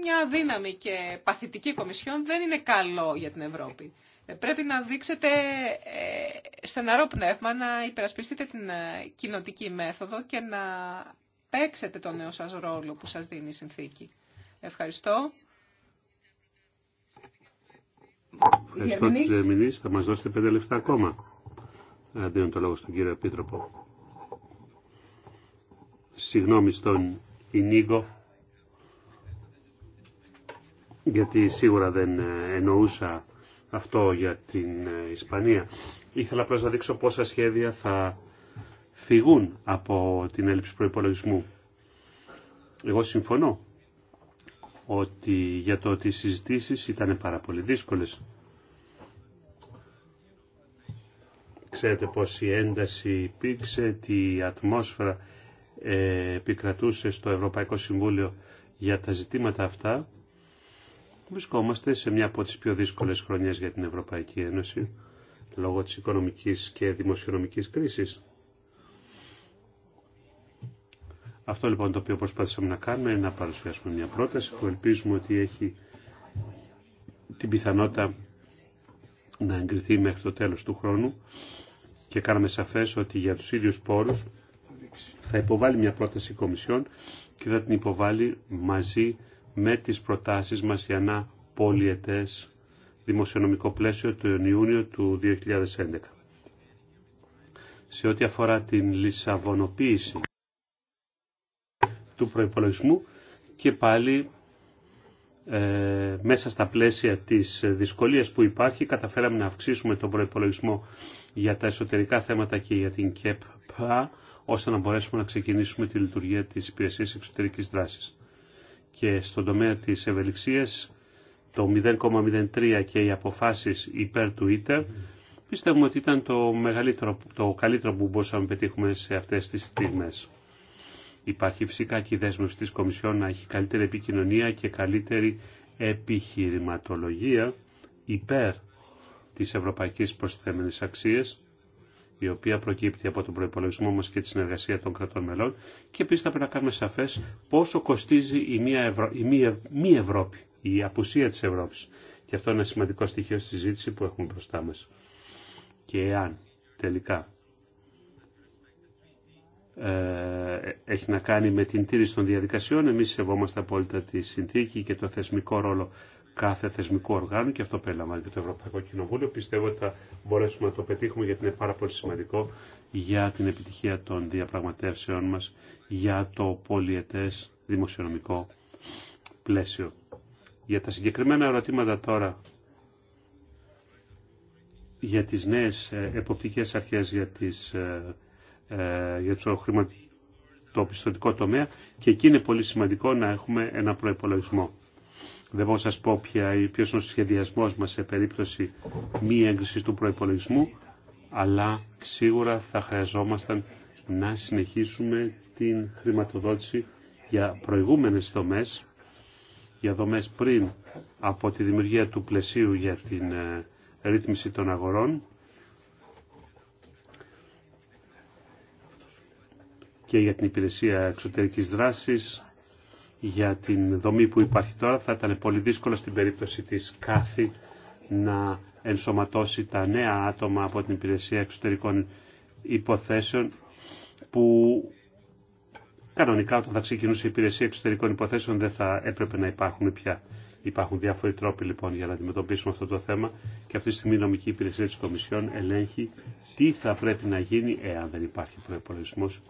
Μια δύναμη και παθητική κομισιόν δεν είναι καλό για την Ευρώπη. Ε, πρέπει να δείξετε ε, στεναρό πνεύμα, να υπερασπιστείτε την ε, κοινοτική μέθοδο και να παίξετε τον νέο σας ρόλο που σας δίνει η συνθήκη. Ευχαριστώ. Ευχαριστώ κύριε Μινής. Θα μας δώσετε πέντε λεφτά ακόμα. Δίνω το λόγο στον κύριο Επίτροπο συγγνώμη στον Ινίγκο γιατί σίγουρα δεν ε, εννοούσα αυτό για την ε, Ισπανία. Ήθελα απλώς να δείξω πόσα σχέδια θα φυγούν από την έλλειψη προϋπολογισμού. Εγώ συμφωνώ ότι για το ότι οι συζητήσεις ήταν πάρα πολύ δύσκολες. Ξέρετε πως η ένταση υπήρξε, τη ατμόσφαιρα επικρατούσε στο Ευρωπαϊκό Συμβούλιο για τα ζητήματα αυτά, βρισκόμαστε σε μια από τις πιο δύσκολες χρονιές για την Ευρωπαϊκή Ένωση, λόγω της οικονομικής και δημοσιονομικής κρίσης. Αυτό λοιπόν το οποίο προσπάθησαμε να κάνουμε είναι να παρουσιάσουμε μια πρόταση που ελπίζουμε ότι έχει την πιθανότητα να εγκριθεί μέχρι το τέλος του χρόνου και κάναμε σαφές ότι για τους ίδιους πόρους θα υποβάλει μια πρόταση κομισιόν και θα την υποβάλει μαζί με τις προτάσεις μας για ένα πολιετές δημοσιονομικό πλαίσιο του Ιουνίου του 2011. Σε ό,τι αφορά την λισαβονοποίηση του προϋπολογισμού και πάλι ε, μέσα στα πλαίσια της δυσκολίας που υπάρχει καταφέραμε να αυξήσουμε τον προϋπολογισμό για τα εσωτερικά θέματα και για την ΚΕΠΑ ώστε να μπορέσουμε να ξεκινήσουμε τη λειτουργία της υπηρεσίας εξωτερικής δράσης. Και στον τομέα της ευελιξίας, το 0,03 και οι αποφάσεις υπέρ του ITER, πιστεύουμε ότι ήταν το, μεγαλύτερο, το καλύτερο που μπορούσαμε να πετύχουμε σε αυτές τις στιγμές. Υπάρχει φυσικά και η δέσμευση της Κομισιόν να έχει καλύτερη επικοινωνία και καλύτερη επιχειρηματολογία υπέρ της ευρωπαϊκής προσθέμενης αξίας η οποία προκύπτει από τον προπολογισμό μα και τη συνεργασία των κρατών μελών. Και επίση θα πρέπει να κάνουμε σαφέ πόσο κοστίζει η μία η μία... μη Ευρώπη, η απουσία τη Ευρώπη. Και αυτό είναι ένα σημαντικό στοιχείο στη συζήτηση που έχουμε μπροστά μα. Και εάν τελικά ε, έχει να κάνει με την τήρηση των διαδικασιών, εμεί σεβόμαστε απόλυτα τη συνθήκη και το θεσμικό ρόλο κάθε θεσμικό οργάνο και αυτό περιλαμβάνει και το Ευρωπαϊκό Κοινοβούλιο. Πιστεύω ότι θα μπορέσουμε να το πετύχουμε γιατί είναι πάρα πολύ σημαντικό για την επιτυχία των διαπραγματεύσεων μας για το πολιετές δημοσιονομικό πλαίσιο. Για τα συγκεκριμένα ερωτήματα τώρα για τις νέες ε, εποπτικές αρχές για, τις, ε, ε, για το πιστωτικό τομέα και εκεί είναι πολύ σημαντικό να έχουμε ένα προϋπολογισμό. Δεν μπορώ να σας πω ποια, ποιος είναι ο σχεδιασμός μας σε περίπτωση μη έγκρισης του προϋπολογισμού, αλλά σίγουρα θα χρειαζόμασταν να συνεχίσουμε την χρηματοδότηση για προηγούμενες δομές, για δομές πριν από τη δημιουργία του πλαισίου για την ε, ρύθμιση των αγορών και για την υπηρεσία εξωτερικής δράσης για την δομή που υπάρχει τώρα θα ήταν πολύ δύσκολο στην περίπτωση της ΚΑΘΗ να ενσωματώσει τα νέα άτομα από την υπηρεσία εξωτερικών υποθέσεων που κανονικά όταν θα ξεκινούσε η υπηρεσία εξωτερικών υποθέσεων δεν θα έπρεπε να υπάρχουν πια. Υπάρχουν διάφοροι τρόποι λοιπόν για να αντιμετωπίσουμε αυτό το θέμα και αυτή τη στιγμή η νομική υπηρεσία της Κομισιόν ελέγχει τι θα πρέπει να γίνει εάν δεν υπάρχει προϋπολογισμός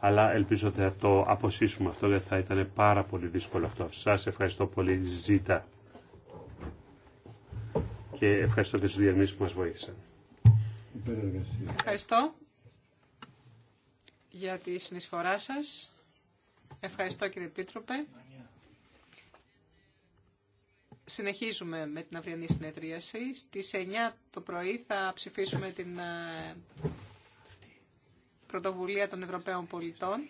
αλλά ελπίζω ότι θα το αποσύσουμε αυτό, γιατί θα ήταν πάρα πολύ δύσκολο αυτό. Σας ευχαριστώ πολύ, Ζήτα. Και ευχαριστώ και στους που μας βοήθησαν. Ευχαριστώ για τη συνεισφορά σας. Ευχαριστώ κύριε Επίτροπε. Συνεχίζουμε με την αυριανή συνεδρίαση. Στις 9 το πρωί θα ψηφίσουμε την ε, πρωτοβουλία των Ευρωπαίων πολιτών.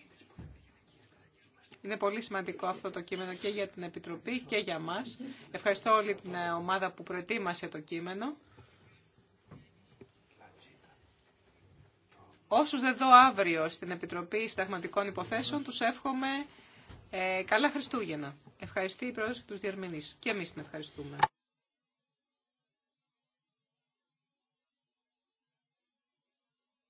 Είναι πολύ σημαντικό αυτό το κείμενο και για την Επιτροπή και για μας. Ευχαριστώ όλη την ε, ομάδα που προετοίμασε το κείμενο. Όσους δεν δω αύριο στην Επιτροπή Συνταγματικών Υποθέσεων, τους εύχομαι ε, καλά Χριστούγεννα. Ευχαριστή η Πρόεδρος και τους Διερμηνείς. Και εμείς την ευχαριστούμε.